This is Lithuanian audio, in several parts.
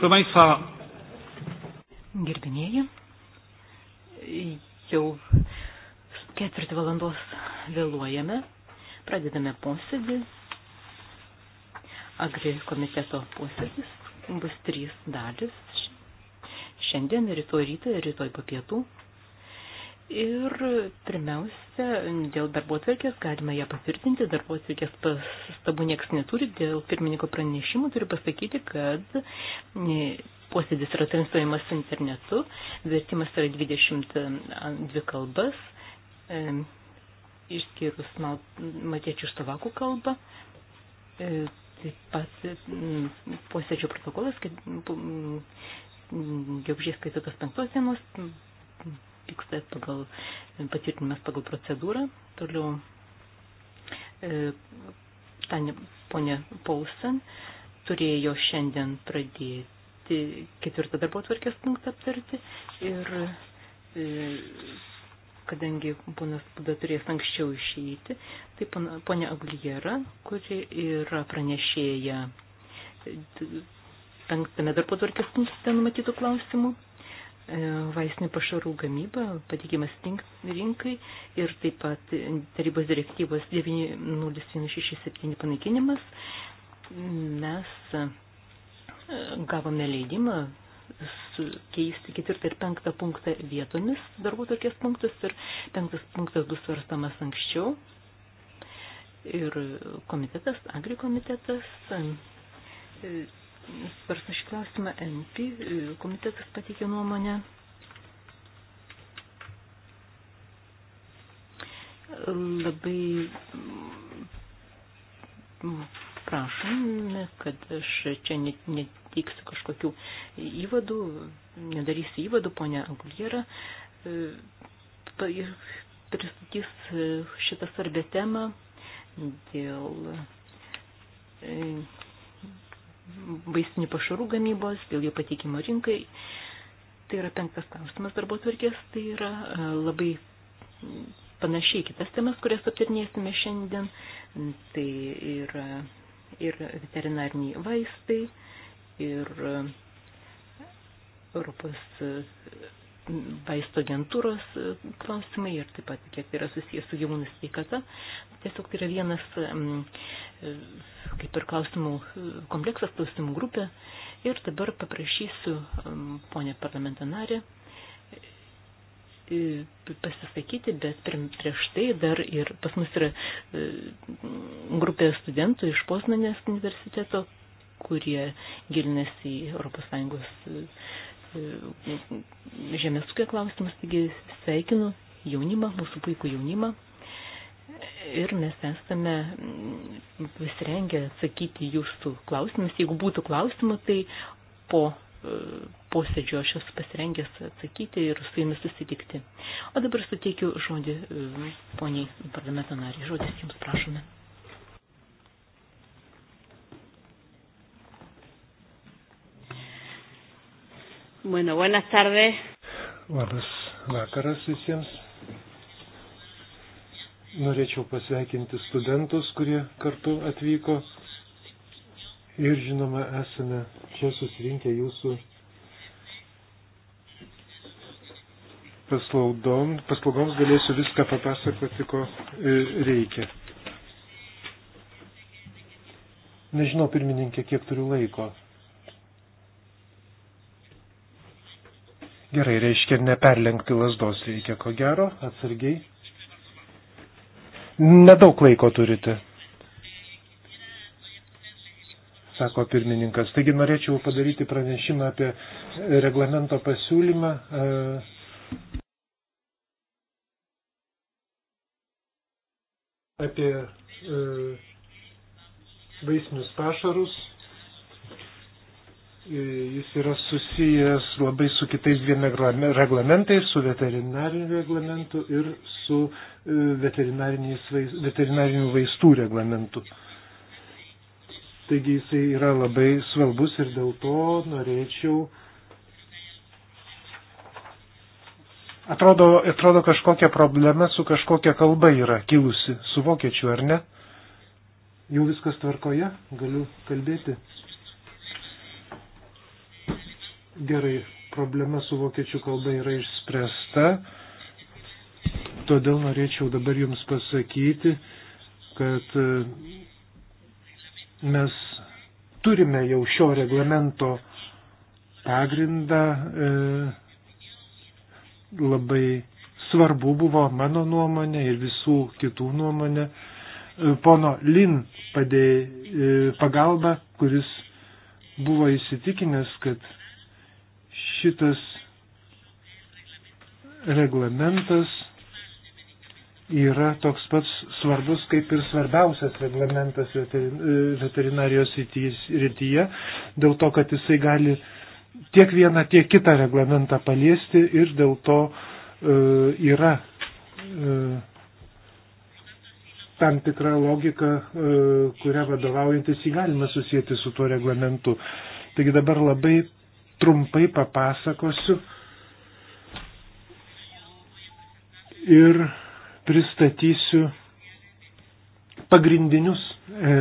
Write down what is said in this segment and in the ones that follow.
Proszę Państwa. Gerbimieji, jau ketvirtį valandos vėluojame, pradedame posėdį. Agri komiteto posėdis bus trys dalis. Šiandien, rytoj rytą ir rytoj po pietų. Ir pirmiausia, dėl darbo atverkės galima ją patvirtinti, darbo atverkės pastabų niekas neturi, dėl pirmininko pranešimų turiu pasakyti, kad e, posėdis yra transliuojamas internetu, vertimas yra 22 e, kalbas, e, išskyrus matiečių stovakų kalbą. E, taip pat e, posėdžio protokolas, kaip gegužės skaitytos penktos dienos vyksta pagal e, patvirtinimas pagal procedūrą. Toliau e, Tani, ponė Paulsen turėjo šiandien pradėti ketvirtą darbo tvarkės punktą aptarti ir e, kadangi ponas Puda turės anksčiau išeiti, tai ponia Agliera, kuri yra pranešėja penktame darbo tvarkės punkte numatytų klausimų, E, vaistinių pašarų gamybą, patikimas rinkai ir taip pat tarybos direktyvos 90167 panaikinimas. Mes e, gavome leidimą keisti ketvirtą ir penktą punktą vietomis darbų tokias punktus ir penktas punktas bus svarstamas anksčiau. Ir komitetas, agrikomitetas e, svarsto šį klausimą MP, e, komitetas pateikė nuomonę. Labai mm, prašome, kad aš čia neteiksiu kažkokių įvadų, nedarysiu įvadų, ponia Anguliera e, pristatys e, šitą svarbę temą dėl vaistinių pašarų gamybos, dėl jų pateikimo rinkai. Tai yra penktas klausimas darbo tvarkės, tai yra e, labai panašiai kitas temas, kurias aptarnėsime šiandien. Tai yra ir veterinariniai vaistai, ir e, Europos vaisto agentūros e, klausimai ir taip pat kiek tai yra susijęs su gyvūnų sveikata. Tiesiog tai yra vienas e, kaip ir klausimų e, kompleksas, klausimų grupė. Ir dabar paprašysiu ponę parlamentarę pasisakyti, bet prieš tai dar ir pas mus yra grupė studentų iš Poznanės universiteto, kurie gilinasi į ES žemės ūkio klausimus, taigi sveikinu jaunimą, mūsų puikų jaunimą. Ir mes esame pasirengę atsakyti jūsų klausimus. Jeigu būtų klausimų, tai po e, posėdžio aš esu pasirengęs atsakyti ir su jumis susitikti. O dabar suteikiu žodį e, poniai parlamento nariai. Žodis jums prašome. Bueno, buenas tardes. Labas vakaras visiems. Norėčiau pasveikinti studentus, kurie kartu atvyko. Ir žinoma, esame čia susirinkę jūsų paslaugom, paslaugoms galėsiu viską papasakoti, ko e, reikia. Nežinau, pirmininkė, kiek turiu laiko. Gerai, reiškia, neperlenkti lasdos reikia, ko gero, atsargiai. Nedaug laiko turite, sako pirmininkas. Taigi norėčiau padaryti pranešimą apie reglamento pasiūlymą. E, apie e, vaisinius pašarus E, jis yra susijęs labai su kitais dviem reglamentais, su veterinariniu reglamentu ir su e, veterinarinių vaistų reglamentu. Taigi jisai yra labai svarbus ir dėl to norėčiau. Atrodo, atrodo kažkokia problema su kažkokia kalba yra kilusi, su vokiečiu ar ne? Jau viskas tvarkoje, galiu kalbėti. Gerai, problema su vokiečių kalba yra išspręsta, todėl norėčiau dabar Jums pasakyti, kad e, mes turime jau šio reglamento pagrindą. E, labai svarbu buvo mano nuomonė ir visų kitų nuomonė. E, pono Lin padė, pagalba, kuris buvo įsitikinęs, kad šitas reglamentas yra toks pats svarbus kaip ir svarbiausias reglamentas veterinarijos rytyje, dėl to, kad jisai gali tiek vieną, tiek kitą reglamentą paliesti ir dėl to e, yra e, tam tikra logika, e, kurią vadovaujantis jį galima susijęti su tuo reglamentu. Taigi dabar labai trumpai papasakosiu ir pristatysiu pagrindinius e,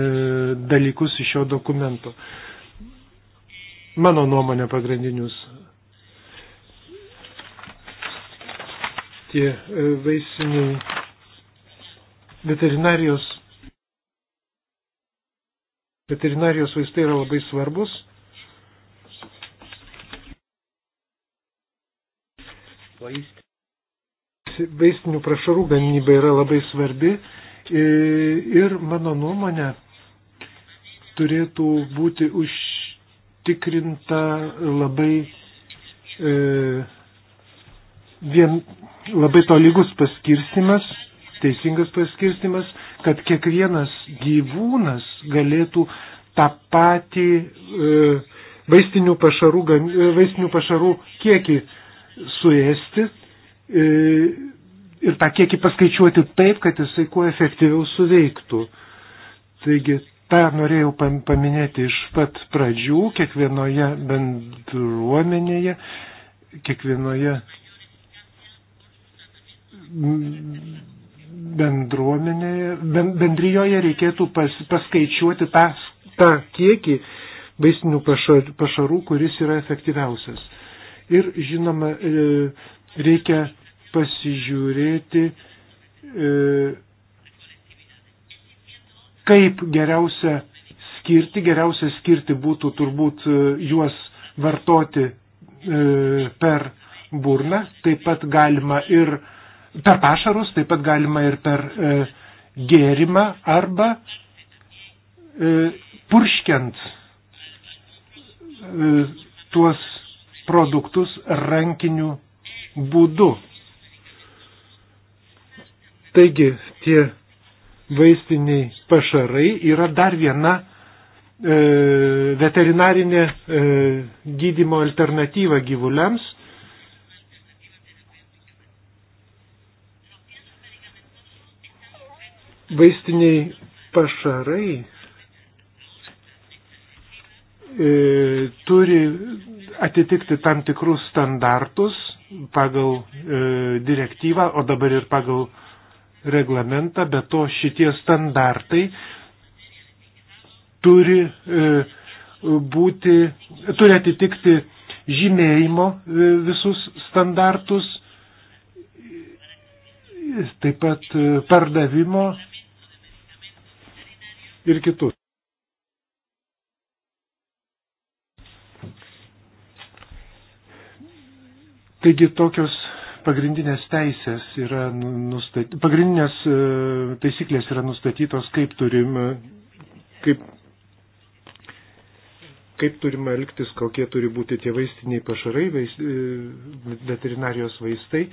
dalykus iš šio dokumento. Mano nuomonė pagrindinius. Tie e, vaisiniai veterinarijos, veterinarijos vaistai yra labai svarbus Vaistinių prašarų gamyba yra labai svarbi ir mano nuomonė turėtų būti užtikrinta labai e, vien, labai tolygus paskirstimas, teisingas paskirstimas, kad kiekvienas gyvūnas galėtų tą patį e, vaistinių pašarų, e, vaistinių pašarų kiekį suėsti e, ir tą kiekį paskaičiuoti taip, kad jisai kuo efektyviau suveiktų. Taigi, tą norėjau paminėti iš pat pradžių, kiekvienoje bendruomenėje, kiekvienoje bendruomenėje, bendryjoje reikėtų pas, paskaičiuoti tą, tą kiekį vaistinių pašarų, kuris yra efektyviausias. Ir žinoma, e, reikia pasižiūrėti, e, kaip geriausia skirti, geriausia skirti būtų turbūt e, juos vartoti per burną, taip pat galima ir per pašarus, taip pat galima ir per gėrimą arba purškiant tuos produktus rankiniu būdu. Taigi tie vaistiniai pašarai yra dar viena e, veterinarinė e, gydimo alternatyva gyvuliams. Vaistiniai pašarai E, turi atitikti tam tikrus standartus pagal e, direktyvą, o dabar ir pagal reglamentą, bet to šitie standartai turi e, būti, turi atitikti žymėjimo visus standartus, taip pat pardavimo ir kitus. Taigi tokios pagrindinės teisės yra nu, nustatytos, pagrindinės e, taisyklės yra nustatytos, kaip turim, e, kaip, kaip turim elgtis, kokie turi būti tie vaistiniai pašarai, vaist, e, veterinarijos vaistai.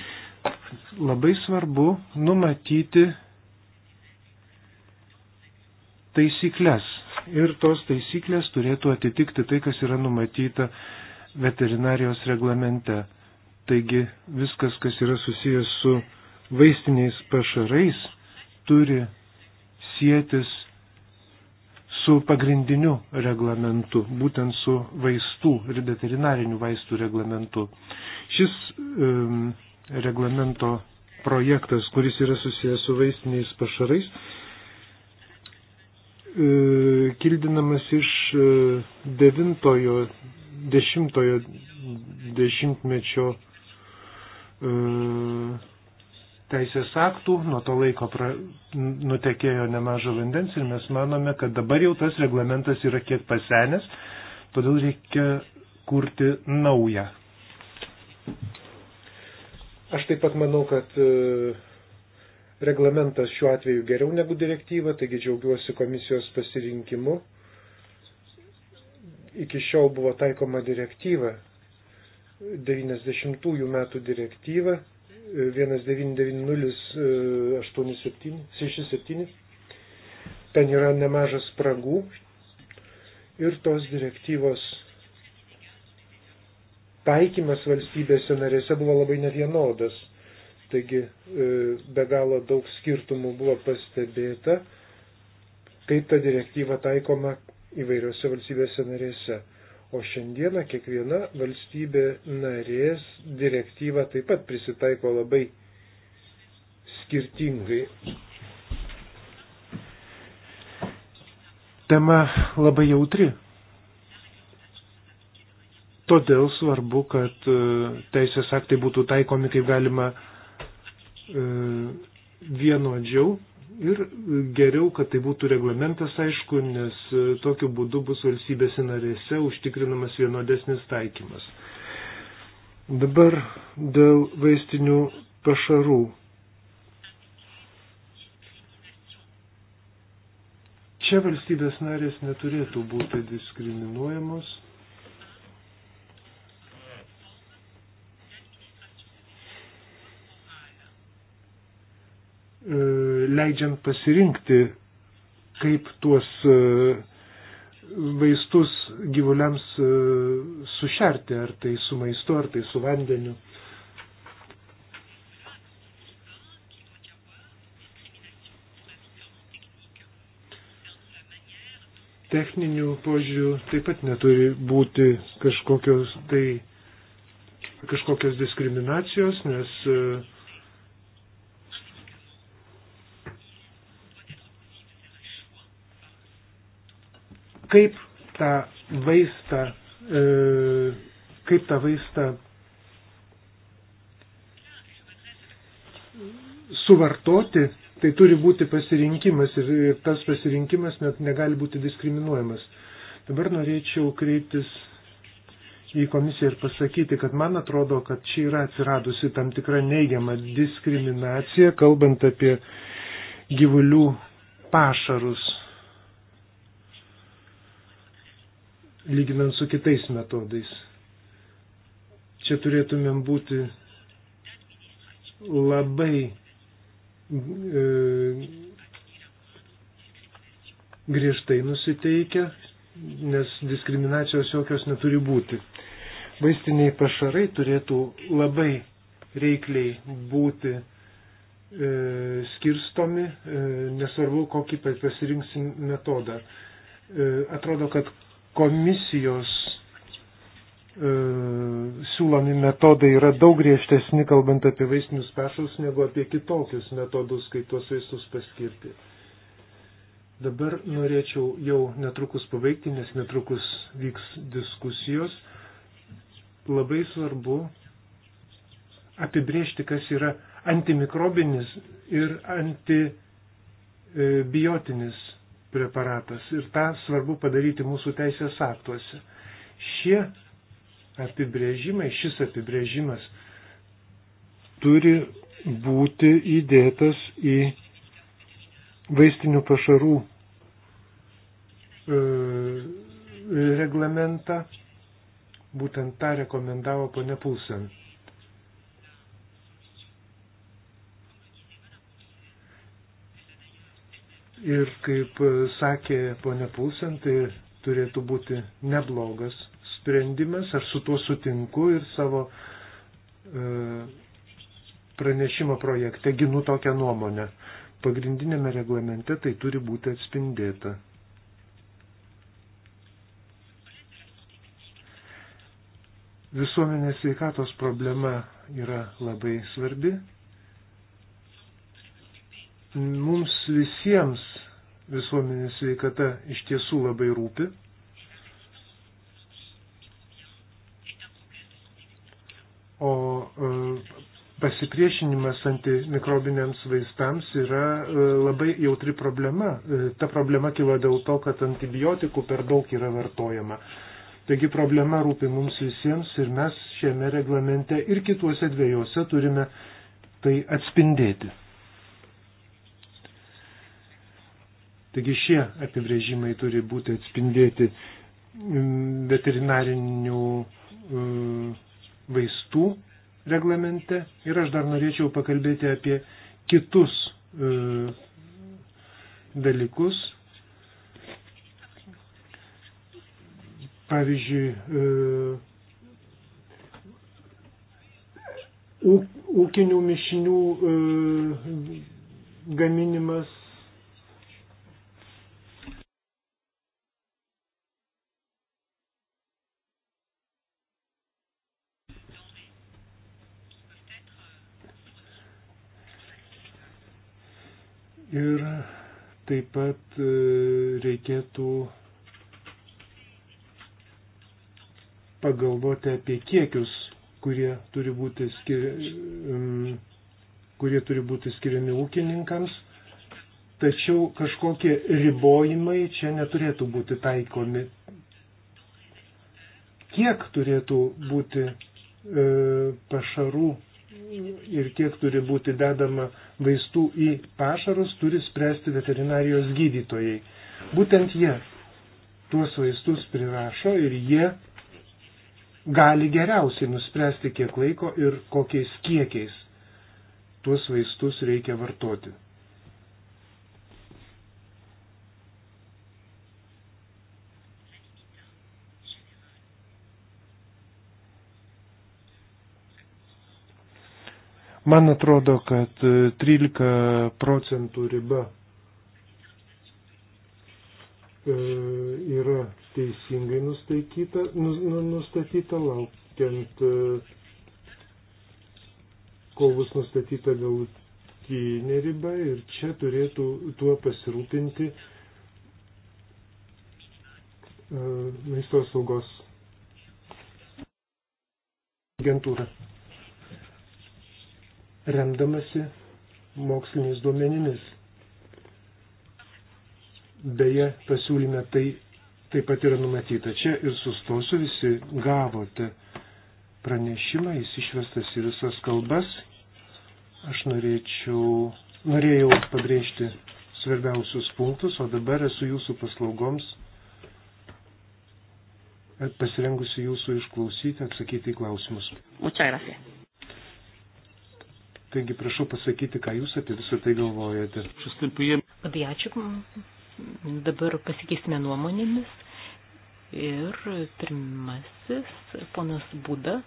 Labai svarbu numatyti taisyklės. Ir tos taisyklės turėtų atitikti tai, kas yra numatyta veterinarijos reglamente Taigi viskas, kas yra susijęs su vaistiniais pašarais, turi sėtis su pagrindiniu reglamentu, būtent su vaistų ir veterinarinių vaistų reglamentu. Šis um, reglamento projektas, kuris yra susijęs su vaistiniais pašarais, um, kildinamas iš um, devintojo, dešimtojo dešimtmečio E, teisės aktų, nuo to laiko pra, nutekėjo nemaža vandens ir mes manome, kad dabar jau tas reglamentas yra kiek pasenęs, todėl reikia kurti naują. Aš taip pat manau, kad e, reglamentas šiuo atveju geriau negu direktyva, taigi džiaugiuosi komisijos pasirinkimu. Iki šiol buvo taikoma direktyva, 90 metų direktyvą 199067. E, Ten yra nemažas spragų ir tos direktyvos taikymas valstybėse narėse buvo labai nevienodas. Taigi e, be galo daug skirtumų buvo pastebėta, kaip ta direktyva taikoma įvairiose valstybėse narėse. O šiandieną kiekviena valstybė narės direktyva taip pat prisitaiko labai skirtingai. Tema labai jautri. Todėl svarbu, kad e, teisės aktai būtų taikomi kaip galima e, vienodžiau Ir geriau, kad tai būtų reglamentas, aišku, nes e, tokiu būdu bus valstybėse narėse užtikrinamas vienodesnis taikymas. Dabar dėl vaistinių pašarų. Čia valstybės narės neturėtų būti diskriminuojamos. E, leidžiant pasirinkti, kaip tuos e, vaistus gyvuliams e, sušerti, ar tai su maistu, ar tai su vandeniu. Techninių požiūrių taip pat neturi būti kažkokios, tai, kažkokios diskriminacijos, nes uh, kaip tą vaistą, e, kaip tą vaistą suvartoti, tai turi būti pasirinkimas ir tas pasirinkimas net negali būti diskriminuojamas. Dabar norėčiau kreiptis į komisiją ir pasakyti, kad man atrodo, kad čia yra atsiradusi tam tikra neigiama diskriminacija, kalbant apie gyvulių pašarus. lyginant su kitais metodais. Čia turėtumėm būti labai e, griežtai nusiteikę, nes diskriminacijos jokios neturi būti. Vaistiniai pašarai turėtų labai reikliai būti e, skirstomi, e, nesvarbu, kokį pasirinksime metodą. E, atrodo, kad komisijos e, siūlomi metodai yra daug griežtesni, kalbant apie vaistinius pašarus, negu apie kitokius metodus, kaip tuos vaistus paskirti. Dabar norėčiau jau netrukus pabaigti, nes netrukus vyks diskusijos. Labai svarbu apibriežti, kas yra antimikrobinis ir antibiotinis e, preparatas. Ir tą svarbu padaryti mūsų teisės aktuose. Šie apibrėžimai, šis apibrėžimas turi būti įdėtas į vaistinių pašarų e, reglamentą. Būtent tą rekomendavo ponė Pulsen. Ir kaip e, sakė ponia Pulsen, tai turėtų būti neblogas sprendimas, aš su tuo sutinku ir savo e, pranešimo projekte ginu tokią nuomonę. Pagrindinėme reglamente tai turi būti atspindėta. Visuomenės sveikatos problema yra labai svarbi Mums visiems visuomenės sveikata iš tiesų labai rūpi. O e, pasipriešinimas antimikrobiniams vaistams yra e, labai jautri problema. E, ta problema kilo dėl to, kad antibiotikų per daug yra vartojama. Taigi problema rūpi mums visiems ir mes šiame reglamente ir kituose dviejose turime tai atspindėti. Taigi šie apibrėžimai turi būti atspindėti mm, veterinarinių mm, vaistų reglamente. Ir aš dar norėčiau pakalbėti apie kitus mm, dalykus. Pavyzdžiui, ūkinių mišinių gaminimas Ir taip pat e, reikėtų pagalvoti apie kiekius, kurie turi būti, skir... kurie turi būti skiriami ūkininkams. Tačiau kažkokie ribojimai čia neturėtų būti taikomi. Kiek turėtų būti e, pašarų ir kiek turi būti dedama vaistų į pašarus, turi spręsti veterinarijos gydytojai. Būtent jie tuos vaistus prirašo ir jie gali geriausiai nuspręsti, kiek laiko ir kokiais kiekiais tuos vaistus reikia vartoti. Man atrodo, kad 13 e, procentų riba e, yra teisingai nustatyta, nu, nu, nustatyta laukiant, e, kol bus nustatyta galutinė riba ir čia turėtų tuo pasirūpinti maisto saugos agentūra remdamasi moksliniais duomenimis. Beje, pasiūlyme tai taip pat yra numatyta. Čia ir sustosiu, visi gavote pranešimą, jis išvestas į visas kalbas. Aš norėčiau, norėjau pabrėžti svarbiausius punktus, o dabar esu jūsų paslaugoms e, pasirengusi jūsų išklausyti, atsakyti į klausimus. Muchas gracias. Taigi prašau pasakyti, ką jūs apie visą tai galvojate. Labai ačiū. Dabar pasikeisime nuomonėmis. Ir pirmasis, ponas Būda,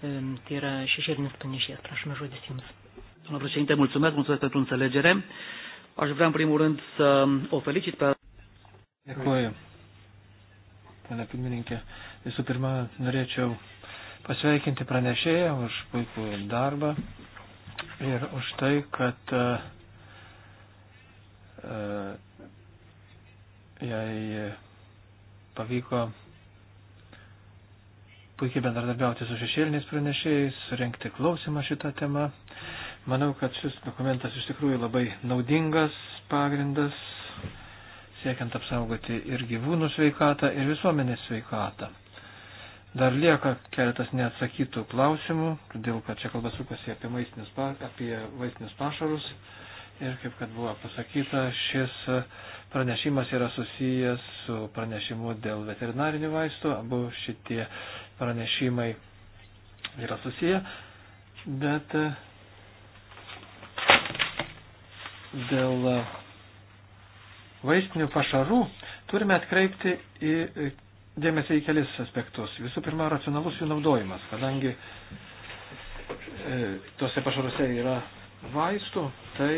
tai yra šešėlinis panešėjas. Prašome žodis jums. Doamna președinte, mulțumesc, mulțumesc pentru înțelegere. Aș vrea în primul rând să o felicit pe... Dėkuoju, pane pirmininkė. Visų pirma, norėčiau pasveikinti pranešėją už puikų darbą ir už tai, kad e, e, jai pavyko puikiai bendradarbiauti su šešėliniais pranešėjais, surenkti klausimą šitą temą. Manau, kad šis dokumentas iš tikrųjų labai naudingas pagrindas, siekiant apsaugoti ir gyvūnų sveikatą, ir visuomenės sveikatą. Dar lieka keletas neatsakytų klausimų, todėl kad čia kalba sukasi apie, maistinius, apie vaistinius pašarus. Ir kaip kad buvo pasakyta, šis pranešimas yra susijęs su pranešimu dėl veterinarinių vaistų. Abu šitie pranešimai yra susiję. Bet e, dėl vaistinių pašarų turime atkreipti į dėmesį į kelis aspektus. Visų pirma, racionalus jų naudojimas, kadangi e, tose pašaruose yra vaistų, tai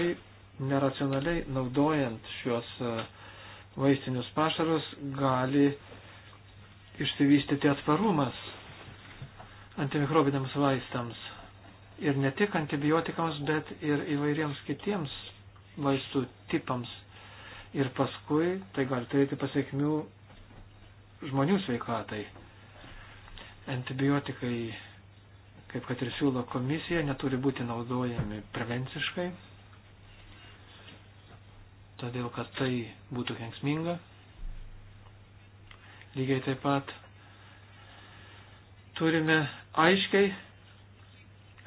neracionaliai naudojant šiuos e, vaistinius pašarus gali išsivystyti atsparumas antimikrobiniams vaistams. Ir ne tik antibiotikams, bet ir įvairiems kitiems vaistų tipams. Ir paskui tai gali turėti pasiekmių žmonių sveikatai. Antibiotikai, kaip kad ir siūlo komisija, neturi būti naudojami prevenciškai, todėl kad tai būtų kengsminga. Lygiai taip pat turime aiškiai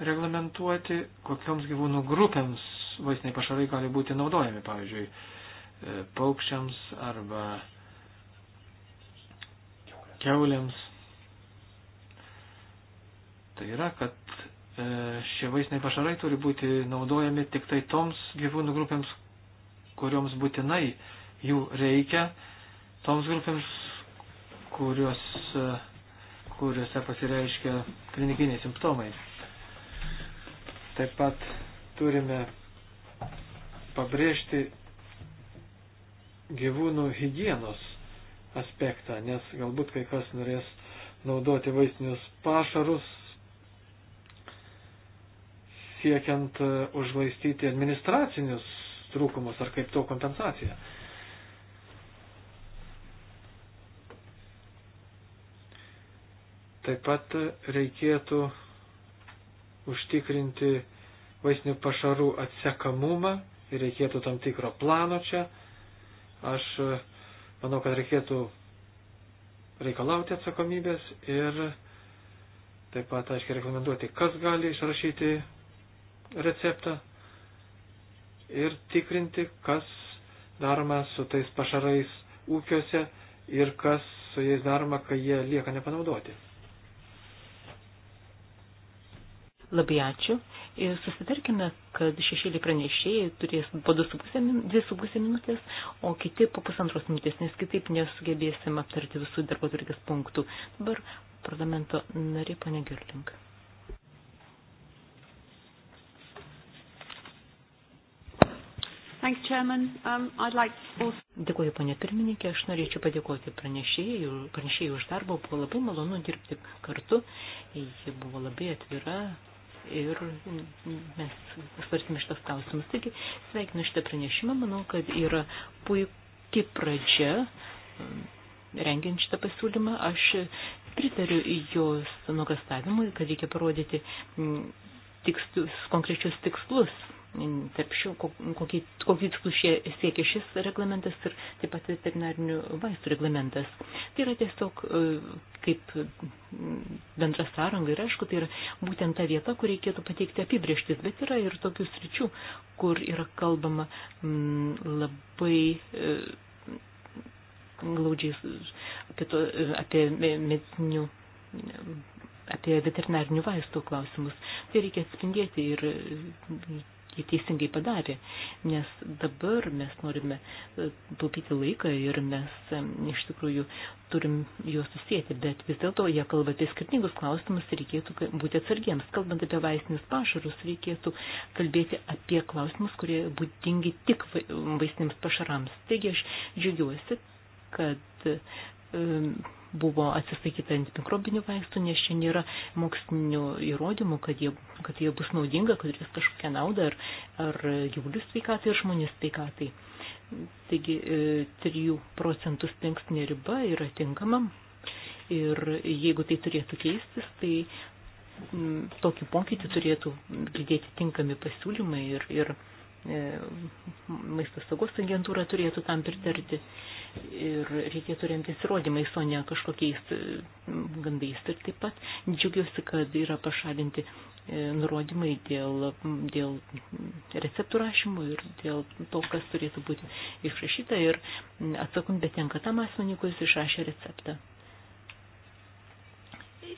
reglamentuoti, kokioms gyvūnų grupėms vaistiniai pašarai gali būti naudojami, pavyzdžiui, paukščiams arba keuliams. Tai yra, kad e, šie vaisiniai pašarai turi būti naudojami tik tai toms gyvūnų grupėms, kurioms būtinai jų reikia, toms grupėms, kurios, e, kuriuose pasireiškia klinikiniai simptomai. Taip pat turime pabrėžti gyvūnų hygienos aspektą, nes galbūt kai kas norės naudoti vaistinius pašarus, siekiant e, užvaistyti administracinius trūkumus ar kaip to kompensaciją. Taip pat reikėtų užtikrinti vaistinių pašarų atsekamumą ir reikėtų tam tikro plano čia. Aš e, Manau, kad reikėtų reikalauti atsakomybės ir taip pat aiškiai rekomenduoti, kas gali išrašyti receptą ir tikrinti, kas daroma su tais pašarais ūkiuose ir kas su jais daroma, kai jie lieka nepanaudoti. Labai ačiū. Ir susitarkime, kad šešėlį pranešėjai turės po 2,5 minutės, o kiti po pusantros minutės, nes kitaip nesugebėsim aptarti visų darbo turkės punktų. Dabar parlamento narė pane Girlink. Thanks, Chairman. Um, I'd like also... Dėkuoju, ponė pirmininkė, aš norėčiau padėkoti pranešėjai, pranešėjai už darbą, buvo labai malonu dirbti kartu, ji buvo labai atvira, ir mes svarstame šitas klausimus. Taigi, sveikinu šitą pranešimą, manau, kad yra puikiai pradžia um, rengiant šitą pasiūlymą. Aš pritariu jos nuogastavimui, kad reikia parodyti mm, tikstus, konkrečius tikslus tarp šių, kokį tikslų siekia šis reglamentas ir taip pat veterinarinių vaistų reglamentas. Tai yra tiesiog e, kaip bendra sąranga ir aišku, tai yra būtent ta vieta, kur reikėtų pateikti apibrieštis, bet yra ir tokių sričių, kur yra kalbama m, mm, labai e, glaudžiai e, apie, to, apie medicinių apie veterinarinių vaistų klausimus. Tai reikia atspindėti ir jie teisingai padarė, nes dabar mes norime e, taupyti laiką ir mes iš tikrųjų turim juos susijęti, bet vis dėlto jie kalba apie skirtingus klausimus ir reikėtų būti atsargiems. Kalbant apie vaistinius pašarus, reikėtų kalbėti apie klausimus, kurie būdingi tik vaistiniams pašarams. Taigi aš džiugiuosi, kad um, buvo atsisakyta antimikrobinių vaistų, nes čia nėra mokslinių įrodymų, kad jie, kad jie bus naudinga, kad jis kažkokią naudą ar, ar gyvulių sveikatai, ar žmonių sveikatai. Taigi 3 e, procentų stinksnė riba yra tinkama ir jeigu tai turėtų keistis, tai m, tokį pokytį turėtų lydėti tinkami pasiūlymai ir, ir E, maisto saugos agentūra turėtų tam pritarti ir reikėtų remtis įrodymais, o ne kažkokiais e, gandais. Ir taip pat džiugiuosi, kad yra pašalinti e, nurodymai dėl, dėl receptų rašymų ir dėl to, kas turėtų būti išrašyta ir atsakomybė tenka tam asmeniui, kuris išrašė receptą.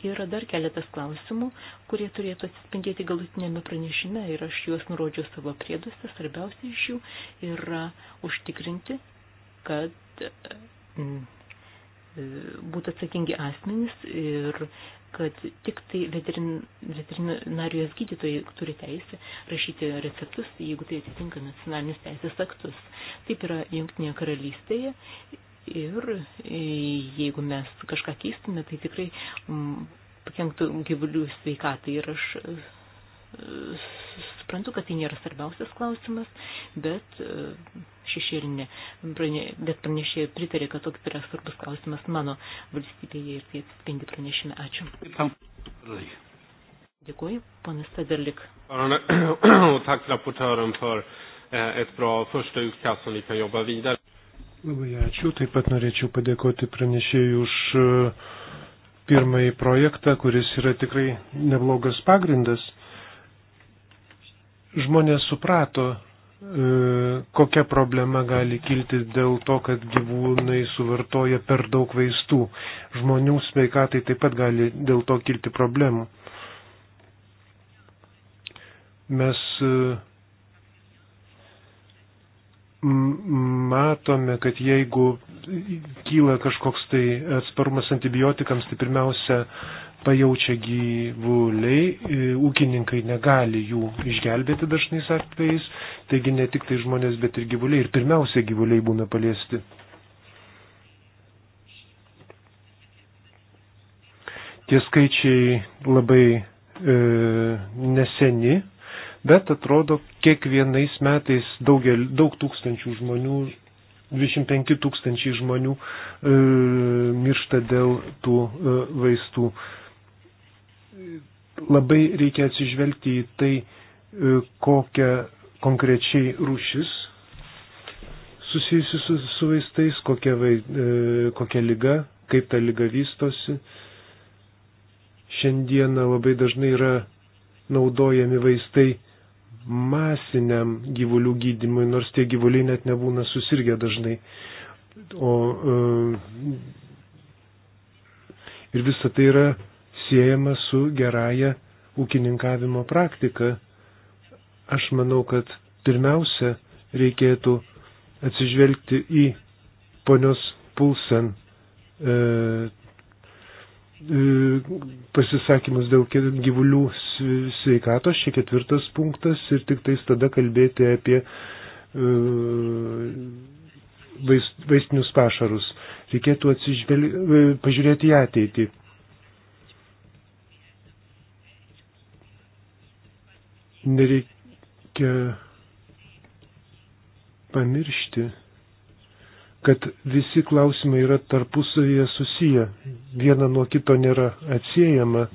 Yra dar keletas klausimų, kurie turėtų atsispindėti galutinėme pranešime ir aš juos nurodžiau savo prieduose. Svarbiausia iš jų yra užtikrinti, kad mm, e, būtų atsakingi asmenys ir kad tik tai veterin, veterinarijos gydytojai turi teisę rašyti receptus, jeigu tai atitinka nacionalinius teisės aktus. Taip yra Junktinėje karalystėje ir e, jeigu mes kažką keistume, tai tikrai pakenktų gyvulių sveikatai ir aš e, suprantu, kad tai nėra svarbiausias klausimas, bet e, šešėlinė, bet pranešė pritarė, kad toks yra svarbus klausimas mano valstybėje ir tai atspindi pranešime. Ačiū. Dėkuoju, ponas Sederlik. Tack rapportören för eh, ett bra första utkast som vi kan jobba vidare. Labai ačiū. Taip pat norėčiau padėkoti pranešėjui už e, pirmąjį projektą, kuris yra tikrai neblogas pagrindas. Žmonės suprato, e, kokia problema gali kilti dėl to, kad gyvūnai suvartoja per daug vaistų. Žmonių sveikatai taip pat gali dėl to kilti problemų. Mes e, matome, kad jeigu kyla kažkoks tai atsparumas antibiotikams, tai pirmiausia pajaučia gyvuliai, e, ūkininkai negali jų išgelbėti dažnais atvejais, taigi ne tik tai žmonės, bet ir gyvuliai, ir pirmiausia gyvuliai būna paliesti. Tie skaičiai labai e, neseni, bet atrodo kiekvienais metais daugel, daug tūkstančių žmonių, 25 tūkstančiai žmonių e, miršta dėl tų e, vaistų. Labai reikia atsižvelgti į tai, e, kokią konkrečiai rūšis susijusi su, su vaistais, kokia, vai, e, kokia lyga, kaip ta lyga vystosi. Šiandieną labai dažnai yra naudojami vaistai masiniam gyvulių gydimui, nors tie gyvuliai net nebūna susirgę dažnai. O, e, ir visa tai yra siejama su gerąją ūkininkavimo praktika. Aš manau, kad pirmiausia reikėtų atsižvelgti į ponios Pulsen e, E, pasisakymus dėl gyvulių sveikatos, čia ketvirtas punktas ir tik tais tada kalbėti apie e, vaistinius pašarus. Reikėtų e, pažiūrėti į ateitį. Nereikia pamiršti kad visi klausimai yra tarpusavyje susiję, viena nuo kito nėra atsiejama.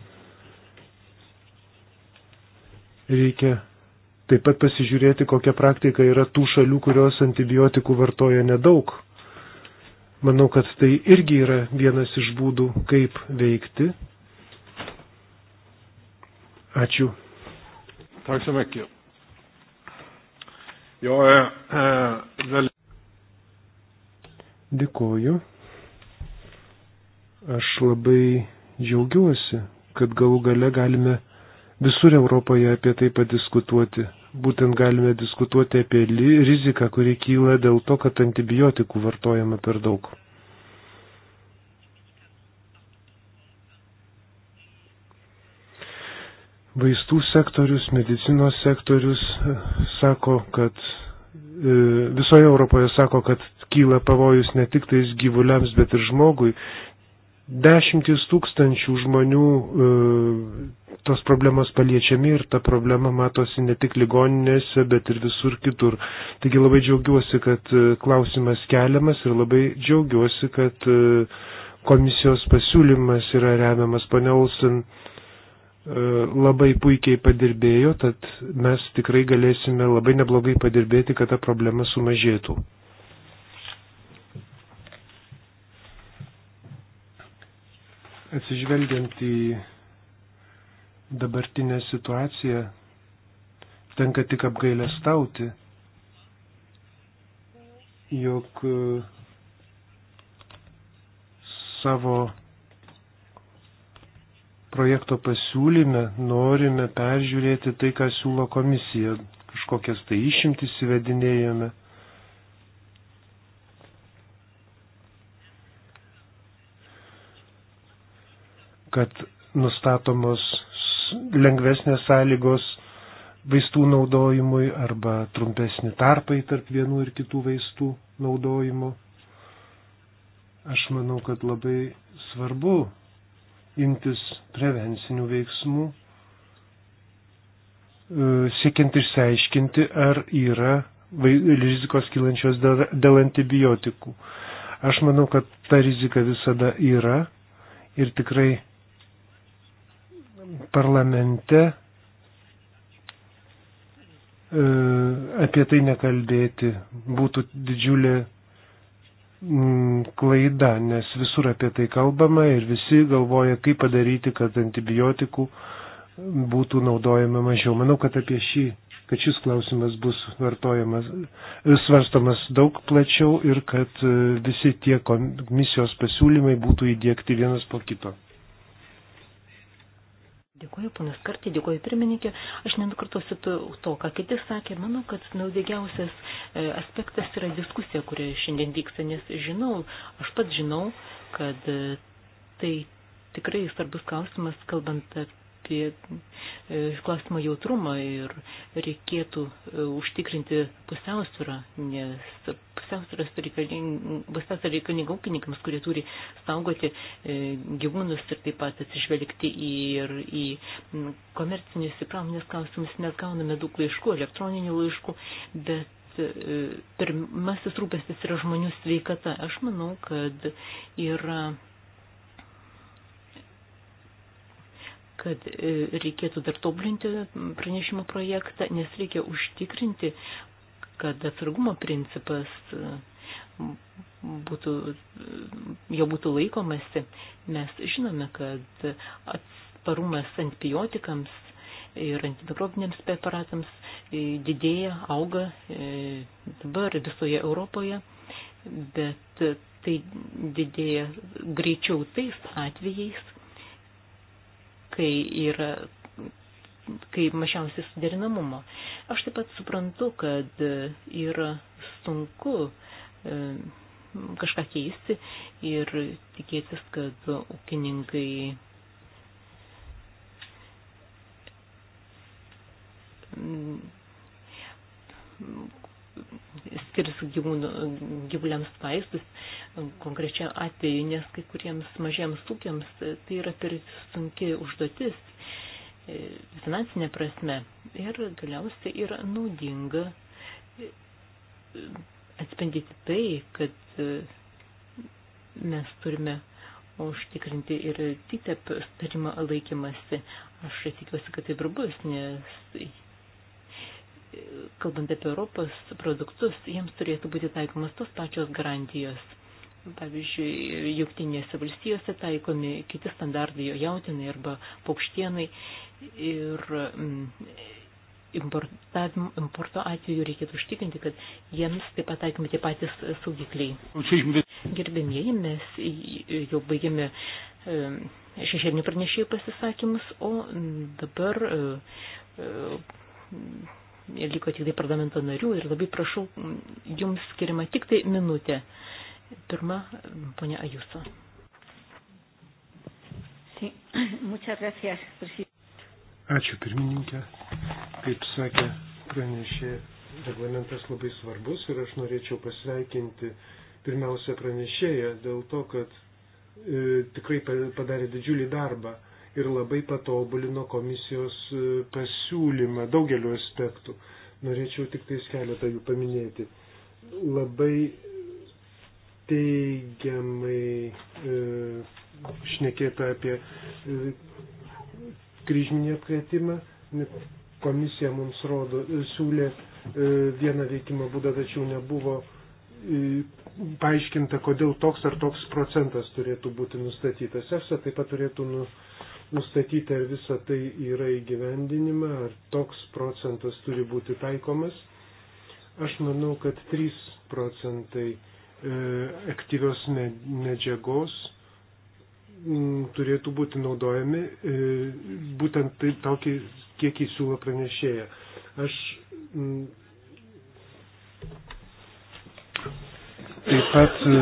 Reikia taip pat pasižiūrėti, kokia praktika yra tų šalių, kurios antibiotikų vartoja nedaug. Manau, kad tai irgi yra vienas iš būdų, kaip veikti. Ačiū. Tack så mycket. Jag är eh, eh väldigt Dėkoju. Aš labai džiaugiuosi, kad galų gale galime visur Europoje apie tai padiskutuoti. Būtent galime diskutuoti apie riziką, kuri kyla dėl to, kad antibiotikų vartojama per daug. Vaistų sektorius, medicinos sektorius e, sako, kad e, visoje Europoje sako, kad kyla pavojus ne tik tais gyvuliams, bet ir žmogui. Dešimtis tūkstančių žmonių e, tos problemos paliečiami ir ta problema matosi ne tik ligoninėse, bet ir visur kitur. Taigi labai džiaugiuosi, kad e, klausimas keliamas ir labai džiaugiuosi, kad e, komisijos pasiūlymas yra remiamas. Pane Olsen, e, labai puikiai padirbėjo, tad mes tikrai galėsime labai neblogai padirbėti, kad ta problema sumažėtų. Atsižvelgiant į dabartinę situaciją, tenka tik apgailę stauti, jog e, savo projekto pasiūlyme norime peržiūrėti tai, ką siūlo komisija. Kažkokias tai išimtis įvedinėjame. kad nustatomos lengvesnės sąlygos vaistų naudojimui arba trumpesni tarpai tarp vienų ir kitų vaistų naudojimo. Aš manau, kad labai svarbu imtis prevencinių veiksmų, e, siekiant išsiaiškinti, ar yra rizikos kylančios dėl antibiotikų. Aš manau, kad ta rizika visada yra ir tikrai parlamente e, apie tai nekalbėti būtų didžiulė mm, klaida, nes visur apie tai kalbama ir visi galvoja, kaip padaryti, kad antibiotikų būtų naudojama mažiau. Manau, kad apie šį, kad šis klausimas bus vartojamas, svarstomas daug plačiau ir kad e, visi tie komisijos pasiūlymai būtų įdėkti vienas po kito. Dėkuoju, panas Kartį, dėkuoju pirmininkė. Aš nenukartosiu to, ką kiti sakė. Manau, kad naudingiausias e, aspektas yra diskusija, kuri šiandien vyksta, nes žinau, aš pats žinau, kad e, tai tikrai svarbus klausimas, kalbant apie apie e, klausimo jautrumą ir reikėtų e, užtikrinti pusiausvyrą, nes pusiausvyras reikalinga, reikalinga ūkininkams, kurie turi saugoti e, gyvūnus ir taip pat atsižvelgti į, ir į komercinius ir pramonės klausimus. Mes gauname daug laiškų, elektroninių laiškų, bet pirmasis rūpestis yra žmonių sveikata. Aš manau, kad yra kad e, reikėtų dar tobulinti pranešimo projektą, nes reikia užtikrinti, kad atsargumo principas e, būtų, e, jo būtų laikomasi. Mes žinome, kad atsparumas antibiotikams ir antimikrobiniams preparatams didėja, auga dabar visoje Europoje, bet tai didėja greičiau tais atvejais, kai yra kai mažiausiai suderinamumo. Aš taip pat suprantu, kad yra sunku e, kažką keisti ir tikėtis, kad ūkininkai skirs gyvūnų, gyvuliams vaistus konkrečiam atveju, nes kai kuriems mažiems ūkiams tai yra per sunki užduotis e, finansinė prasme ir galiausiai yra naudinga e, atspindyti tai, kad e, mes turime užtikrinti ir TTIP starimą laikymasi. Aš tikiuosi, kad taip ir bus, nes kalbant apie Europos produktus, jiems turėtų būti taikomas tos pačios garantijos. Pavyzdžiui, jungtinėse valstijose taikomi kiti standartai jautinai arba paukštienai ir mm, importo atveju reikėtų užtikrinti, kad jiems taip pat taikomi tie patys saugikliai. Gerbėmieji, mes jau baigėme e, šešėlinių pranešėjų pasisakymus, o dabar e, e, ir liko tik tai parlamento narių ir labai prašau, jums skiriama tik tai minutė. Pirma, ponia Ajuso. Ačiū pirmininkė. Kaip sakė pranešė, reglamentas labai svarbus ir aš norėčiau pasveikinti pirmiausia pranešėją dėl to, kad e, tikrai padarė didžiulį darbą. E, ir labai patobulino komisijos e, pasiūlymą daugeliu aspektų. Norėčiau tik tais keletą jų paminėti. Labai teigiamai e, šnekėta apie e, kryžminį apkvietimą. Komisija mums rodo, e, siūlė e, vieną veikimo būdą, tačiau nebuvo e, paaiškinta, kodėl toks ar toks procentas turėtų būti nustatytas. EFSA taip pat turėtų nu, nustatyti, ar visa tai yra įgyvendinima, ar toks procentas turi būti taikomas. Aš manau, kad 3 procentai e, aktyvios medžiagos m, turėtų būti naudojami, e, būtent tai, tokį kiekį siūlo pranešėja. Aš m, taip pat e,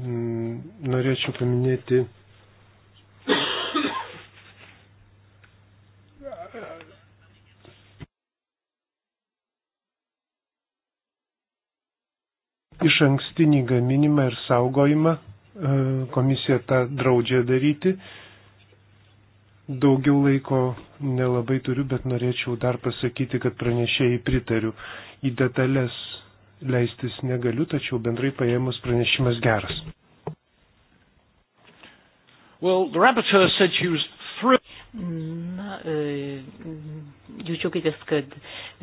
m, norėčiau paminėti iš ankstinį gaminimą ir saugojimą. E, komisija tą draudžia daryti. Daugiau laiko nelabai turiu, bet norėčiau dar pasakyti, kad pranešėjai pritariu. Į detalės leistis negaliu, tačiau bendrai paėmus pranešimas geras. Well, the rapporteur said she was thrilled. Na, e, jų džiaugiatės, kad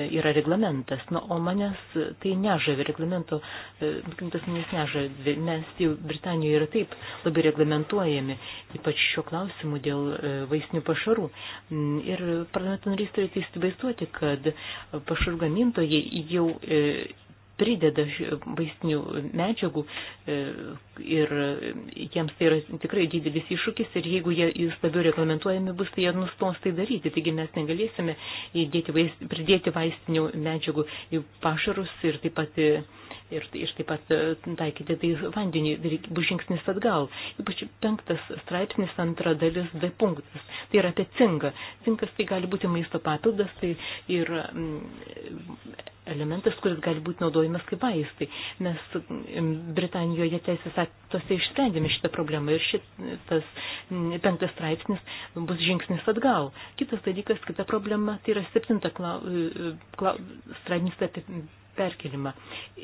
e, yra reglamentas. Na, o manęs tai nežavi, reglamento, e, tas manęs nežavi. Mes jau Britanijoje yra taip labai reglamentuojami, ypač šiuo klausimu dėl e, vaisinių pašarų. Mm, ir parlamento narys turėtų įsivaizduoti, kad pašarų gamintojai jau prideda vaistinių medžiagų e, ir jiems tai yra tikrai didelis iššūkis ir jeigu jie jūs labiau reglamentuojami bus, tai jie nustos tai daryti. Taigi mes negalėsime vaist, pridėti vaistinių medžiagų į pašarus ir taip pat, e, ir, ir taip pat e, taikyti tai vandenį, bus žingsnis atgal. Ypač penktas straipsnis antra dalis D punktas. Tai yra apie cinką. Cinkas tai gali būti maisto papildas, tai yra elementas, kuris gali būti naudojamas kaip vaistai. Mes Britanijoje teisės aktuose išsprendėme šitą problemą ir šitas penktas straipsnis bus žingsnis atgal. Kitas dalykas, kita problema, tai yra septinta klau, e, e, klau, straipsnis apie perkelimą.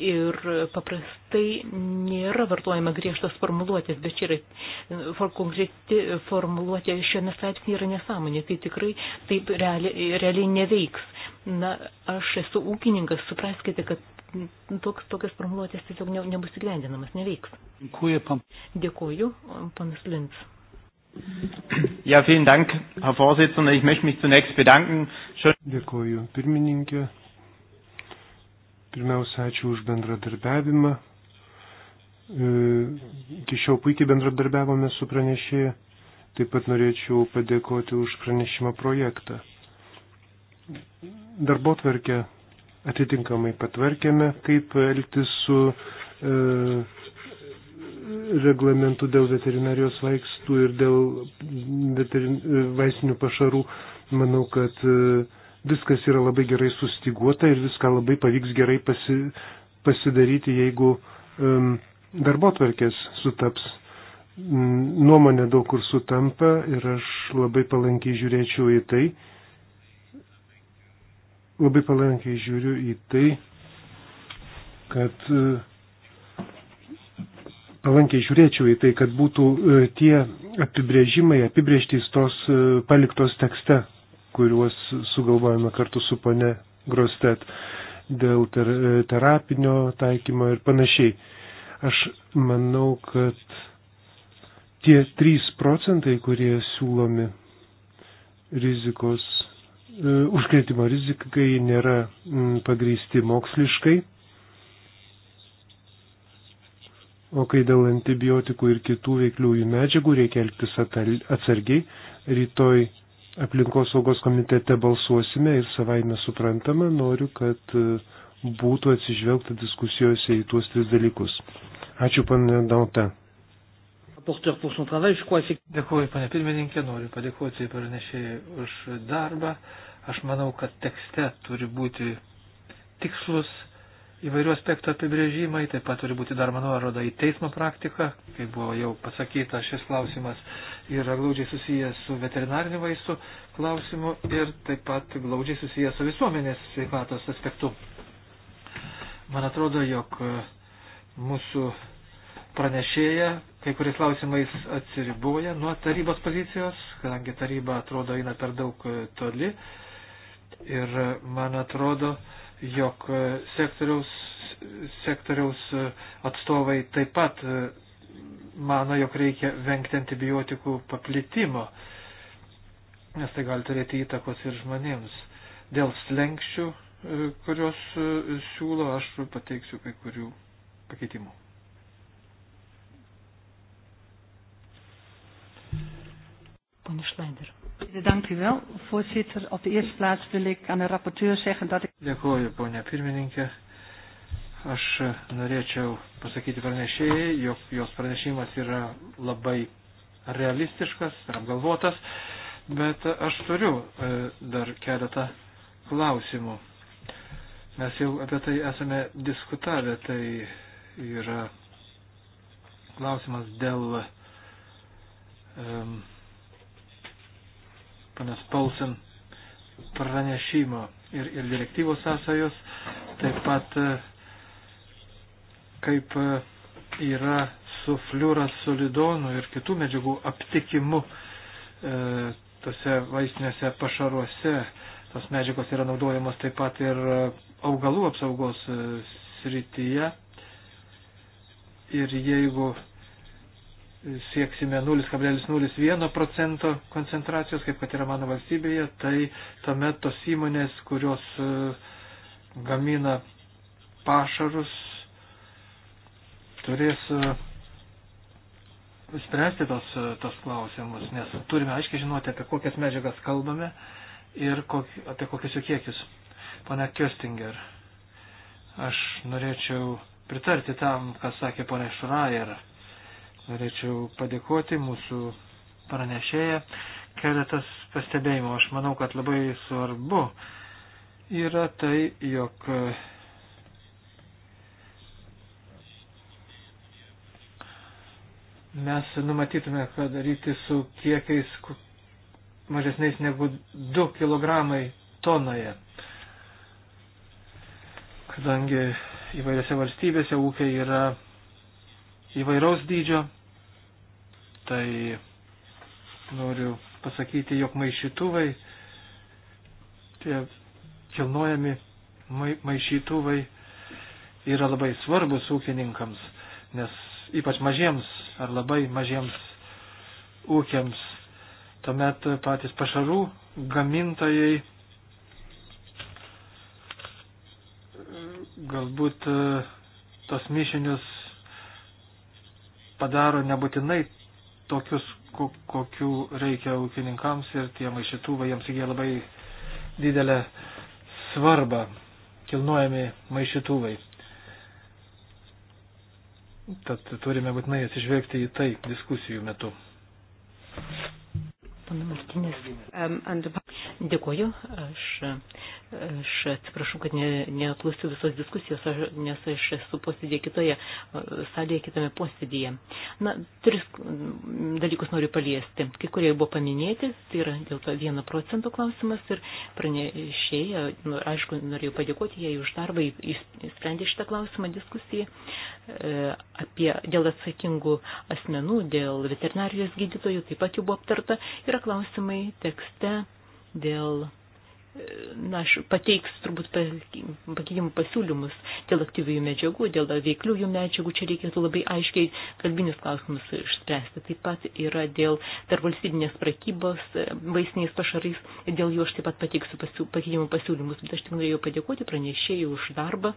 Ir paprastai nėra vartojama griežtas formuluotės, bet čia yra for konkreti formuluotė šiame straipsnėje yra nesąmonė. Tai tikrai taip realiai, realiai neveiks. Na, aš esu ūkininkas, supraskite, kad toks, tokias formuluotės tiesiog ne, nebus įgyvendinamas, neveiks. Dėkuoju, pam. Dėkuoju, panas Lins. Ja, vielen Dank, Herr Vorsitzender. Ich möchte mich zunächst bedanken. Schön. Dėkuoju, pirmininkė. Pirmiausia, ačiū už bendradarbiavimą. E, iki šiol puikiai bendradarbiavome su pranešėja. Taip pat norėčiau padėkoti už pranešimą projektą. Darbo tvarkę atitinkamai patvarkėme, kaip elgtis su e, reglamentu dėl veterinarijos vaistų ir dėl veterin, vaistinių pašarų. Manau, kad e, viskas yra labai gerai sustiguota ir viską labai pavyks gerai pasi, pasidaryti, jeigu um, darbo tvarkės sutaps. Nuomonė daug kur sutampa ir aš labai palankiai žiūrėčiau į tai. Labai palankiai žiūriu į tai, kad e, palankiai žiūrėčiau į tai, kad būtų e, tie apibrėžimai, apibrėžtys tos e, paliktos tekste kuriuos sugalvojame kartu su pane Grostet dėl ter, terapinio taikymo ir panašiai. Aš manau, kad tie 3 procentai, kurie siūlomi rizikos, e, užkretimo rizikai, nėra pagrysti moksliškai. O kai dėl antibiotikų ir kitų veikliųjų medžiagų reikia elgtis atsargiai, rytoj aplinkos saugos komitete balsuosime ir savaime suprantama, noriu, kad e, būtų atsižvelgta diskusijose į tuos tris dalykus. Ačiū, pane Dauta. Dėkuoju, pane pirmininkė, noriu padėkoti pranešėjai už darbą. Aš manau, kad tekste turi būti tikslus įvairių aspektų apibrėžimai, taip pat turi būti dar mano nuoroda į teismo praktiką, kaip buvo jau pasakyta, šis klausimas yra glaudžiai susijęs su veterinariniu vaistu klausimu ir taip pat glaudžiai susijęs su visuomenės sveikatos aspektu. Man atrodo, jog e, mūsų pranešėja kai kuriais klausimais atsiriboja nuo tarybos pozicijos, kadangi taryba atrodo eina per daug e, toli. Ir e, man atrodo, jog sektoriaus, sektoriaus atstovai taip pat mano, jog reikia vengti antibiotikų paplitimo, nes tai gali turėti įtakos ir žmonėms. Dėl slengščių, e, kurios e, siūlo, aš pateiksiu kai kurių pakeitimų. Pane Schleider. Dank u wel, voorzitter. Op de eerste plaats wil ik aan de rapporteur zeggen dat ik. Dėkuoju, ponia pirmininkė. Aš norėčiau pasakyti pranešėjai, jog jos pranešimas yra labai realistiškas ir apgalvotas, bet aš turiu e, dar keletą klausimų. Mes jau apie tai esame diskutavę, tai yra klausimas dėl um, panas Paulsen pranešimo ir, ir direktyvos sąsajos, taip pat uh, kaip e, yra su fluorasolidonu ir kitų medžiagų aptikimu e, tose vaistinėse pašaruose. Tos medžiagos yra naudojamos taip pat ir e, augalų apsaugos e, srityje. Ir jeigu sieksime 0,01 procento koncentracijos, kaip kad yra mano valstybėje, tai tuomet tos įmonės, kurios gamina pašarus, turės e, spręsti tos, e, tos klausimus, nes turime aiškiai žinoti, apie kokias medžiagas kalbame ir kok, apie kokius jų kiekius. Pane Kjostinger, aš norėčiau pritarti tam, ką sakė pane Šrajer. Norėčiau padėkoti mūsų pranešėją. Keletas pastebėjimų. Aš manau, kad labai svarbu yra tai, jog mes numatytume, ką daryti su kiekiais mažesniais negu 2 kg tonoje. Kadangi įvairiose valstybėse ūkiai yra įvairaus dydžio, tai noriu pasakyti, jog maišytuvai, tie kilnojami maišytuvai yra labai svarbus ūkininkams, nes ypač mažiems ar labai mažiems ūkiams. Tuomet patys pašarų gamintojai galbūt e, tos mišinius padaro nebūtinai tokius, kokių reikia ūkininkams ir tie maišytuvai jiems įgyja labai didelę svarbą, kilnojami maišytuvai. Tad turime būtinai atsižvelgti į tai diskusijų metu. Pana Martinės. Um, Dėkuoju, aš, aš atsiprašau, kad neklausiu ne visos diskusijos, aš, nes aš esu posėdėje kitoje salėje, kitame posėdėje. Na, tris dalykus noriu paliesti. Kai kurie buvo paminėti, tai yra dėl to vieno procento klausimas ir pranešėja, nu, aišku, norėjau padėkoti jai už darbą, įsprendė šitą klausimą diskusiją e, apie dėl atsakingų asmenų, dėl veterinarijos gydytojų, taip pat jau buvo aptarta, yra klausimai tekste dėl na, aš pateiks turbūt pakeitimų pasiūlymus dėl aktyviųjų medžiagų, dėl veikliųjų medžiagų, čia reikėtų labai aiškiai kalbinius klausimus išspręsti. Taip pat yra dėl tarvalstybinės prekybos e, vaisiniais pašarais, dėl jų aš taip pat pateiksiu pakeitimų pasiūlymus, bet aš tik norėjau padėkoti pranešėjai už darbą.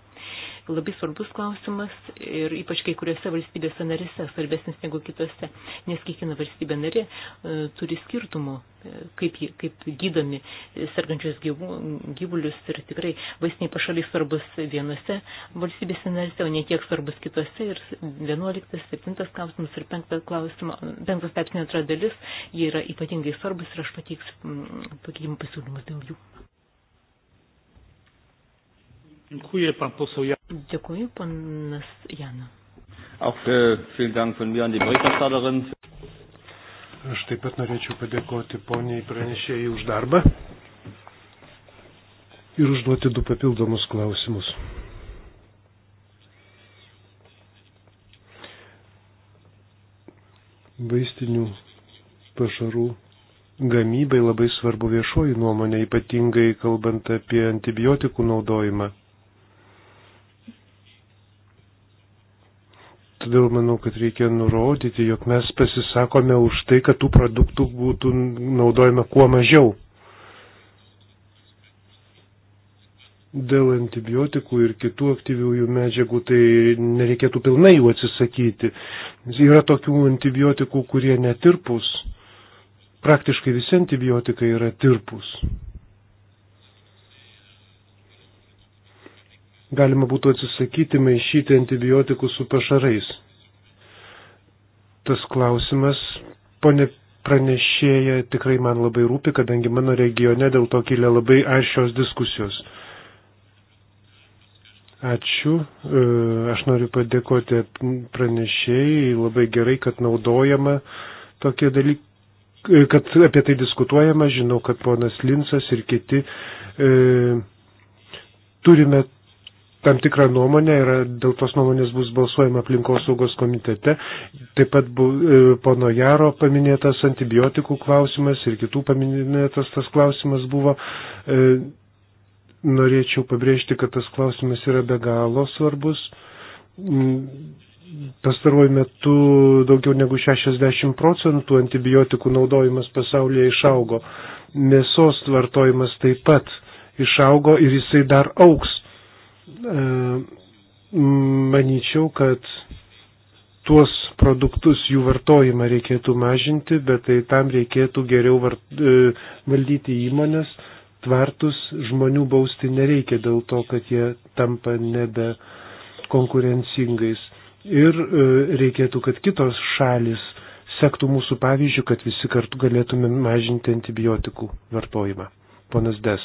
Labai svarbus klausimas ir ypač kai kuriuose valstybėse narėse, svarbesnis negu kitose, nes kiekviena valstybė narė e, turi skirtumų kaip, kaip gydomi sergančius gyvulius ir tikrai vaistiniai pašaliai svarbus vienose valstybėse narėse, o ne tiek svarbus kitose. Ir 11, 7 klausimas ir 5 klausimas, 5 straipsnė antra dalis, jie yra ypatingai svarbus ir aš pateiksiu pakeitimų pasiūlymus dėl jų. Dziękuję, pan poseł Jan. Dziękuję, pan Jana. Auch äh, vielen Dank von mir an die Berichterstatterin. Aš taip pat norėčiau padėkoti poniai pranešėjai už darbą ir užduoti du papildomus klausimus. Vaistinių pašarų gamybai labai svarbu viešoji nuomonė, ypatingai kalbant apie antibiotikų naudojimą. todėl manau, kad reikia nurodyti, jog mes pasisakome už tai, kad tų produktų būtų naudojama kuo mažiau. Dėl antibiotikų ir kitų aktyviųjų medžiagų tai nereikėtų pilnai jų atsisakyti. Yra tokių antibiotikų, kurie netirpus. Praktiškai visi antibiotikai yra tirpus. galima būtų atsisakyti maišyti antibiotikų su pašarais. Tas klausimas, ponė pranešėja, tikrai man labai rūpi, kadangi mano regione dėl to kilia labai aršios diskusijos. Ačiū. E, aš noriu padėkoti pranešėjai. Labai gerai, kad naudojama tokie dalykai e, kad apie tai diskutuojama, žinau, kad ponas Linsas ir kiti e, turime tam tikrą nuomonę ir dėl tos nuomonės bus balsuojama aplinkosaugos komitete. Taip pat bu, e, pono Jaro paminėtas antibiotikų klausimas ir kitų paminėtas tas klausimas buvo. E, norėčiau pabrėžti, kad tas klausimas yra be galo svarbus. Mm, pastaruoju metu daugiau negu 60 procentų antibiotikų naudojimas pasaulyje išaugo. Mėsos vartojimas taip pat išaugo ir jisai dar auks. E, manyčiau, kad tuos produktus, jų vartojimą reikėtų mažinti, bet tai tam reikėtų geriau vart, e, valdyti įmonės, tvartus žmonių bausti nereikia dėl to, kad jie tampa nebe konkurencingais. Ir e, reikėtų, kad kitos šalis sektų mūsų pavyzdžių, kad visi kartu galėtume mažinti antibiotikų vartojimą. Ponas Des.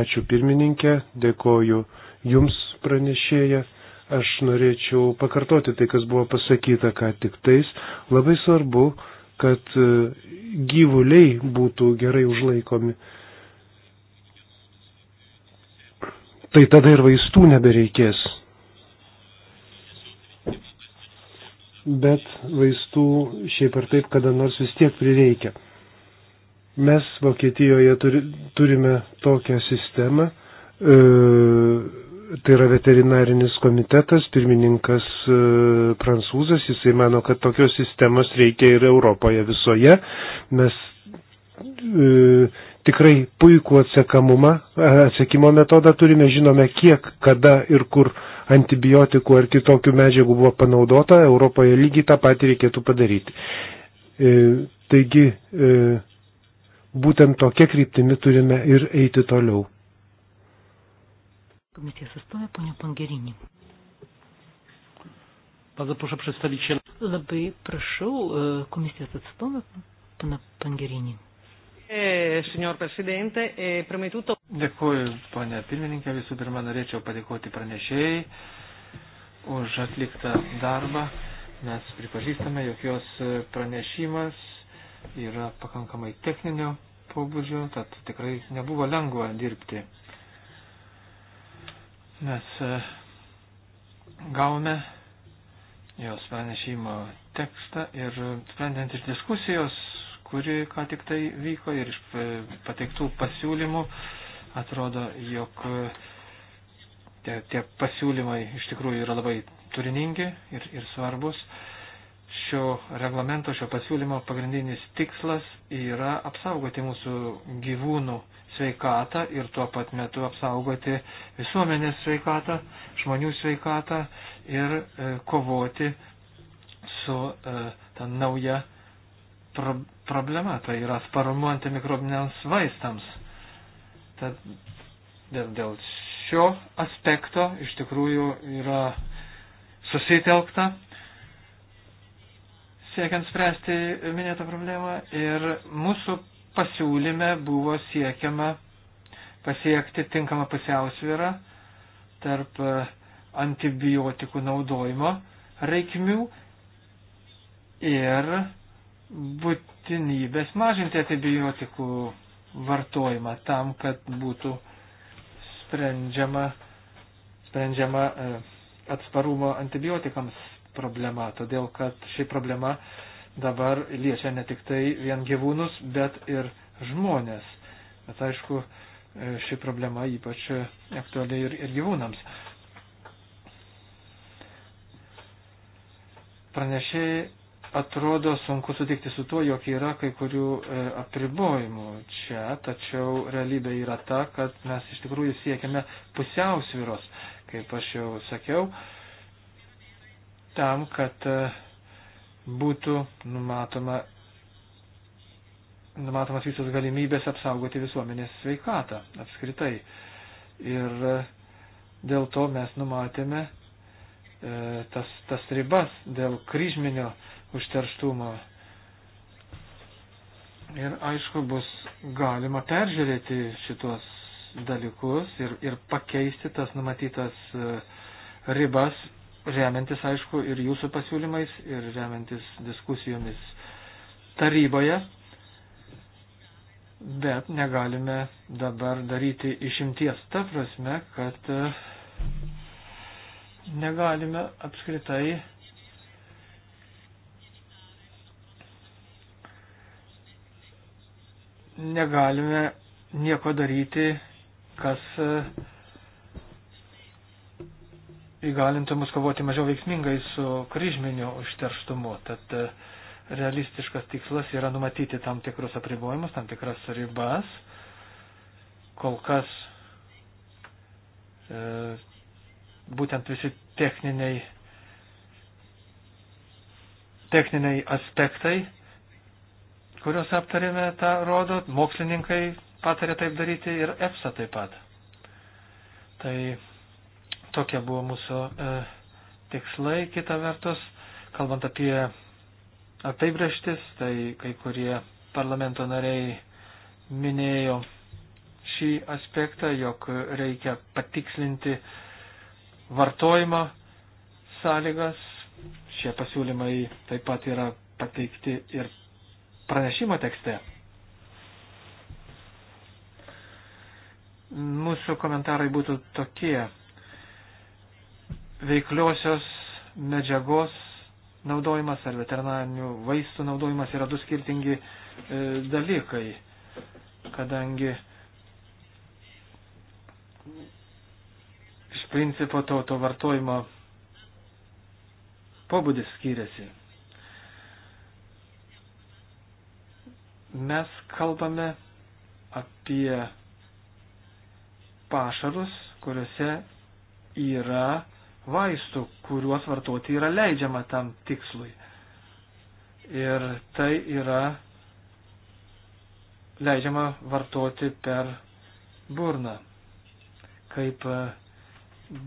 Ačiū pirmininkė, dėkoju jums pranešėja. Aš norėčiau pakartoti tai, kas buvo pasakyta ką tik tais. Labai svarbu, kad e, gyvuliai būtų gerai užlaikomi. Tai tada ir vaistų nebereikės. Bet vaistų šiaip ar taip kada nors vis tiek prireikia. Mes Vokietijoje turi, turime tokią sistemą. E, tai yra veterinarinis komitetas, pirmininkas e, prancūzas, jisai mano, kad tokios sistemos reikia ir Europoje visoje. Mes e, tikrai puikų atsekamumą, e, atsekimo metodą turime, žinome, kiek, kada ir kur antibiotikų ar kitokių medžiagų buvo panaudota, Europoje lygiai tą patį reikėtų padaryti. Taigi, būtent tokia kryptimi turime ir eiti toliau. Komisijos atstovė ponia Pangerinė. Bardzo proszę przedstawiciela. Labai prašau e, komisijos atstovą, pana Pangerinį. E, e, Dėkuoju, ponė pirmininkė. Visų pirma, norėčiau padėkoti pranešėjai už atliktą darbą. Mes pripažįstame, jog jos pranešimas yra pakankamai techninio pobūdžio, tad tikrai nebuvo lengva dirbti Mes e, gavome jos pranešimo tekstą ir sprendžiant iš diskusijos, kuri ką tik tai vyko ir iš e, pateiktų pasiūlymų, atrodo, jog e, tie, tie pasiūlymai iš tikrųjų yra labai turiningi ir, ir svarbus. E, šio reglamento, šio pasiūlymo pagrindinis tikslas yra apsaugoti mūsų gyvūnų sveikatą ir tuo pat metu apsaugoti visuomenės sveikatą, žmonių sveikatą ir e, kovoti su e, ta nauja pro problema, tai yra sparumu antimikrobiniams vaistams. Tad dėl, dėl šio aspekto iš tikrųjų yra susitelkta siekiant spręsti minėtą problemą ir mūsų pasiūlyme buvo siekiama pasiekti tinkamą pusiausvyrą tarp e, antibiotikų naudojimo reikmių ir būtinybės mažinti antibiotikų vartojimą tam, kad būtų sprendžiama, sprendžiama e, atsparumo antibiotikams problema, todėl kad ši problema dabar liečia ne tik tai vien gyvūnus, bet ir žmonės. Bet aišku, e, ši problema ypač aktuali ir, ir gyvūnams. Pranešėjai atrodo sunku sutikti su tuo, jog yra kai kurių e, apribojimų čia, tačiau realybė yra ta, kad mes iš tikrųjų siekiame pusiausviros, kaip aš jau sakiau. E, tam, kad e, būtų numatoma, numatomas visos galimybės apsaugoti visuomenės sveikatą apskritai. Ir e, dėl to mes numatėme e, tas, tas ribas dėl kryžminio užterštumo. Ir aišku, bus galima peržiūrėti šitos dalykus ir, ir pakeisti tas numatytas ribas remiantis, aišku, ir jūsų pasiūlymais, ir remiantis diskusijomis taryboje, bet negalime dabar daryti išimties ta prasme, kad e, negalime apskritai negalime nieko daryti, kas uh, įgalintų mus kovoti mažiau veiksmingai su kryžminiu užterštumu. Tad e, realistiškas tikslas yra numatyti tam tikrus apribojimus, tam tikras ribas. Kol kas e, būtent visi techniniai, techniniai aspektai, kuriuos aptarėme, tą rodo, mokslininkai patarė taip daryti ir EFSA taip pat. Tai Tokie buvo mūsų e, tikslai, kita vertus, kalbant apie apibrieštis, tai kai kurie parlamento nariai minėjo šį aspektą, jog reikia patikslinti vartojimo sąlygas. Šie pasiūlymai taip pat yra pateikti ir pranešimo tekste. Mūsų komentarai būtų tokie veikliosios medžiagos naudojimas ar veterinarinių vaistų naudojimas yra du skirtingi e, dalykai, kadangi iš principo to, to vartojimo pobūdis skiriasi. Mes kalbame apie pašarus, kuriuose yra vaistų, kuriuos vartoti yra leidžiama tam tikslui. Ir tai yra leidžiama vartoti per burną. Kaip e,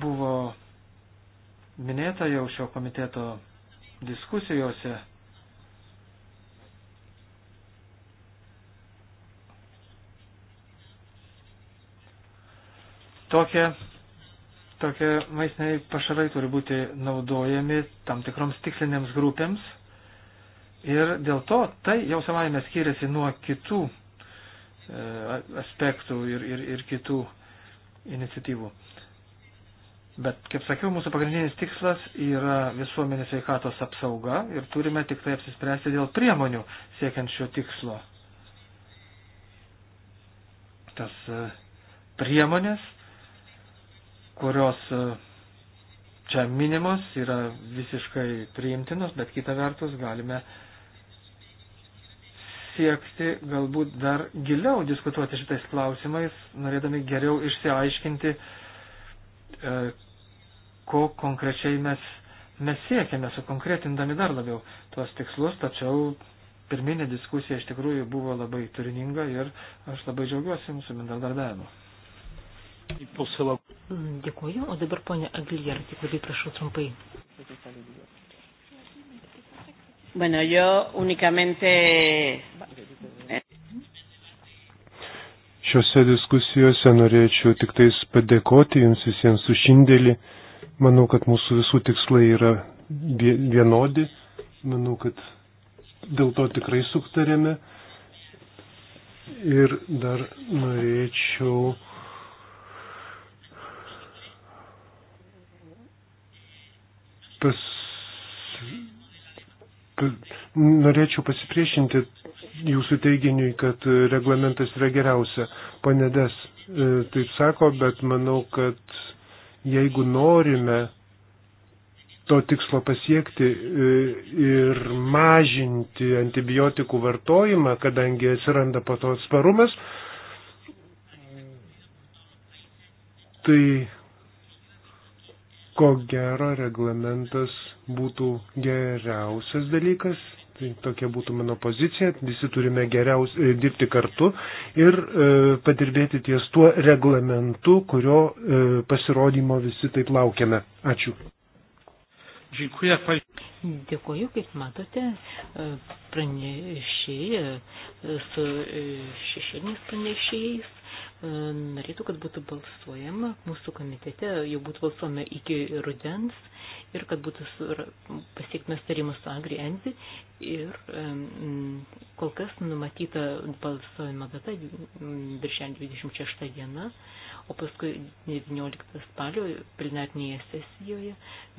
buvo minėta jau šio komiteto diskusijose, tokia tokie maistiniai pašarai turi būti naudojami tam tikroms tikslinėms grupėms. Ir dėl to tai jau savaime skiriasi nuo kitų e, aspektų ir, ir, ir kitų iniciatyvų. Bet, kaip sakiau, mūsų pagrindinis tikslas yra visuomenės veikatos apsauga ir turime tik tai apsispręsti dėl priemonių siekiant šio tikslo. Tas e, priemonės kurios e, čia minimos yra visiškai priimtinos, bet kita vertus galime siekti galbūt dar giliau diskutuoti šitais klausimais, norėdami geriau išsiaiškinti, e, ko konkrečiai mes, mes siekiame, sukonkretindami dar labiau tuos tikslus, tačiau pirminė diskusija iš tikrųjų buvo labai turininga ir aš labai džiaugiuosi mūsų bendradarbiavimu. Dėkuoju, o dabar ponė Aguilera, tik labai prašau trumpai. Bueno, yo únicamente. Eh, Šiuose diskusijose norėčiau tik tais padėkoti jums visiems už indėlį. Manau, kad mūsų visų tikslai yra vienodi. Manau, kad dėl to tikrai suktarėme. Ir dar norėčiau pas, pa, norėčiau pasipriešinti jūsų teiginiui, kad reglamentas yra geriausia. Panedes e, taip sako, bet manau, kad jeigu norime to tikslo pasiekti e, ir mažinti antibiotikų vartojimą, kadangi atsiranda pato atsparumas, tai ko gero reglamentas būtų geriausias dalykas, tai tokia būtų mano pozicija, visi turime geriaus, e, dirbti kartu ir e, padirbėti ties tuo reglamentu, kurio e, pasirodymo visi taip laukiame. Ačiū. Dėkuoju, kaip matote, pranešėjai e, su e, šešėliniais pranešėjais E, norėtų, kad būtų balsuojama mūsų komitete, jau būtų balsuojama iki rudens ir kad būtų pasiektas tarimas su Agri Enzi ir um, kol kas numatyta balsuojama data, viršen 26 diena. Um, o paskui 19 spalio plenarnėje sesijoje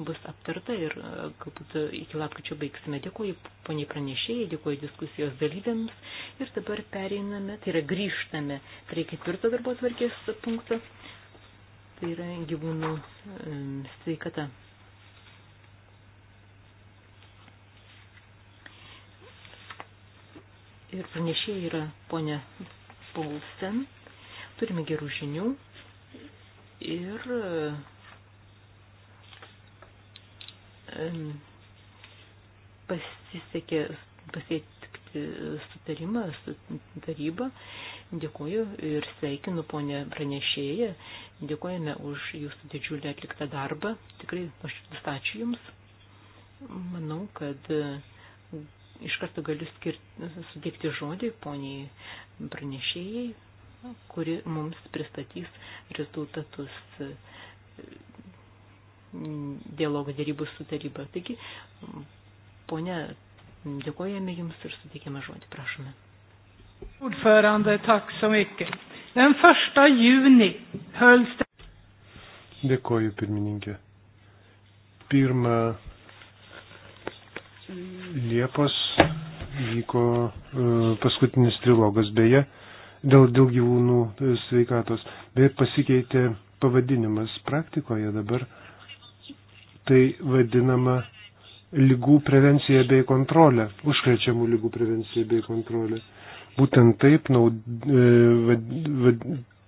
bus aptarta ir e, galbūt e, iki lapkričio baigsime. Dėkuoju poniai pranešėjai, dėkuoju diskusijos dalyviams ir dabar pereiname, tai yra grįžtame prie ketvirto darbo tvarkės punkto, tai yra gyvūnų e, sveikata. Ir pranešėjai yra ponia Paulsen turime gerų žinių ir pasisekė pasiekti sutarimą su taryba. Dėkuoju ir sveikinu ponę pranešėją. Dėkuojame už jūsų didžiulį atliktą darbą. Tikrai nuoširdus ačiū Jums. Manau, kad e, iš karto galiu skirti, sudėkti žodį poniai pranešėjai kuri mums pristatys rezultatus mm, dialogo dėrybų su taryba. Taigi, ponia, dėkojame Jums ir sutikėme žodį, prašome. Ordförande, tack så mycket. Den första juni hölls det... Dėkoju, pirmininkė. Pirmą Liepos vyko e, paskutinis trilogas, beje, dėl, dėl gyvūnų sveikatos. Bet pasikeitė pavadinimas praktikoje dabar. Tai vadinama lygų prevencija bei kontrolė, užkrečiamų lygų prevencija bei kontrolė. Būtent taip, naud, e, vad, vad,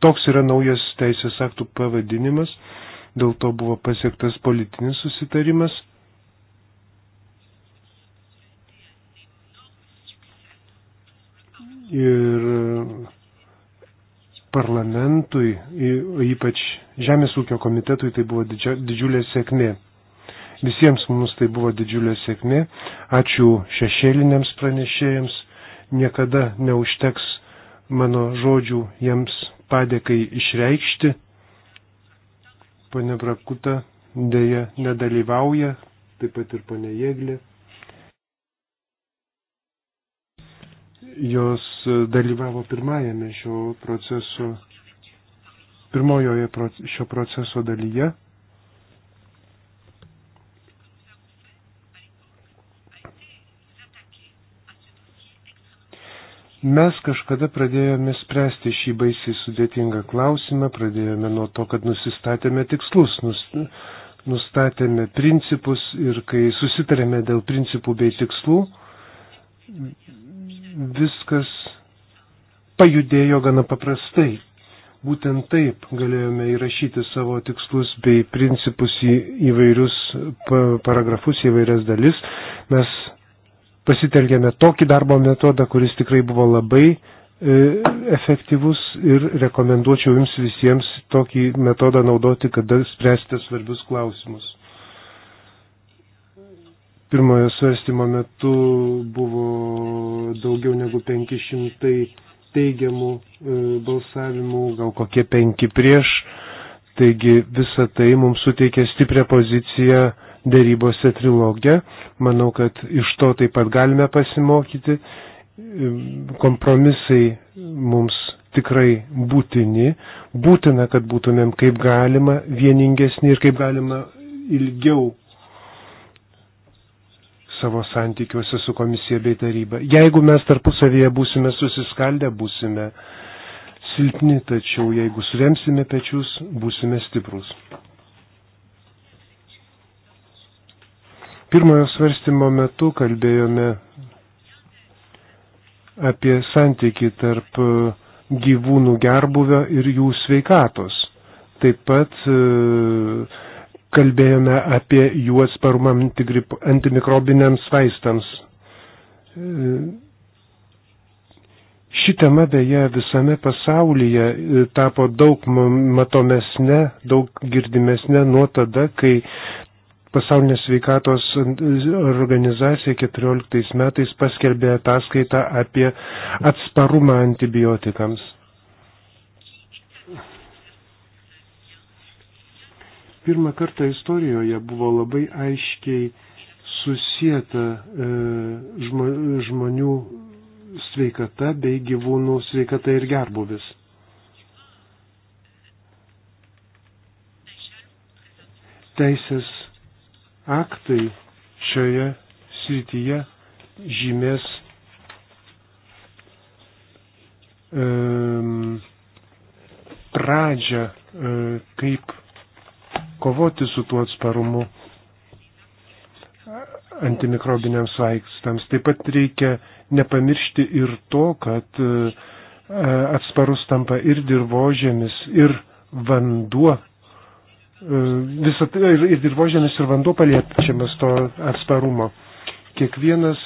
toks yra naujas teisės aktų pavadinimas, dėl to buvo pasiektas politinis susitarimas. Ir parlamentui, ypač Žemės ūkio komitetui, tai buvo didžiulė sėkmė. Visiems mums tai buvo didžiulė sėkmė. Ačiū šešėliniams pranešėjams. Niekada neužteks mano žodžių jiems padėkai išreikšti. Pane Brakuta dėja nedalyvauja, taip pat ir pane Jėglė. Jos dalyvavo pirmajame šio proceso, pirmojoje šio proceso dalyje. Mes kažkada pradėjome spręsti šį baisiai sudėtingą klausimą, pradėjome nuo to, kad nusistatėme tikslus, nustatėme principus ir kai susitarėme dėl principų bei tikslų, viskas pajudėjo gana paprastai. Būtent taip galėjome įrašyti savo tikslus bei principus į įvairius paragrafus, į vairias dalis. Mes pasitelkėme tokį darbo metodą, kuris tikrai buvo labai e, efektyvus ir rekomenduočiau jums visiems tokį metodą naudoti, kada spręsite svarbius klausimus. Pirmojo svarstymo metu buvo daugiau negu 500 teigiamų e, balsavimų, gal kokie penki prieš. Taigi visa tai mums suteikė stiprią poziciją dėrybose trilogė. Manau, kad iš to taip pat galime pasimokyti. E, kompromisai mums tikrai būtini. Būtina, kad būtumėm kaip galima vieningesni ir kaip galima ilgiau savo santykiuose su komisija bei taryba. Jeigu mes tarpusavėje būsime susiskaldę, būsime silpni, tačiau jeigu suremsime pečius, būsime stiprus. Pirmojo svarstymo metu kalbėjome apie santyki tarp e, gyvūnų gerbuvio ir jų sveikatos. Taip pat e, kalbėjome apie jų atsparumą antimikrobiniams vaistams. Ši tema beje visame pasaulyje e, tapo daug matomesnė, daug girdimesnė nuo tada, kai Pasaulinė sveikatos organizacija 14 metais paskelbė ataskaitą apie atsparumą antibiotikams. pirmą kartą istorijoje buvo labai aiškiai susijęta e, žmonių sveikata bei gyvūnų sveikata ir gerbuvis. Teisės aktai šioje srityje žymės um, pradžią, um, kaip kovoti su tuo atsparumu antimikrobiniams vaistams. Taip pat reikia nepamiršti ir to, kad e, atsparus tampa ir dirbožėmis, ir vanduo. E, Visą, tai, ir, ir dirbožėmis, ir vanduo paliečiamas to atsparumo. Kiekvienas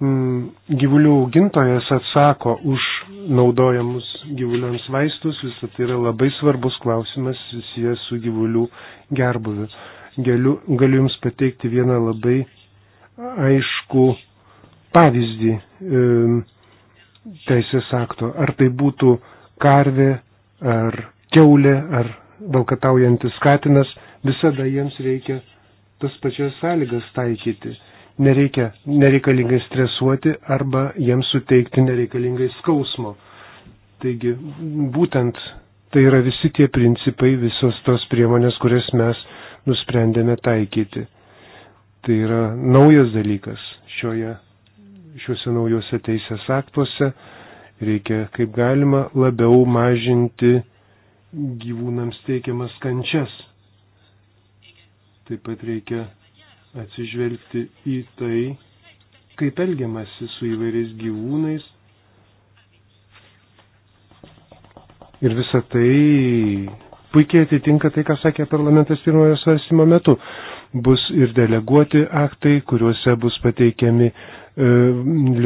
mm, gyvulių augintojas atsako už naudojamus gyvuliams vaistus, visą tai yra labai svarbus klausimas susijęs su gyvulių gerbuviu. Galiu, galiu Jums pateikti vieną labai aišku pavyzdį e, teisės akto. Ar tai būtų karvė, ar keulė, ar valkataujantis katinas, visada jiems reikia tas pačias sąlygas taikyti nereikia nereikalingai stresuoti arba jiems suteikti nereikalingai skausmo. Taigi būtent tai yra visi tie principai, visos tos priemonės, kurias mes nusprendėme taikyti. Tai yra naujas dalykas šioje, šiuose naujuose teisės aktuose. Reikia kaip galima labiau mažinti gyvūnams teikiamas kančias. Taip pat reikia atsižvelgti į tai, kaip elgiamasi su įvairiais gyvūnais. Ir visa tai puikiai atitinka tai, ką sakė parlamentas pirmojo svarstymo metu. Bus ir deleguoti aktai, kuriuose bus pateikiami e,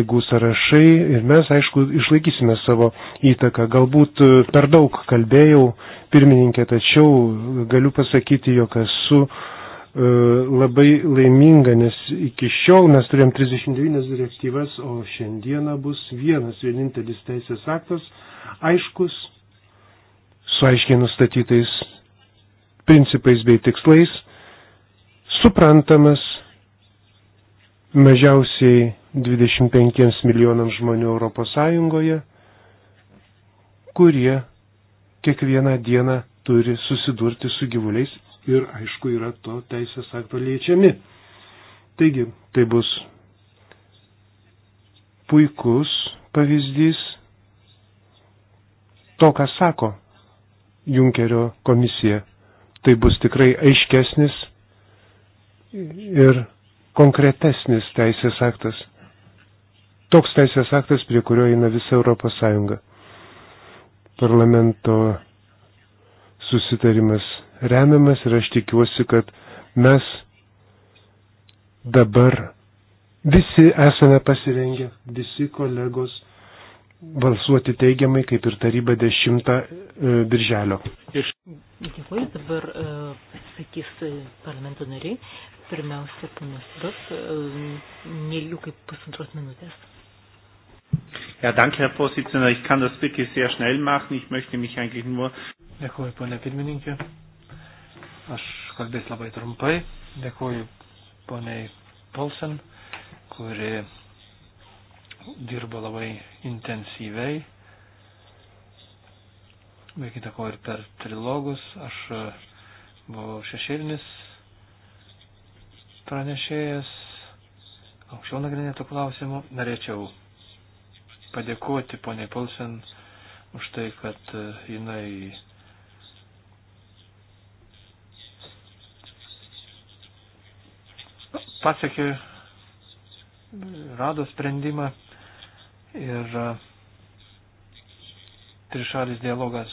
lygų sąrašai ir mes, aišku, išlaikysime savo įtaką. Galbūt e, per daug kalbėjau, pirmininkė, tačiau galiu pasakyti, jog esu e, E, labai laiminga, nes iki šiol mes turėjom 39 direktyvas, o šiandieną bus vienas vienintelis teisės aktas, aiškus, su aiškiai nustatytais principais bei tikslais, suprantamas mažiausiai 25 milijonams žmonių Europos Sąjungoje, kurie kiekvieną dieną turi susidurti su gyvuliais ir, aišku, yra to teisės akto liečiami. Taigi, tai bus puikus pavyzdys to, ką sako Junkerio komisija. Tai bus tikrai aiškesnis ir konkretesnis teisės aktas. Toks teisės aktas, prie kurio eina visa Europos Sąjunga. Parlamento susitarimas remiamas ir aš tikiuosi, kad mes dabar visi esame pasirengę, visi kolegos balsuoti teigiamai, kaip ir taryba 10 e, birželio. Iš... Dėkuoju, dabar uh, e, sakys parlamento nariai. Pirmiausia, panas Bas, uh, e, neliu kaip pusantros minutės. Ja, danke, Herr Vorsitzender. Ich kann das wirklich sehr schnell machen. Ich möchte mich eigentlich nur. Dėkuoju, ponia pirmininkė. Aš kalbės labai trumpai. Dėkuoju poniai Paulsen, kuri dirbo labai intensyviai. Be kita ko ir per trilogus. Aš e, buvau šešėlinis pranešėjas. Aukščiau nagrinėtų klausimų. Norėčiau padėkoti poniai Paulsen už tai, kad e, jinai pasiekė, rado sprendimą ir e, trišalis dialogas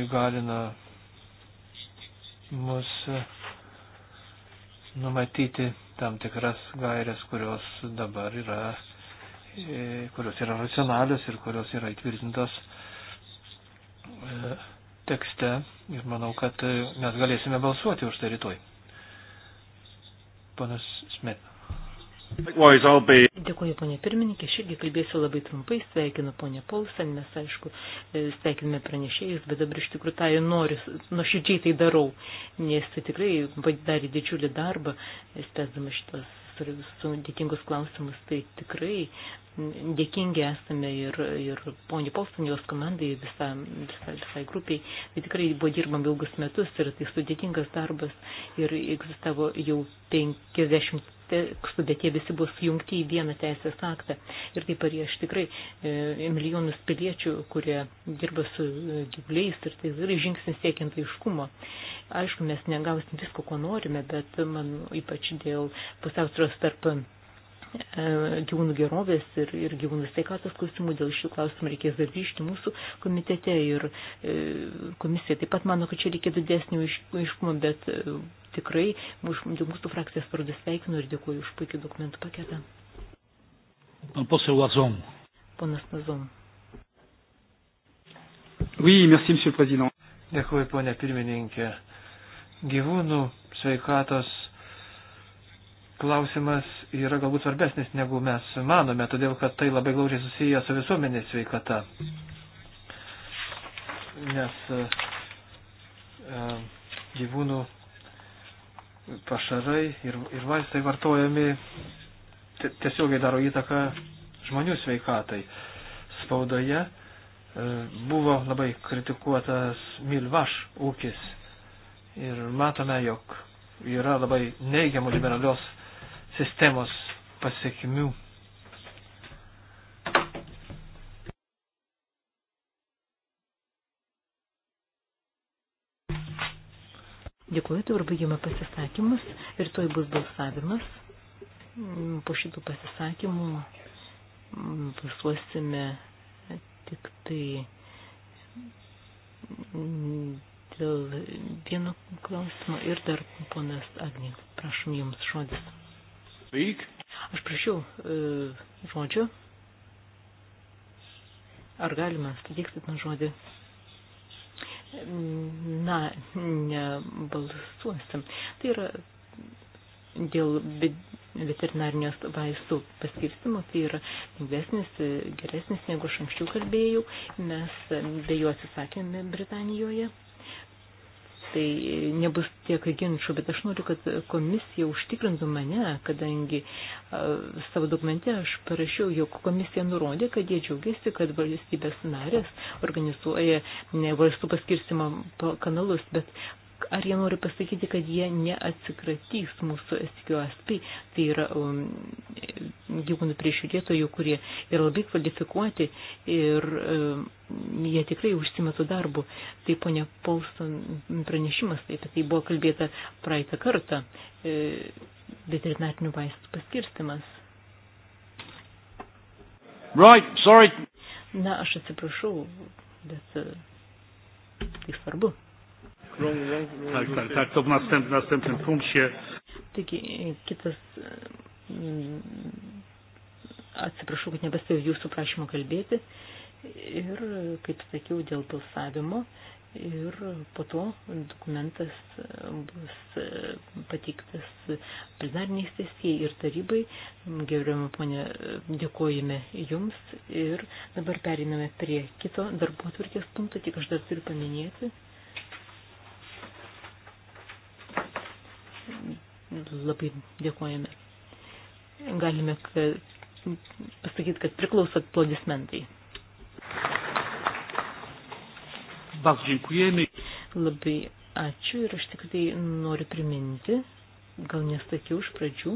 įgalina mus e, numatyti tam tikras gairias, kurios dabar yra, e, kurios yra racionalios ir kurios yra įtvirtintos tekste ir manau, kad mes galėsime balsuoti už tai rytoj. Panas Smith. Dėkuoju, ponė pirmininkė, aš irgi kalbėsiu labai trumpai, sveikinu ponė Paulsen, mes aišku e, sveikiname pranešėjus, bet dabar iš tikrųjų tą tai noriu, nuoširdžiai tai darau, nes tai tikrai padarė didžiulį darbą, spėsdama šitas sudėtingus klausimus, tai tikrai dėkingi esame ir, ir ponių Polson, jos komandai, visa, visa, visai grupiai. Tai tikrai buvo dirbam ilgus metus ir tai sudėtingas darbas ir egzistavo jau 50 tekstų, bet jie visi bus jungti į vieną teisės aktą. Ir tai parieš tikrai e, milijonus piliečių, kurie dirba su e, gyvuliais ir tai yra žingsnis siekiant aiškumo. Aišku, mes negausim visko, ko norime, bet man ypač dėl pusiausvėros tarp e, gyvūnų gerovės ir, ir gyvūnų sveikatos klausimų. Dėl šių klausimų reikės dar grįžti mūsų komitete ir e, komisija taip pat mano, kad čia reikia didesnio aiškumo, bet tikrai mūsų frakcijos vardu sveikinu ir dėkuoju už puikių dokumentų paketą. Ponas Lazom. Oui, merci, monsieur le président. Dėkuoju, ponė pirmininkė. Gyvūnų sveikatos klausimas yra galbūt svarbesnis negu mes manome, todėl kad tai labai glaudžiai susiję su visuomenės sveikata. Nes e, e, gyvūnų pašarai ir, ir vaistai vartojami tiesiogiai daro įtaką žmonių sveikatai. Spaudoje e, buvo labai kritikuotas Milvaš ūkis ir matome, jog yra labai neigiamų liberalios sistemos pasiekmių Dėkuoju, dabar baigėme pasisakymus ir toj bus balsavimas. Mm, po šitų pasisakymų mm, balsuosime tik tai mm, dėl vieno klausimo ir dar ponas Agnė, prašom jums žodis. Veik. Aš prašiau e, žodžio. Ar galima, suteiksit man žodį? na, nebalsuosim. Tai yra dėl veterinarinios vaistų paskirstimo, tai yra lengvesnis, geresnis negu aš anksčiau kalbėjau, mes be jo atsisakėme Britanijoje tai nebus tiek ginčių, bet aš noriu, kad komisija užtikrintų mane, kadangi uh, savo dokumente aš parašiau, jog komisija nurodė, kad jie džiaugiasi, kad valstybės narės organizuoja valstų paskirstimą kanalus, bet ar jie nori pasakyti, kad jie neatsikratys mūsų SQSP, tai yra um, gyvūnų prižiūrėtojų, kurie yra labai kvalifikuoti ir um, jie tikrai užsimetų darbu. Tai ponia Paulson pranešimas, taip, tai buvo kalbėta praeitą kartą, e, veterinarinių vaistų paskirstimas. Right, sorry. Na, aš atsiprašau, bet e, tai svarbu. Tak, tak, tak, to w następ, następnym punkcie. Taigi, e, kitas, e, mm, atsiprašau, kad nebestėjau jūsų prašymo kalbėti ir, e, kaip sakiau, dėl balsavimo ir po to dokumentas bus pateiktas plenariniai sesijai ir tarybai. Gerbiamą ponę, dėkojame Jums ir dabar periname prie kito darbo tvarkės punkto, tik aš dar turiu paminėti labai dėkojame. Galime pasakyti, kad priklauso aplodismentai. Bardzo dziękujemy. Labai ačiū ir aš tik tai noriu priminti, gal nesakiau iš pradžių,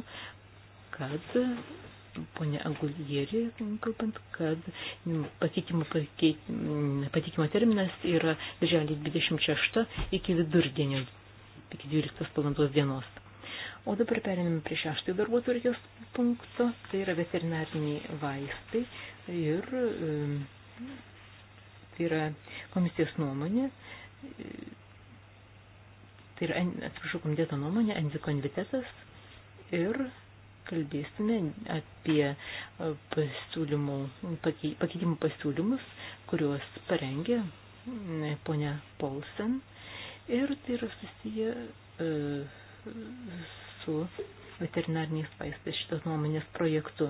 kad ponė Agulieri, kalbant, kad patikimo, patikimo terminas yra birželį 26 iki vidurdienio, iki 12 valandos dienos. O dabar perėmėme prie šeštojo darbo tvarkės punkto, tai yra veterinariniai vaistai ir tai yra komisijos nuomonė, tai yra, atsiprašau, komiteto nuomonė, antikonvitetas ir kalbėsime apie e, pasiūlymų, pakeitimų pasiūlymus, kuriuos parengė ponia Paulsen ir tai yra susiję e, su veterinariniais vaistais šitas nuomonės projektu.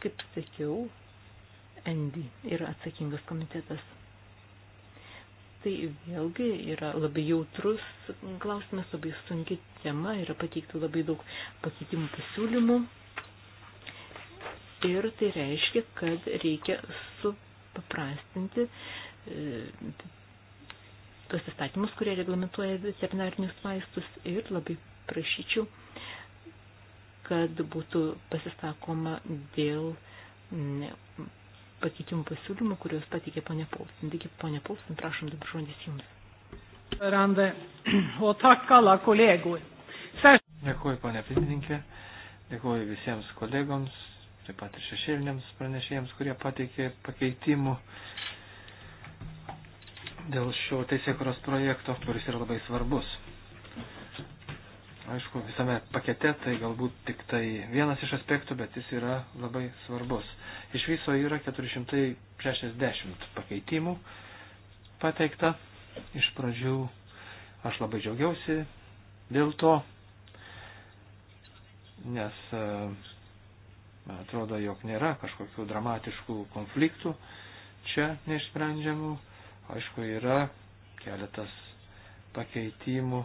Kaip sakiau, Andy yra atsakingas komitetas. Tai vėlgi yra labai jautrus klausimas, labai sunki tema, yra pateikti labai daug pakeitimų pasiūlymų. Ir tai reiškia, kad reikia supaprastinti e, tuos įstatymus, kurie reglamentuoja veterinarinius vaistus ir labai prašyčiau kad būtų pasisakoma dėl pakeitimų pasiūlymų, kuriuos patikė ponė Paulsen. Taigi, ponė Paulsen, prašom dabar žodis jums. Rande, o takala kolegui. Dėkuoju, ponė pirmininkė, dėkuoju visiems kolegoms, taip pat ir šešėliniams pranešėjams, kurie pateikė pakeitimų dėl šio teisėkuros projekto, kuris yra labai svarbus. Aišku, visame pakete tai galbūt tik tai vienas iš aspektų, bet jis yra labai svarbus. Iš viso yra 460 pakeitimų pateikta. Iš pradžių aš labai džiaugiausi dėl to, nes e, man atrodo, jog nėra kažkokių dramatiškų konfliktų čia neišsprendžiamų. Aišku, yra keletas pakeitimų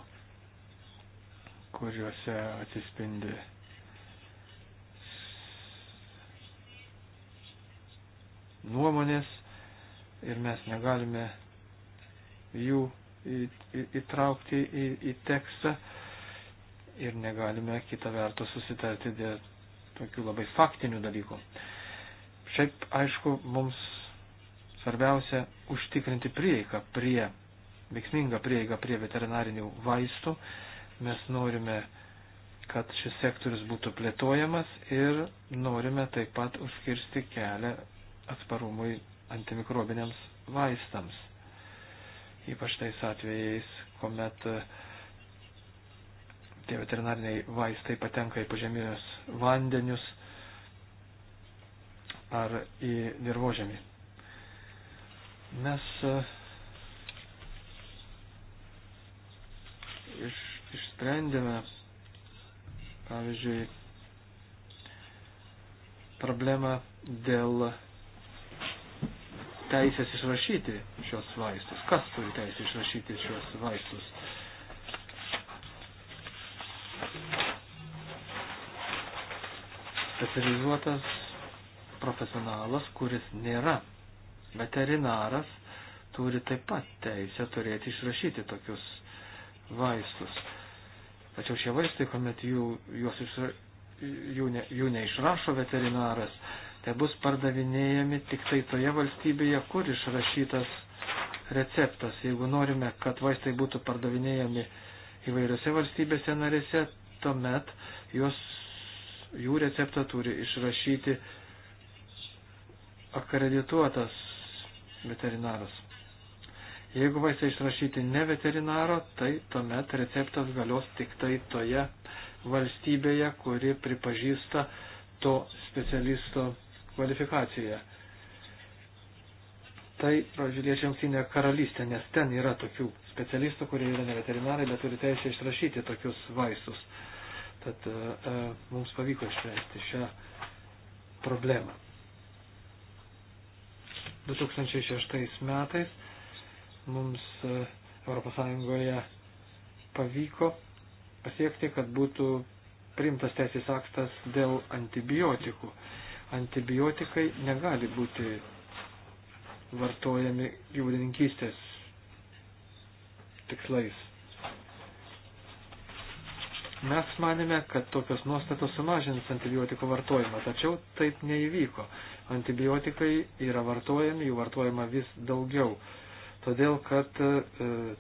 kuriuose atsispindi nuomonės ir mes negalime jų įtraukti į, į tekstą ir negalime kitą vertus susitarti dėl tokių labai faktinių dalykų. Šiaip, aišku, mums svarbiausia užtikrinti prieigą prie, veiksmingą prieigą prie veterinarinių vaistų Mes norime, kad šis sektorius būtų plėtojamas ir norime taip pat užkirsti kelią atsparumui antimikrobiniams vaistams. Ypač tais atvejais, kuomet e, tie veterinariniai vaistai patenka į požeminius vandenius ar į dirbožemį. Mes uh, išsprendėme, pavyzdžiui, problemą dėl teisės išrašyti šios vaistus. Kas turi teisę išrašyti šios vaistus? Specializuotas profesionalas, kuris nėra veterinaras, turi taip pat teisę turėti išrašyti tokius vaistus. Tačiau šie vaistai, kuomet jų, juos išra, jų, ne, jų neišrašo veterinaras, tai bus pardavinėjami tik tai toje valstybėje, kur išrašytas receptas. Jeigu norime, kad vaistai būtų pardavinėjami įvairiose valstybėse narėse, tuomet juos, jų receptą turi išrašyti akredituotas veterinaras. Jeigu vaistai išrašyti ne veterinaro, tai tuomet receptas galios tik tai toje valstybėje, kuri pripažįsta to specialisto kvalifikaciją. Tai, pavyzdžiui, liečia jungtinė karalystė, nes ten yra tokių specialistų, kurie yra ne veterinarai, bet turi teisę išrašyti tokius vaistus. Tad e, e, mums pavyko išspręsti šią problemą. 2006 metais mums ES pavyko pasiekti, kad būtų priimtas teisės aktas dėl antibiotikų. Antibiotikai negali būti vartojami gyvulininkystės tikslais. Mes manėme, kad tokios nuostatos sumažins antibiotikų vartojimą, tačiau taip neįvyko. Antibiotikai yra vartojami, jų vartojama vis daugiau todėl kad e,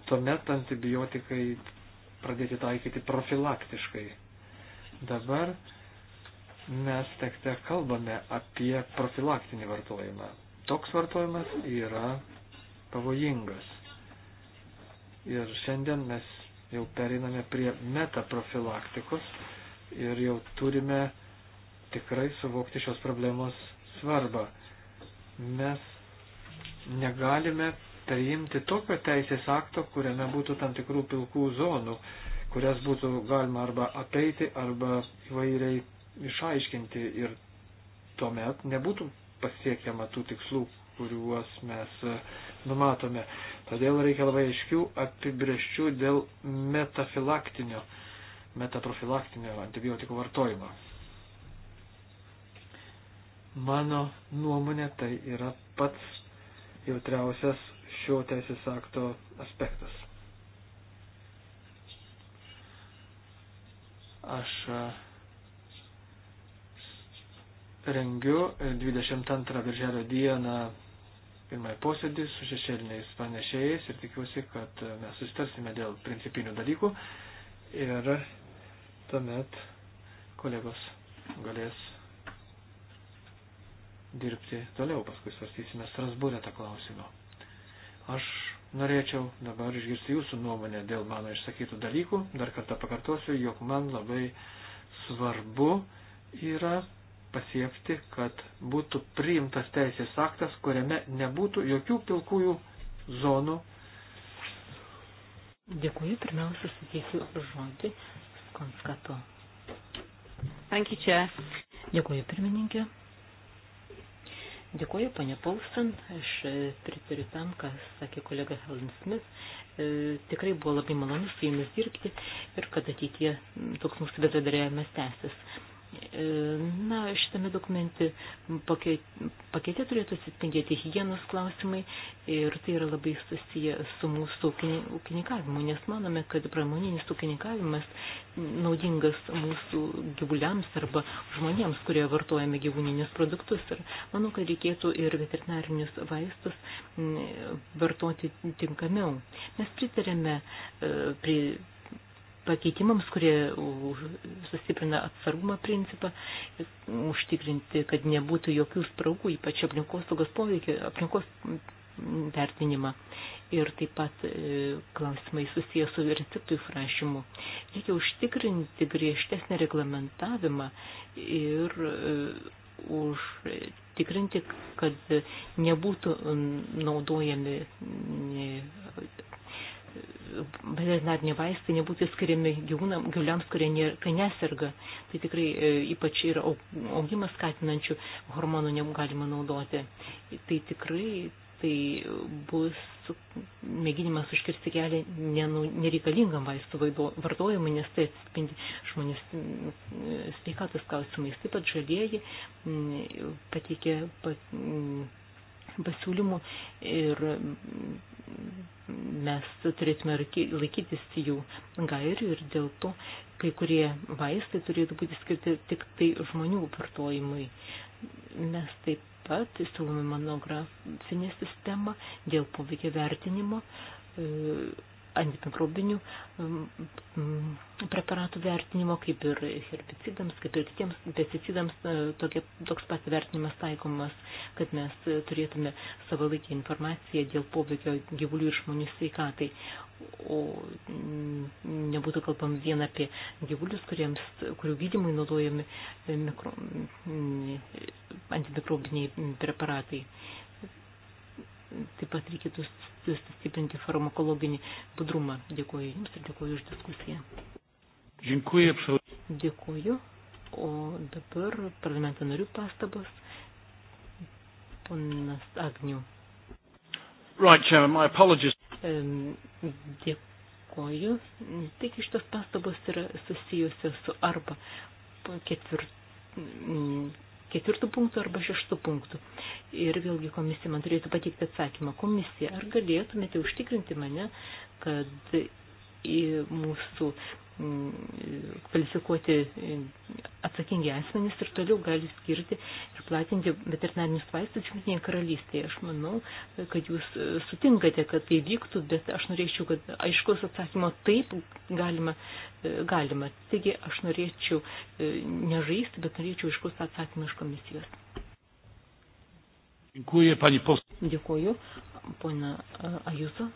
tuomet antibiotikai pradėti taikyti profilaktiškai. Dabar mes tekte kalbame apie profilaktinį vartojimą. Toks vartojimas yra pavojingas. Ir šiandien mes jau periname prie metaprofilaktikos ir jau turime tikrai suvokti šios problemos svarbą. Mes negalime priimti tokio teisės akto, kuriame būtų tam tikrų pilkų zonų, kurias būtų galima arba apeiti, arba įvairiai išaiškinti ir tuomet nebūtų pasiekiama tų tikslų, kuriuos mes e, numatome. Todėl reikia labai aiškių apibrieščių dėl metafilaktinio, metaprofilaktinio antibiotikų vartojimo. Mano nuomonė tai yra pats jautriausias šio teisės akto aspektas. Aš e, rengiu 22 birželio dieną pirmąjį posėdį su šešėliniais panešėjais ir tikiuosi, kad e, mes susitarsime dėl principinių dalykų ir tuomet kolegos galės dirbti toliau, paskui svarstysime Strasbūrę tą klausimą. Aš norėčiau dabar išgirsti jūsų nuomonę dėl mano išsakytų dalykų. Dar kartą pakartosiu, jog man labai svarbu yra pasiekti, kad būtų priimtas teisės aktas, kuriame nebūtų jokių pilkųjų zonų. Dėkuoju, pirmiausia, suteikiu žodį Skonskato. Dėkuoju, pirmininkė. Dėkuoju, ponia Paulsen, aš e, pritariu tam, ką sakė kolega Helen Smith. E, tikrai buvo labai malonu su jumis dirbti ir kad ateitie toks mūsų bedradarėjimas tęsis. E, na, šitame dokumente pakete turėtų atsispindėti hygienos klausimai ir tai yra labai susiję su mūsų ūkininkavimu, nes manome, kad pramoninis ūkininkavimas naudingas mūsų gyvuliams arba žmonėms, kurie vartojame gyvūninius produktus. Ir manau, kad reikėtų ir veterinarinius vaistus mm, vartoti tinkamiau. Mes pritarėme e, prie pakeitimams, kurie sustiprina atsargumo principą, užtikrinti, kad nebūtų jokių spragų, ypač aplinkosaugos poveikio, aplinkos vertinimą. Ir taip pat e, klausimai susijęs su receptų įrašymu. Reikia užtikrinti griežtesnį reglamentavimą ir e, užtikrinti, kad nebūtų naudojami veterinariniai vaistai nebūtų skiriami gyvūnam, gyvuliams, kurie nė, tai neserga. Tai tikrai e, ypač ir augimas skatinančių hormonų negalima naudoti. Tai tikrai tai bus mėginimas užkirsti kelią nereikalingam vaistų vartojimui, nes tai atspindi žmonių sveikatos klausimais. Taip pat žalieji pateikė pat, pasiūlymų ir mes turėtume laikytis jų gairių ir dėl to kai kurie vaistai turėtų būti skirti tik tai žmonių vartojimui. Mes taip pat siūlome monografinę sistemą dėl poveikio vertinimo e, antimikrobinių um, mm, preparatų vertinimo, kaip ir herbicidams, kaip ir kitiems pesticidams e, tokie, toks pat vertinimas taikomas, kad mes turėtume savalaikę informaciją dėl poveikio gyvulių ir žmonių sveikatai. O mm, nebūtų kalbam vien apie gyvulius, kuriems, kurių gydimui naudojami mikro, mm, antimikrobiniai preparatai taip pat reikėtų stiprinti farmakologinį budrumą. Dėkuoju Jums ir dėkuoju už diskusiją. Dėkuoju. Dėkuoju. O dabar parlamento narių pastabos. Ponas Agnių. Right, Chairman, my apologies. Dėkuoju. Tik iš tos pastabos yra susijusios su arba ketvirt, ketvirtų punktų arba šeštų punktų. Ir vėlgi komisija man turėtų pateikti atsakymą. Komisija, ar galėtumėte užtikrinti mane, kad į mūsų Mm, kvalifikuoti mm, atsakingi asmenys ir toliau gali skirti ir platinti veterinarinius vaistus Junktinėje karalystėje. Aš manau, kad jūs e, sutinkate, kad tai vyktų, bet aš norėčiau, kad aiškus atsakymo taip galima, e, galima. Taigi aš norėčiau e, nežaisti, bet norėčiau aiškus atsakymą iš komisijos. Dėkuoju, pani pos. Dėkuoju, pana Ajuso.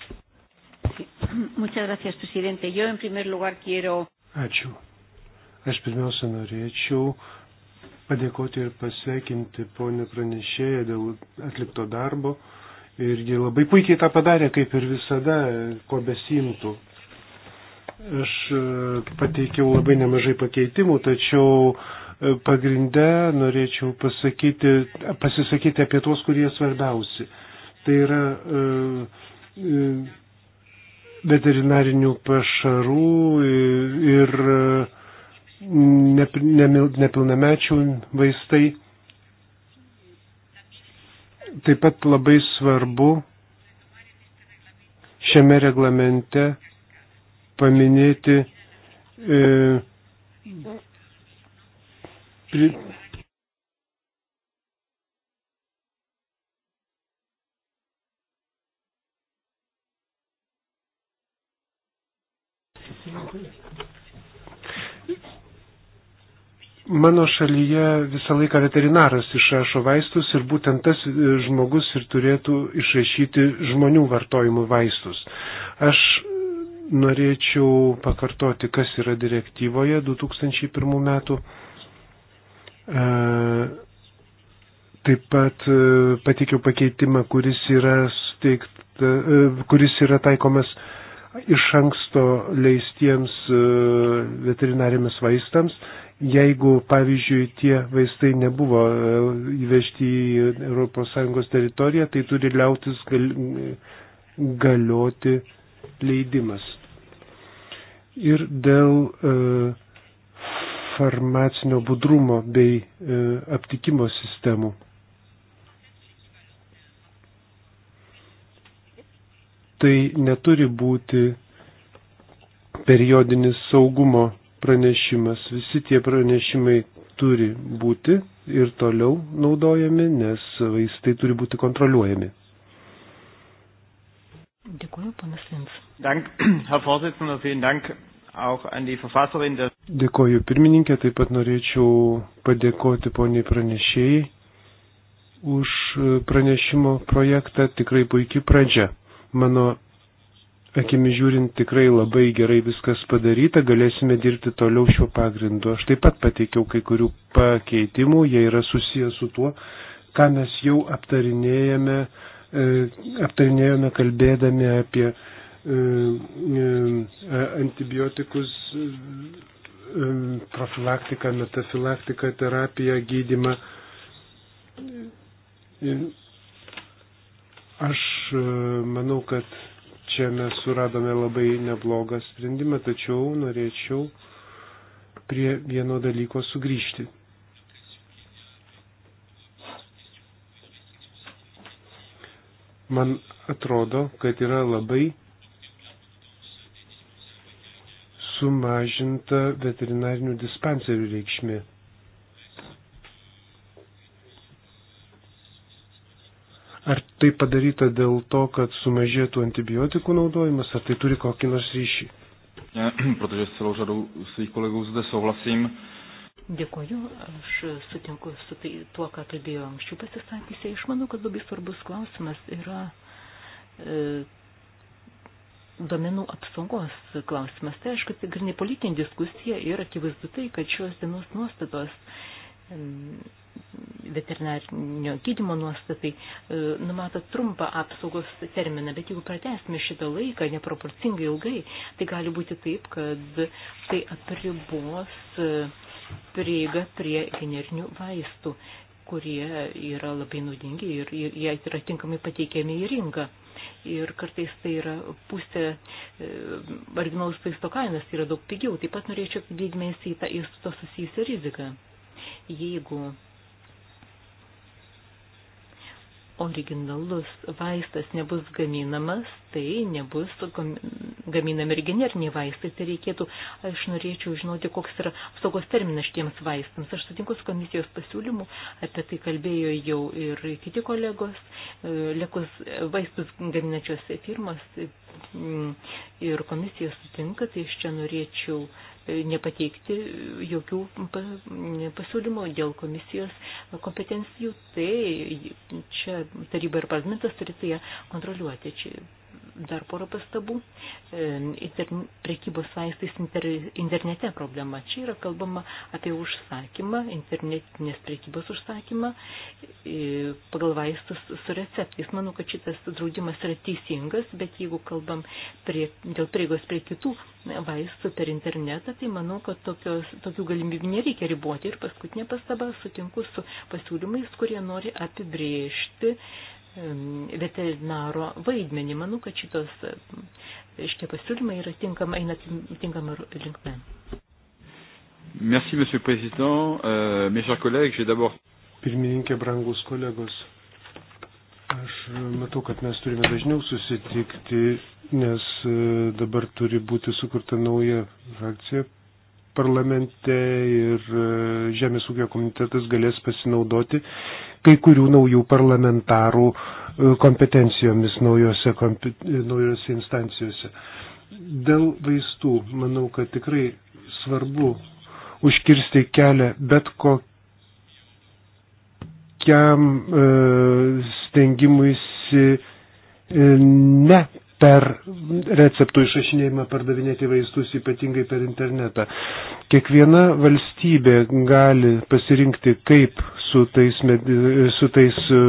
Muchas gracias, presidente. Yo en primer lugar quiero. Ačiū. Aš pirmiausia norėčiau padėkoti ir pasveikinti ponę pranešėją dėl atlikto darbo. Ir ji labai puikiai tą padarė, kaip ir visada, ko besimtų. Aš e, pateikiau labai nemažai pakeitimų, tačiau e, pagrindę norėčiau pasakyti, pasisakyti apie tuos, kurie svarbiausi. Tai yra e, e, veterinarinių pašarų ir e, nepilnamečių vaistai. Taip pat labai svarbu šiame reglamente paminėti e, pri, Mano šalyje visą laiką veterinaras išrašo vaistus ir būtent tas e, žmogus ir turėtų išrašyti žmonių vartojimų vaistus. Aš norėčiau pakartoti, kas yra direktyvoje 2001 metų. E, taip pat e, pateikiau pakeitimą, kuris yra, steikt, e, kuris yra taikomas e, iš anksto leistiems e, veterinarėmis vaistams, jeigu, pavyzdžiui, tie vaistai nebuvo e, įvežti į ES teritoriją, tai turi liautis gal, galioti leidimas. Ir dėl e, farmacinio budrumo bei aptikimo sistemų. tai neturi būti periodinis saugumo pranešimas. Visi tie pranešimai turi būti ir toliau naudojami, nes vaistai turi būti kontroliuojami. Dėkuoju, panas Vins. Dank, Herr Vorsitzender, vielen Dank auch an die Verfasserin der. Dėkoju pirmininkė, taip pat norėčiau padėkoti poniai pranešėjai už pranešimo projektą, tikrai puikiai pradžia. Mano akimi žiūrint tikrai labai gerai viskas padaryta, galėsime dirbti toliau šiuo pagrindu. Aš taip pat pateikiau kai kurių pakeitimų, jie yra susijęs su tuo, ką mes jau aptarinėjame, e, aptarinėjome kalbėdami apie e, e, antibiotikus, e, e profilaktiką, metafilaktiką, terapiją, gydimą. E, Aš e, manau, kad čia mes suradome labai neblogą sprendimą, tačiau norėčiau prie vieno dalyko sugrįžti. Man atrodo, kad yra labai sumažinta veterinarinių dispenserių reikšmė. tai padaryta dėl to, kad sumažėtų antibiotikų naudojimas, ar tai turi kokį nors ryšį? Protože s celou řadou svých kolegů zde souhlasím. Dėkuoju, aš sutinku su tai, tuo, ką kalbėjo anksčiau pasisakysiai. Aš manau, kad labai svarbus klausimas yra e, domenų apsaugos klausimas. Tai aišku, pagrindinė tai politinė diskusija ir akivaizdu tai, kad šios dienos nuostatos e, veterinarinio gydymo nuostatai e, numato trumpą apsaugos terminą, bet jeigu pratesime šitą laiką neproporcingai ilgai, tai gali būti taip, kad tai apribos e, prieiga prie generinių vaistų, kurie yra labai naudingi ir jie yra tinkamai pateikiami į rinką ir kartais tai yra pusė originalus e, vaisto kainas, tai yra daug pigiau. Taip pat norėčiau didmėsi į tą į to susijusią riziką. Jeigu originalus vaistas nebus gaminamas, tai nebus gaminami ir generiniai vaistai. Tai reikėtų, aš norėčiau žinoti, koks yra apsaugos terminas šitiems vaistams. Aš sutinku su komisijos pasiūlymu, apie tai kalbėjo jau ir kiti kolegos, e, liekus vaistus gaminačios firmas ir komisija sutinka, tai aš čia norėčiau nepateikti jokių pasiūlymų dėl komisijos kompetencijų, tai čia taryba ir parlamentas turi tai kontroliuoti. Čia Dar porą pastabų. E, prekybos vaistais inter, internete problema. Čia yra kalbama apie užsakymą, internetinės prekybos užsakymą e, pagal vaistus su receptais. Manau, kad šitas draudimas yra teisingas, bet jeigu kalbam prie, dėl prieigos prie kitų vaistų per internetą, tai manau, kad tokios, tokių galimybių nereikia riboti. Ir paskutinė pastaba, sutinku su pasiūlymais, kurie nori apibriežti veterinaro vaidmenį. Manau, kad šitos šitie pasiūlymai yra tinkama, eina tinkama linkme. Merci, Monsieur le Président. Euh, mes chers collègues, j'ai d'abord. Pirmininkė, brangus kolegos, aš e, matau, kad mes turime dažniau susitikti, nes e, dabar turi būti sukurta nauja frakcija parlamente ir e, Žemės ūkio komitetas galės pasinaudoti kai kurių naujų parlamentarų e, kompetencijomis naujose, kompi, e, naujose instancijose. Dėl vaistų, manau, kad tikrai svarbu užkirsti kelią bet kokiam e, stengimuisi e, ne per receptų išrašinėjimą pardavinėti vaistus, ypatingai per internetą. Kiekviena valstybė gali pasirinkti, kaip su tais, su tais e,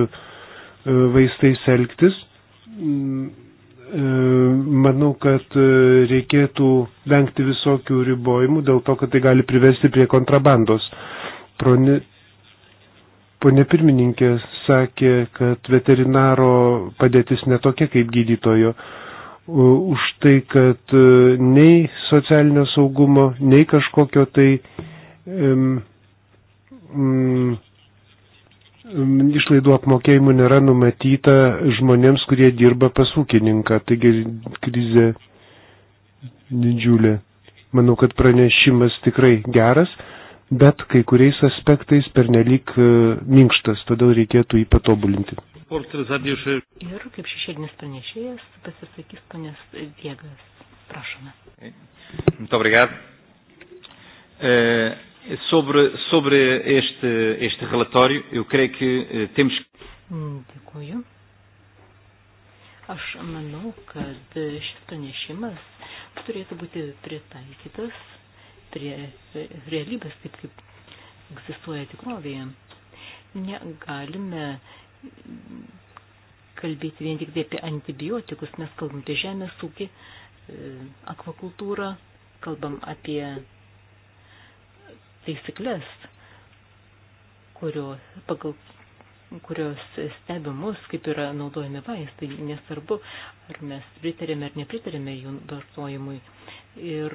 vaistais elgtis. E, manau, kad e, reikėtų vengti visokių ribojimų dėl to, kad tai gali privesti prie kontrabandos. Prone, Pone pirmininkė sakė, kad veterinaro padėtis netokia kaip gydytojo. Uh, Uh, už tai, kad uh, nei socialinio saugumo, nei kažkokio tai um, um, išlaidų apmokėjimų nėra numatyta žmonėms, kurie dirba pas ūkininką. Taigi krizė didžiulė. Manau, kad pranešimas tikrai geras, bet kai kuriais aspektais pernelyg uh, minkštas, todėl reikėtų jį patobulinti. Ir kaip šešėdinis pranešėjas pasisakys ponės Viegas. Prašome. Muito obrigado. Uh, sobre, sobre este, este relatório, eu creio que uh, temos que. Dėkuoju. Aš manau, kad šis pranešimas turėtų būti pritaikytas prie realybės, taip kaip egzistuoja tikrovėje. Negalime kalbėti vien tik apie antibiotikus, mes kalbam apie žemės ūkį, e, akvakultūrą, kalbam apie taisyklės, kurio, pagal kurios stebi mus, kaip yra naudojami vaistai, nesvarbu, ar mes pritarėme ar nepritarėme jų vartojimui. Ir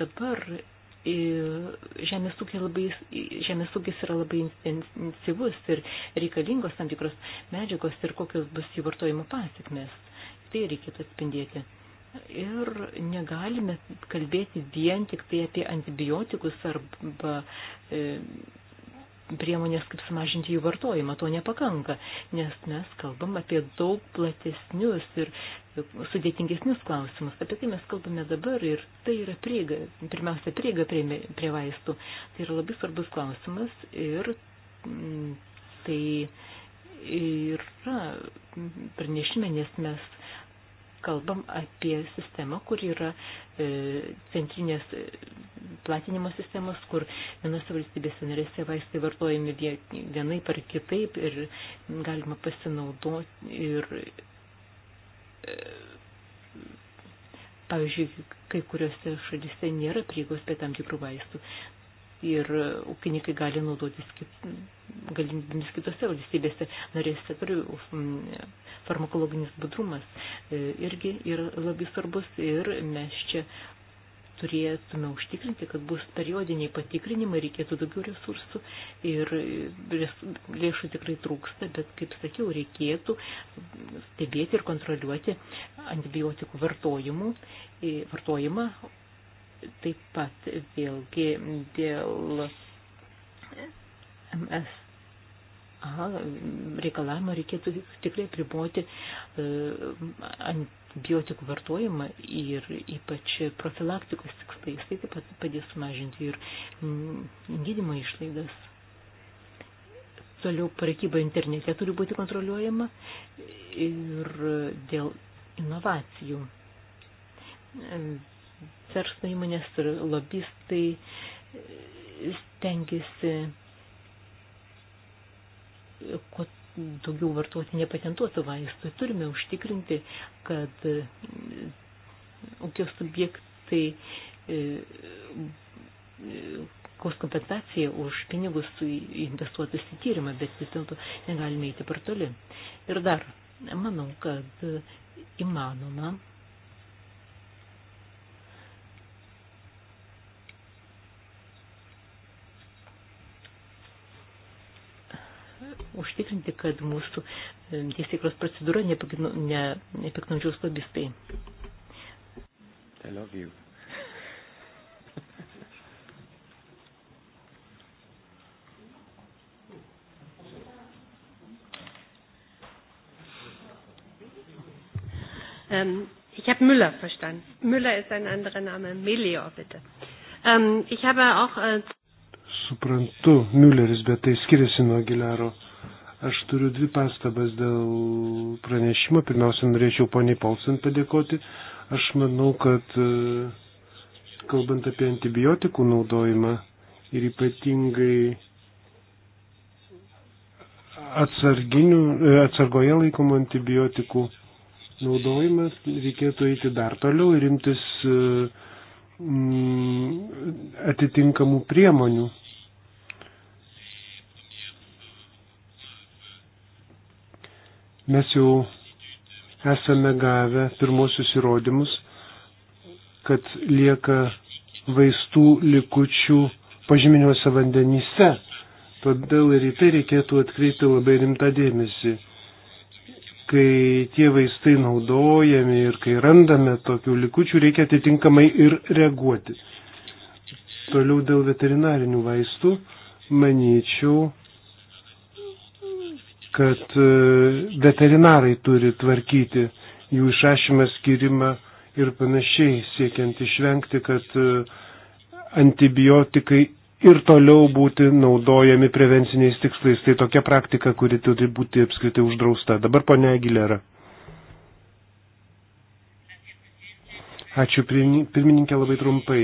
dabar žemės, ūkis labai, žemės ūkis yra labai intensyvus ir reikalingos tam tikros medžiagos ir kokios bus jų vartojimo pasiekmes. Tai reikėtų atspindėti. Ir negalime kalbėti vien tik tai apie antibiotikus arba e, priemonės, kaip sumažinti jų vartojimą. To nepakanka, nes mes kalbam apie daug platesnius ir sudėtingesnius klausimus. Apie tai mes kalbame dabar ir tai yra prieiga, pirmiausia, prieiga prie, prie vaistų. Tai yra labai svarbus klausimas ir mm, tai yra pranešime, nes mes kalbam apie sistemą, kur yra e, centrinės e, platinimo sistemos, kur vienose valstybėse narėse vaistai vartojami vienai par kitaip ir galima pasinaudoti ir pavyzdžiui, kai kuriuose šalyse nėra prieigos prie tam tikrų vaistų ir ūkininkai gali naudotis kit, galimybėmis kitose valstybėse narėse. Turiu um, farmakologinis budrumas e, irgi yra labai svarbus ir mes čia turėtume užtikrinti, kad bus periodiniai patikrinimai, reikėtų daugiau resursų ir lėšų tikrai trūksta, bet, kaip sakiau, reikėtų stebėti ir kontroliuoti antibiotikų vartojimų, vartojimą. Taip pat vėlgi dėl MS reikalavimą reikėtų tikrai priboti e, ant biotikų vartojimą ir ypač profilaktikos tikslais. Tai taip pat padės sumažinti ir mm, gydimo išlaidas. Toliau prekyba internete turi būti kontroliuojama ir dėl inovacijų. Verslo įmonės ir lobistai stengiasi kuo daugiau vartoti nepatentuotų vaistų. Turime užtikrinti, kad e, ūkio subjektai kos e, kompensacija už pinigus investuotus į tyrimą, bet vis dėlto negalime eiti per toli. Ir dar, manau, kad įmanoma užtikrinti, kad mūsų e, teisėkros procedūra nepiknaudžiaus ne, lobistai. I love you. Ähm, ich habe Müller verstanden. Müller ist ein anderer Name. Melior, bitte. Ähm, ich habe auch. Äh Suprantu, Mülleris, bet tai skiriasi nuo Gilero. Aš turiu dvi pastabas dėl pranešimo. Pirmiausia, norėčiau poniai Polsen padėkoti. Aš manau, kad e, kalbant apie antibiotikų naudojimą ir ypatingai e, atsargoje laikomų antibiotikų naudojimą, reikėtų eiti dar toliau ir imtis e, atitinkamų priemonių Mes jau esame gavę pirmosius įrodymus, kad lieka vaistų likučių pažyminiuose vandenyse. Todėl ir į tai reikėtų atkreipti labai rimtą dėmesį. Kai tie vaistai naudojami ir kai randame tokių likučių, reikia atitinkamai ir reaguoti. Toliau dėl veterinarinių vaistų, manyčiau, kad e, veterinarai turi tvarkyti jų išrašymą, skirimą ir panašiai, siekiant išvengti, kad e, antibiotikai ir toliau būti naudojami prevenciniais tikslais. Tai tokia praktika, kuri turi būti apskritai uždrausta. Dabar ponia Agilera. Ačiū, pirmininkė, labai trumpai.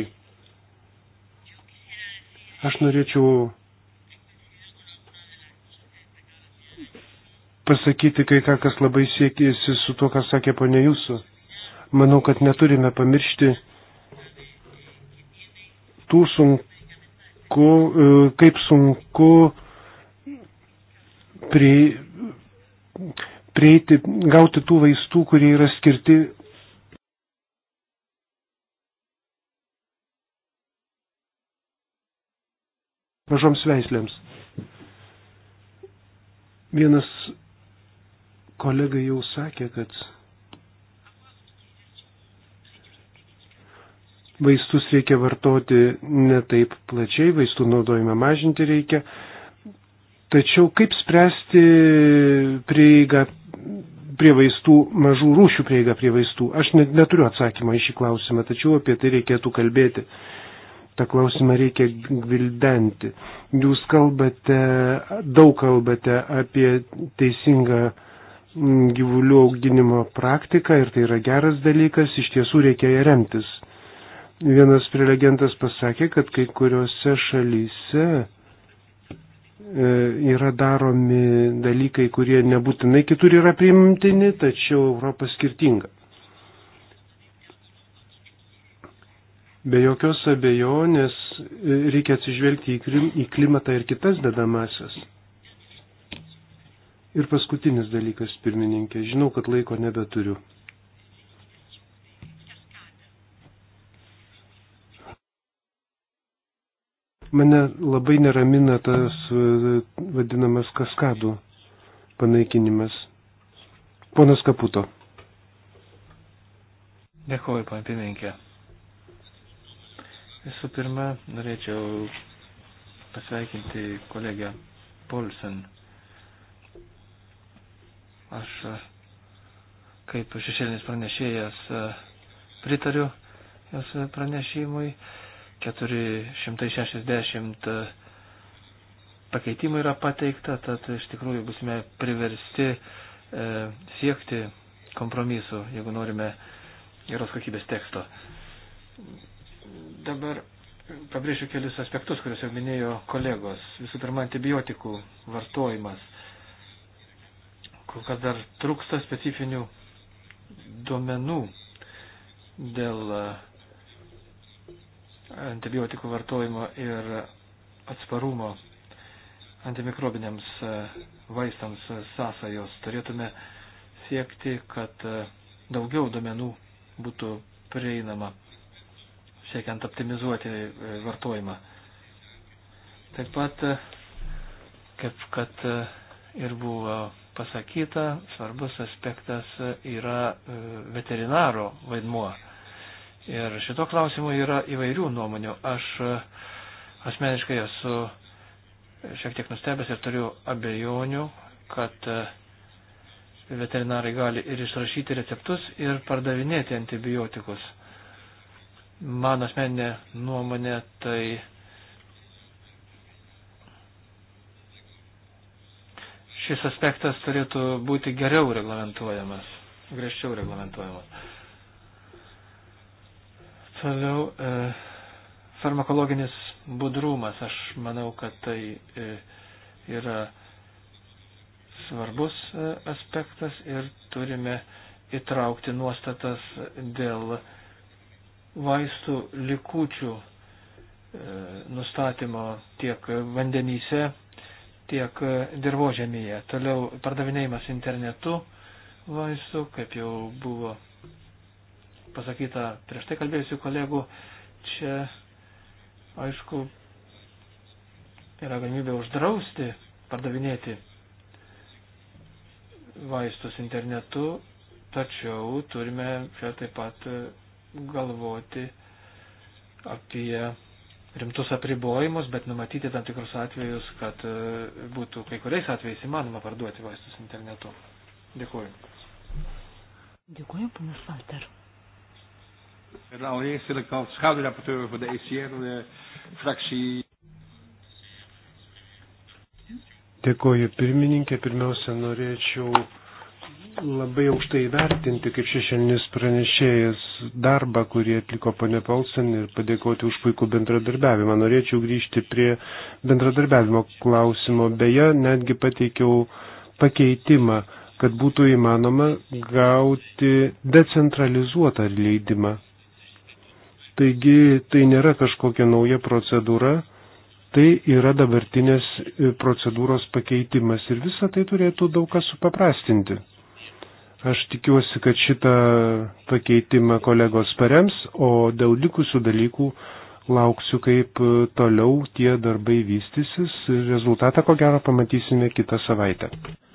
Aš norėčiau pasakyti kai ką, kas labai siekėsi su to, ką sakė ponė jūsų. Manau, kad neturime pamiršti tų sunku, e, kaip sunku prie, prieiti, gauti tų vaistų, kurie yra skirti mažoms veislėms. Vienas Kolega jau sakė, kad vaistus reikia vartoti ne taip plačiai, vaistų naudojimą mažinti reikia. Tačiau kaip spręsti prieigą prie vaistų, mažų rūšių prieigą prie vaistų? Aš net neturiu atsakymą į šį klausimą, tačiau apie tai reikėtų kalbėti. Ta klausimą reikia gvildenti. Jūs kalbate, daug kalbate apie teisingą gyvulių auginimo praktiką ir tai yra geras dalykas, iš tiesų reikia ją remtis. Vienas prelegentas pasakė, kad kai kuriuose šalyse e, yra daromi dalykai, kurie nebūtinai kitur yra priimtini, tačiau Europa skirtinga. Be jokios abejonės e, reikia atsižvelgti į klimatą ir kitas dedamasias. Ir paskutinis dalykas, pirmininkė, žinau, kad laiko nebeturiu. Mane labai neramina tas e, vadinamas kaskadų panaikinimas. Ponas Kaputo. Dėkuoju, pan pirmininkė. Visų pirma, norėčiau pasveikinti kolegę Polsen Aš e, kaip šešėlinis pranešėjas e, pritariu jos pranešimui. 460 e, pakeitimų yra pateikta, tad iš tikrųjų busime priversti e, siekti kompromisų, jeigu norime geros kokybės teksto. Dabar pabrėšiu kelius aspektus, kuriuos jau minėjo kolegos. Visų pirma, antibiotikų vartojimas kad dar trūksta specifinių duomenų dėl e, antibiotikų vartojimo ir atsparumo antimikrobiniams e, vaistams sąsajos. Turėtume siekti, kad e, daugiau duomenų būtų prieinama, siekiant optimizuoti vartojimą. Taip pat, kaip kad ir buvo pasakyta, svarbus aspektas yra e, veterinaro vaidmuo. Ir šito klausimu yra įvairių nuomonių. Aš e, asmeniškai esu šiek tiek nustebęs ir turiu abejonių, kad e, veterinarai gali ir išrašyti receptus, ir pardavinėti antibiotikus. Man asmeninė nuomonė tai šis aspektas turėtų būti geriau reglamentuojamas, griežčiau reglamentuojamas. Toliau e, farmakologinis budrumas, aš manau, kad tai e, yra svarbus e, aspektas ir turime įtraukti nuostatas dėl vaistų likučių e, nustatymo tiek vandenyse, tiek e, dirbožėmėje. Toliau pardavinėjimas internetu vaistų, kaip jau buvo pasakyta prieš tai kalbėjusių kolegų, čia aišku yra galimybė uždrausti pardavinėti vaistus internetu, tačiau turime čia taip pat e, galvoti apie rimtus apribojimus, bet numatyti tam tikrus atvejus, kad e, būtų kai kuriais atvejais įmanoma parduoti vaistus internetu. Dėkuoju. Dėkuoju, panas Walter. Allereerst wil ik als schaduwrapporteur voor e de ECR-fractie. Dėkuoju pirmininkė, pirmiausia norėčiau labai aukštai vertinti kaip šešėlinis pranešėjas darbą, kurį atliko ponė Paulsen ir padėkoti už puikų bendradarbiavimą. Norėčiau grįžti prie bendradarbiavimo klausimo. Beje, netgi pateikiau pakeitimą, kad būtų įmanoma gauti decentralizuotą leidimą. Taigi tai nėra kažkokia nauja procedūra, tai yra dabartinės e, procedūros pakeitimas ir visą tai turėtų daug kas supaprastinti. Aš tikiuosi, kad šitą pakeitimą kolegos parems, o dėl likusių dalykų lauksiu, kaip toliau tie darbai vystysis. Rezultatą, ko gero, pamatysime kitą savaitę.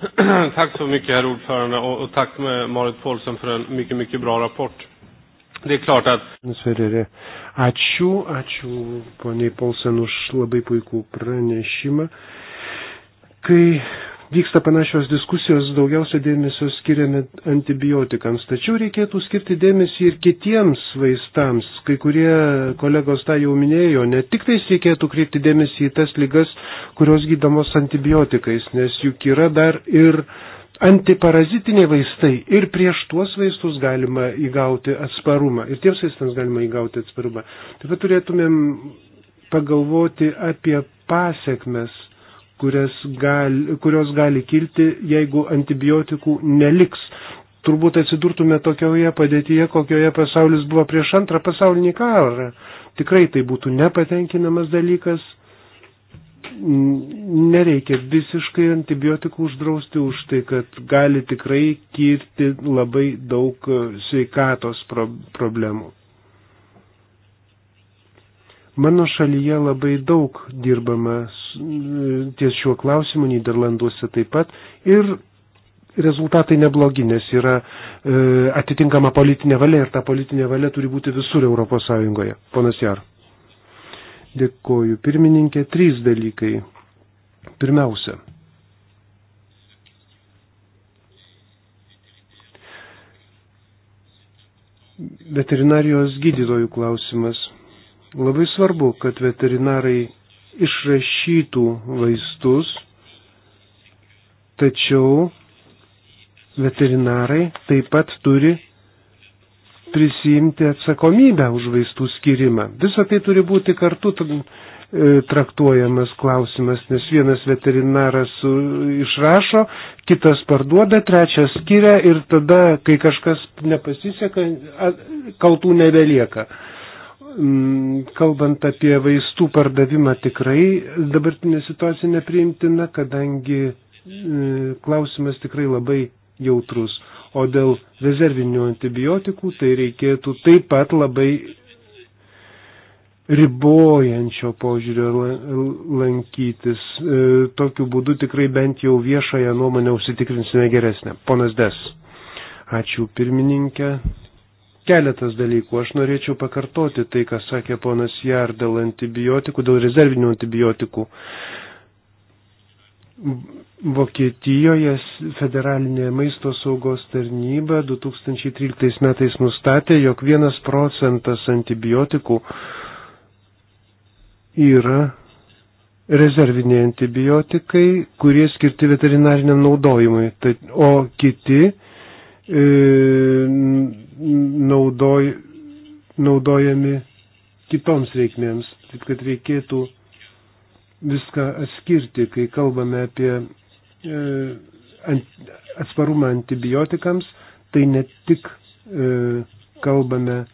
tack så mycket, herr ordförande, och, och tack med Marit Paulsen för en mycket, mycket bra rapport. Det är klart att... Ačiū, ačiū poniai Paulsen už labai puikų pranešimą. Kai vyksta panašios diskusijos, daugiausia dėmesio skiriame antibiotikams. Tačiau reikėtų skirti dėmesį ir kitiems vaistams. Kai kurie kolegos tą jau minėjo, ne tik tais reikėtų kreipti dėmesį į tas lygas, kurios gydomos antibiotikais, nes juk yra dar ir antiparazitiniai vaistai ir prieš tuos vaistus galima įgauti atsparumą ir tiems vaistams galima įgauti atsparumą. Taip pat turėtumėm pagalvoti apie pasiekmes gali, kurios gali kilti, jeigu antibiotikų neliks. Turbūt atsidurtume tokioje padėtyje, kokioje pasaulis buvo prieš antrą pasaulinį karą. Tikrai tai būtų nepatenkinamas dalykas. Nereikia visiškai antibiotikų uždrausti už tai, kad gali tikrai kirti labai daug sveikatos problemų. Mano šalyje labai daug dirbama e, ties šiuo klausimu, Niderlanduose taip pat. Ir rezultatai neblogi, nes yra e, atitinkama politinė valia ir ta politinė valia turi būti visur Europos Sąjungoje. Ponas Jar. Dėkoju. Pirmininkė, trys dalykai. Pirmiausia. Veterinarijos gydytojų klausimas. Labai svarbu, kad veterinarai išrašytų vaistus, tačiau veterinarai taip pat turi prisijimti atsakomybę už vaistų skirimą. Visą tai turi būti kartu e, traktuojamas klausimas, nes vienas veterinaras išrašo, kitas parduoda, trečias skiria ir tada, kai kažkas nepasiseka, kaltų nebelieka. Mm, kalbant apie vaistų pardavimą, tikrai dabartinė situacija nepriimtina, kadangi mm, klausimas tikrai labai jautrus. O dėl rezervinių antibiotikų tai reikėtų taip pat labai ribojančio požiūrio lankytis. E, tokiu būdu tikrai bent jau viešąją nuomonę užsitikrinsime geresnę. Ponas Des. Ačiū pirmininkė, keletas dalykų. Aš norėčiau pakartoti tai, ką sakė ponas Jar dėl antibiotikų, dėl rezervinių antibiotikų. Vokietijoje federalinė maisto saugos tarnyba 2013 metais nustatė, jog vienas procentas antibiotikų yra rezerviniai antibiotikai, kurie skirti veterinariniam naudojimui, o kiti e, naudoj, naudojami kitoms reikmėms. Tik kad reikėtų viską atskirti, kai kalbame apie e, ant, atsparumą antibiotikams, tai ne tik e, kalbame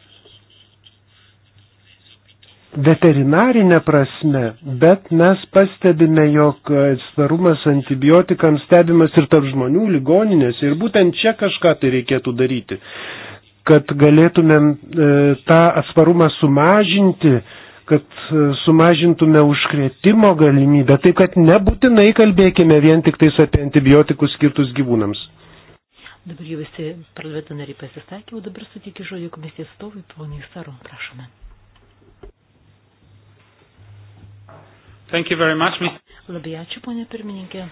veterinarinę prasme, bet mes pastebime, jog atsparumas antibiotikams stebimas ir tarp žmonių ligoninėse ir būtent čia kažką tai reikėtų daryti kad galėtumėm e, tą atsparumą sumažinti, kad e, sumažintume užkrėtimo galimybę, taip kad nebūtinai kalbėkime vien tik tais apie antibiotikus skirtus gyvūnams. Dabar jau visi parlamento nariai pasisakė, o dabar sutikiu žodį komisijos stovui, poniai Sarom, prašome. Much, Labai ačiū, ponė pirmininkė.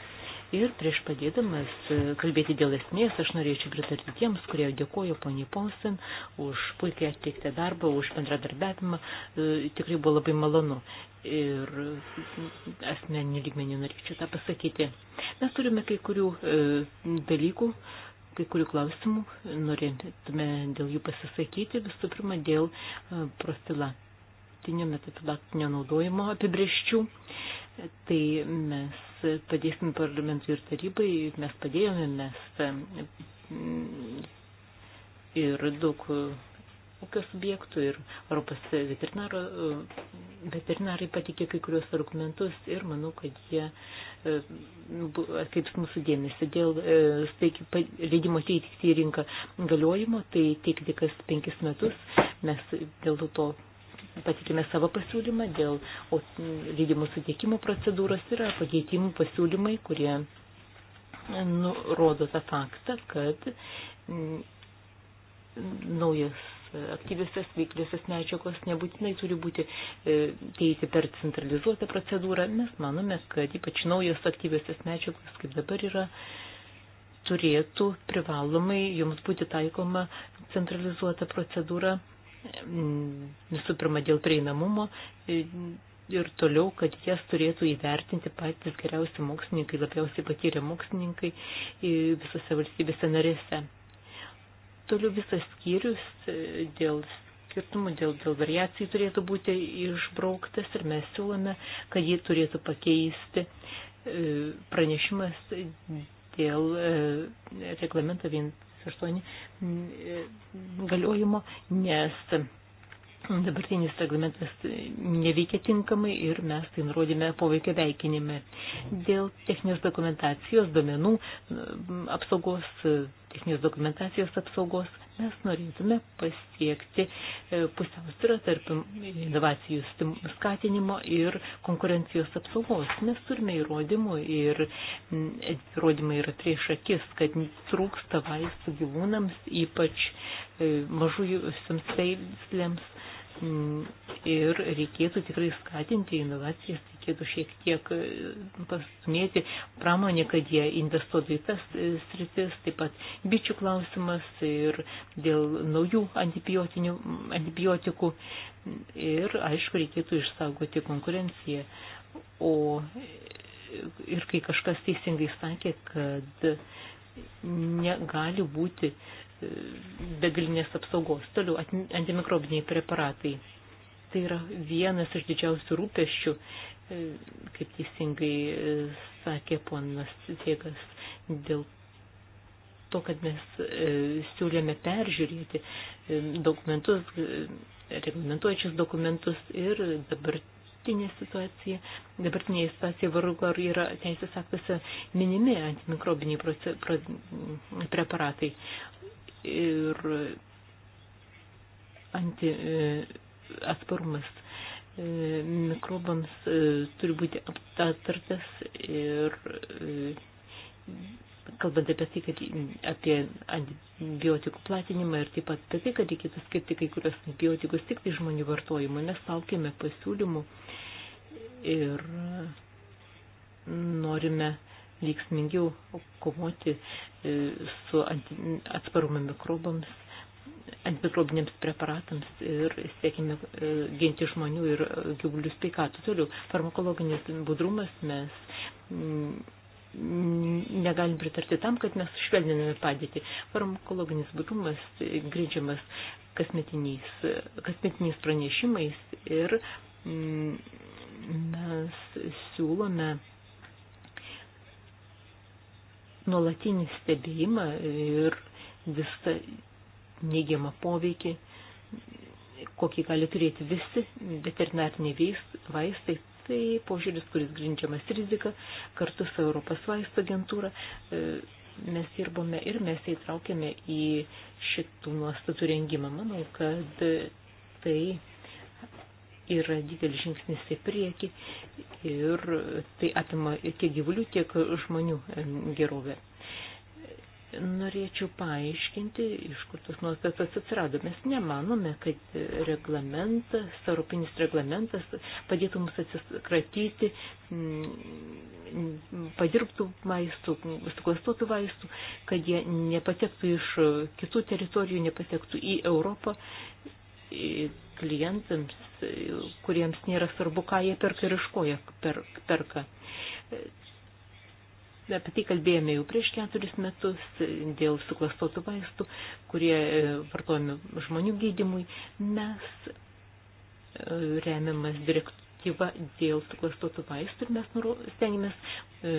Ir prieš padėdamas e, kalbėti dėl esmės, aš norėčiau pritarti tiems, kurie dėkojo poniai Ponsen už puikiai atliktą darbą, už bendradarbiavimą. E, tikrai buvo labai malonu. Ir asmeninį lygmenį norėčiau tą pasakyti. Mes turime kai kurių e, dalykų, kai kurių klausimų, norėtume dėl jų pasisakyti, visų pirma, dėl profilaktinio metafilaktinio naudojimo apibrieščių. Tai mes padėsim parlamentui ir tarybai, mes padėjome, mes mm, ir daug uh, ūkio subjektų ir Europos veterinaro, uh, veterinarai patikė kai kurios argumentus ir manau, kad jie uh, atkreips mūsų dėmesį dėl steik, leidimo teikti į rinką galiojimo, tai teikti kas penkis metus, mes dėl to patikime savo pasiūlymą dėl leidimų suteikimo procedūros yra pakeitimų pasiūlymai, kurie e, nurodo tą faktą, kad mm, naujas aktyvistės veikliosios medžiagos nebūtinai turi būti e, teiti per centralizuotą procedūrą. Mes manome, kad ypač naujos aktyvisios medžiagos, kaip dabar yra, turėtų privalomai jums būti taikoma centralizuota procedūra Mm, visų pirma dėl prieinamumo ir toliau, kad jas turėtų įvertinti patys geriausi mokslininkai, labiausiai patyrę mokslininkai visose valstybėse narėse. Toliau visas skyrius e, dėl skirtumų, dėl, dėl variacijų turėtų būti išbrauktas ir mes siūlome, kad jį turėtų pakeisti e, pranešimas dėl e, reglamento 1 8 mm, galiojimo, nes dabartinis reglamentas neveikia tinkamai ir mes tai nurodėme poveikio veikinime. Dėl techninės dokumentacijos, domenų mm, apsaugos, techninės dokumentacijos apsaugos, mes norėtume pasiekti e, pusiausvyrą tarp inovacijų skatinimo ir konkurencijos apsaugos. Mes turime įrodymų ir įrodymai yra prieš akis, kad trūksta vaistų gyvūnams, ypač e, mažųjų simsaislėms ir reikėtų tikrai skatinti inovacijas reikėtų šiek tiek e, pastumėti pramonį, kad jie investuotų į tas e, sritis, taip pat bičių klausimas ir dėl naujų antibiotikų ir, aišku, reikėtų išsaugoti konkurenciją. O e, ir kai kažkas teisingai sakė, kad negali būti begalinės apsaugos. Toliau antimikrobiniai preparatai. Tai yra vienas iš didžiausių rūpeščių kaip teisingai e, sakė ponas Siegas, dėl to, kad mes e, siūlėme peržiūrėti e, dokumentus, reglamentuojančius dokumentus ir dabar dabartinė situacija, dabartinė situacija vargu ar yra teisės aktuose minimi antimikrobiniai proce, pro, preparatai. Ir anti, e, atsparumas E, mikrobams e, turi būti aptartas ir e, kalbant apie tai, kad apie antibiotikų platinimą ir taip pat apie tai, kad reikėtų skirti kai kurios antibiotikus tik tai žmonių vartojimo, mes laukiame pasiūlymų ir norime veiksmingiau kovoti su atsparumu mikrobams antimikrobiniams preparatams ir siekime e, ginti žmonių ir e, gyvulių sveikatų. Toliau, farmakologinis budrumas mes mm, negalim pritarti tam, kad mes švelniname padėtį. Farmakologinis budrumas e, grindžiamas kasmetiniais, kasmetiniais pranešimais ir mm, mes siūlome nuolatinį stebėjimą ir visą neigiamą poveikį, kokį gali turėti visi veterinariniai vaistai. Tai požiūris, kuris grindžiamas rizika, kartu su Europos vaisto agentūra e, mes dirbome ir mes įtraukėme į šitų nuostatų rengimą. Manau, kad tai yra didelis žingsnis į priekį ir tai atima tiek gyvulių, tiek žmonių e, gerovę. Norėčiau paaiškinti, iš kur tas nuostatas atsirado. Mes nemanome, kad reglamentas, europinis reglamentas padėtų mums atsikratyti mm, padirbtų vaistų, suklastotų vaistų, kad jie nepatektų iš kitų teritorijų, nepatektų į Europą klientams, kuriems nėra svarbu, ką jie perka ir iš ko jie perka apie tai kalbėjome jau prieš keturis metus dėl suklastotų vaistų, kurie e, vartojami žmonių gydimui. Mes e, remiamas direktyva dėl suklastotų vaistų ir mes stengiamės e,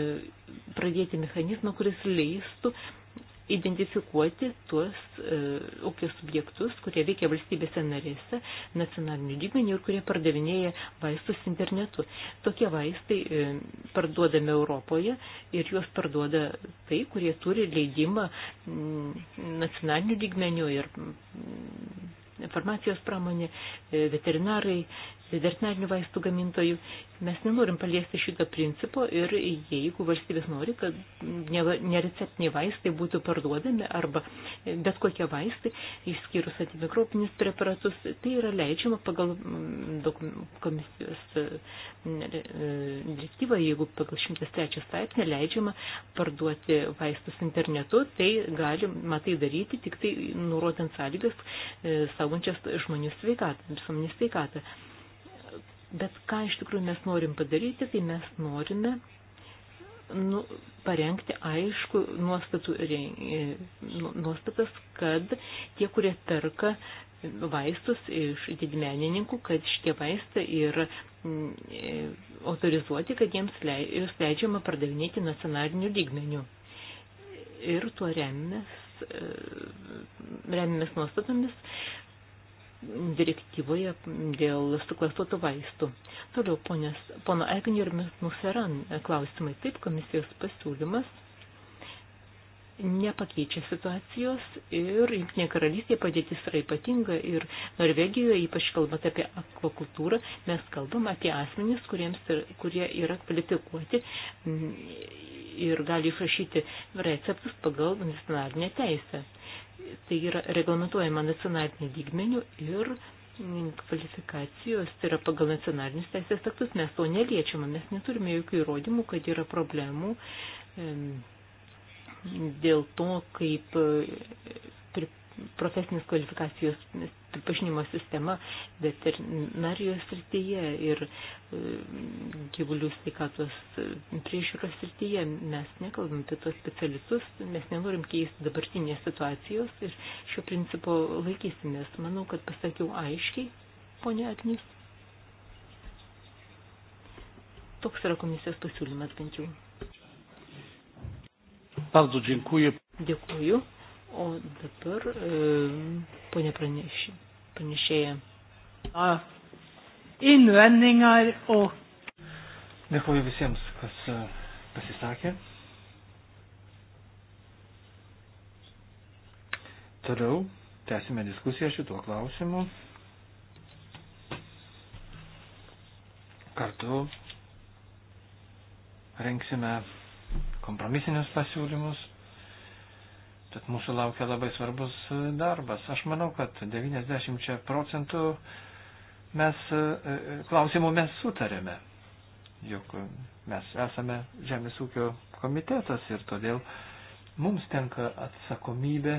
pradėti mechanizmą, kuris leistų identifikuoti tuos e, ūkio subjektus, kurie veikia valstybėse narėse nacionaliniu lygmeniu ir kurie pardavinėja vaistus internetu. Tokie vaistai e, parduodami Europoje ir juos parduoda tai, kurie turi leidimą m, mm, nacionaliniu lygmeniu ir m, mm, farmacijos pramonė, e, veterinarai, veterinarinių vaistų gamintojų. Mes nenorim paliesti šito principo ir jeigu valstybės nori, kad nereceptiniai vaistai būtų parduodami arba bet kokie vaistai, išskyrus antimikrobinius preparatus, tai yra leidžiama pagal mm, komisijos mm, e, direktyvą, jeigu pagal 103 straipsnį leidžiama parduoti vaistus internetu, tai galima tai daryti tik tai nurodant sąlygas e, saugančias žmonių sveikatą, visuomenės sveikatą. sveikatą Bet ką iš tikrųjų mes norim padaryti, tai mes norime nu, parengti aišku nuostatų, e, nu, nuostatas, kad tie, kurie perka vaistus iš didmenininkų, kad šitie vaistai yra e, autorizuoti, kad jiems leidžiama pardavinėti nacionaliniu lygmeniu. Ir tuo remiamės, e, remiamės nuostatomis, direktyvoje dėl suklastotų vaistų. Toliau ponės, pono Egnių ir Museran klausimai. Taip, komisijos pasiūlymas nepakeičia situacijos ir Junktinė karalystė padėtis yra ypatinga ir Norvegijoje, ypač kalbant apie akvakultūrą, mes kalbam apie asmenys, kuriems, kurie yra kvalifikuoti mm, ir gali išrašyti receptus pagal nacionalinę teisę tai yra reglamentuojama nacionaliniu lygmeniu ir kvalifikacijos, tai yra pagal nacionalinius teisės aktus, mes to neliečiame, mes neturime jokių įrodymų, kad yra problemų dėl to, kaip profesinės kvalifikacijos pažinimo sistema veterinarijos srityje ir e, gyvulių sveikatos priežiūros srityje. Mes nekalbam apie tos specialistus, mes nenorim keisti dabartinės situacijos ir šio principo laikysimės. Manau, kad pasakiau aiškiai, ponia Agnis. Toks yra komisijos pasiūlymas bent jau. Bardzo dziękuję. Dziękuję. O dabar, e, ponė pranešė, pranešėja. Invendinger, o. Dėkuoju visiems, kas e, pasisakė. Toliau tęsime diskusiją šituo klausimu. Kartu renksime kompromisinius pasiūlymus. Tad mūsų laukia labai svarbus e, darbas. Aš manau, kad 90 procentų mes, e, e, klausimų mes sutarėme. Juk mes esame Žemės ūkio komitetas ir todėl mums tenka atsakomybė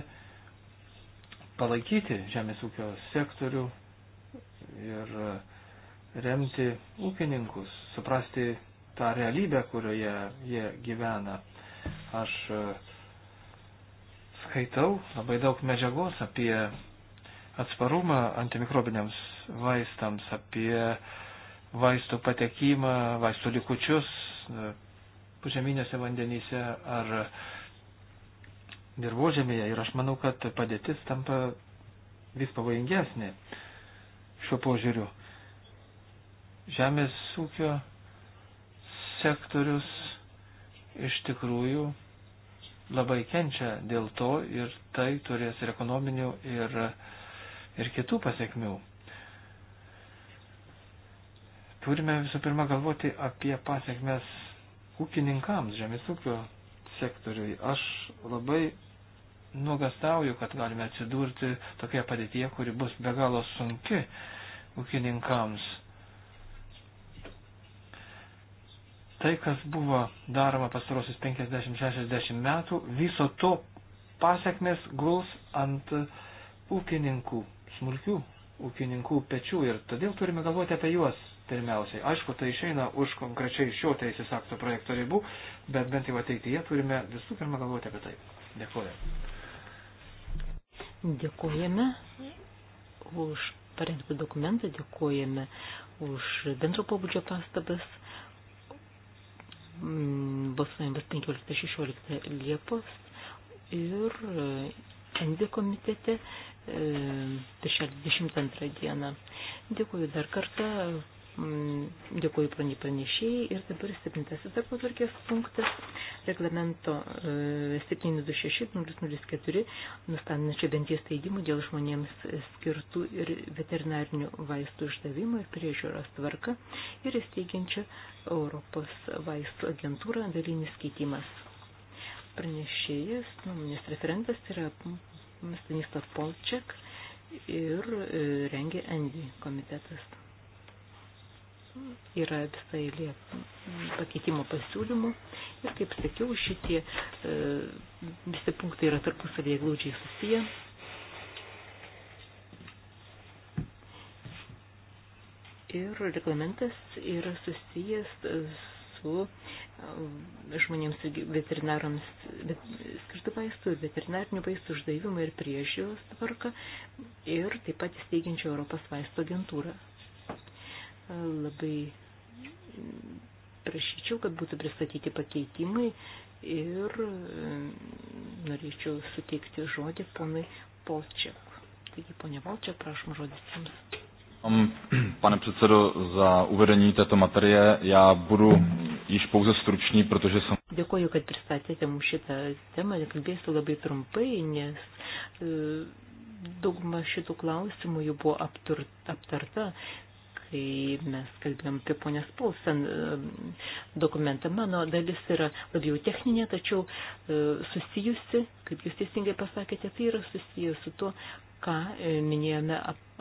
palaikyti žemės ūkio sektorių ir remti ūkininkus, suprasti tą realybę, kurioje jie gyvena. Aš uh, skaitau labai daug medžiagos apie atsparumą antimikrobiniams vaistams, apie vaistų patekimą, vaistų likučius e, pužeminėse vandenyse ar dirbožėmėje ir aš manau, kad padėtis tampa vis pavojingesnė šiuo požiūriu. Žemės ūkio sektorius iš tikrųjų labai kenčia dėl to ir tai turės ir ekonominių, ir, ir kitų pasiekmių. Turime visų pirma galvoti apie pasiekmes ūkininkams, žemės ūkio sektoriui. Aš labai nuogastauju, kad galime atsidurti tokioje padėtyje, kuri bus be galo sunki ūkininkams tai, kas buvo daroma pastarosius 50-60 metų, viso to pasiekmes guls ant ūkininkų, smulkių ūkininkų pečių ir todėl turime galvoti apie juos pirmiausiai. Aišku, tai išeina už konkrečiai šio teisės akto projekto ribų, bet bent jau ateityje turime visų pirma galvoti apie tai. Dėkuoju. Dėkojame už parengtą dokumentą, dėkojame už bendro pobūdžio pastabas. Mm, balsuojamas 15-16 Liepos ir e, Endė komitete birželio 22 dieną. Dėkuoju dar kartą, mm, dėkuoju pranešėjai ir dabar 7 darbo tvarkės punktas reglamento 726-004 e, nustandančio danties teigimų dėl žmonėms skirtų ir veterinarinių vaistų išdavimo ir priežiūros tvarka ir įsteigiančio Europos vaistų agentūra dalinis keitimas. Pranešėjas, nuomonės referentas tai yra Stanislav Polčiak ir e, rengia Andy komitetas. Yra visai eilė pakeitimo pasiūlymų ir, kaip sakiau, šitie e, visi punktai yra tarpusavėje glaudžiai susiję. ir reglamentas yra susijęs su um, žmonėms veterinarams skirtų vaistų ir veterinarinių vaistų uždavimą ir priežiūros tvarką ir taip pat įsteigiančią Europos vaisto agentūrą. Labai mm, prašyčiau, kad būtų pristatyti pakeitimai ir mm, norėčiau suteikti žodį ponui Polčiak. Taigi, ponė Polčiak, prašom žodis jums pane předsedo, za uvedení této materie. Já budu již pouze stručný, protože jsem... Dėkuoju, kad pristatėte mums šitą eh, temą, nekalbėsiu labai trumpai, nes eh, dauguma šitų klausimų jau buvo aptur, aptarta, kai mes kalbėjom apie ponės Paulsen eh, dokumentą. Mano dalis yra labiau techninė, tačiau susijusi, kaip jūs teisingai pasakėte, tai yra susijusi su tuo, ką e, minėjome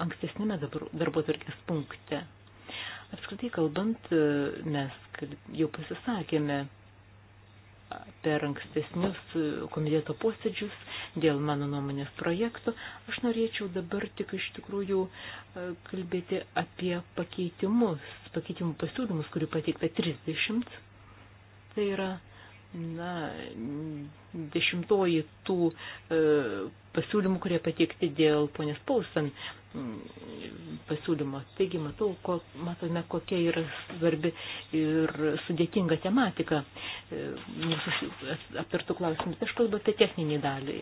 ankstesnėme darbo tvarkės punkte. Apskritai kalbant, e, mes jau pasisakėme per ankstesnius e, komiteto posėdžius dėl mano nuomonės projektų. Aš norėčiau dabar tik iš tikrųjų kalbėti apie pakeitimus, pakeitimų pasiūlymus, kurių pateikta 30. Tai yra na, dešimtoji tų e, pasiūlymų, kurie pateikti dėl ponės Pausan mm, pasiūlymo. Taigi matau, ko, matome, kokia yra svarbi ir sudėtinga tematika e, mūsų aptartų klausimų. Aš kalbu apie techninį dalį.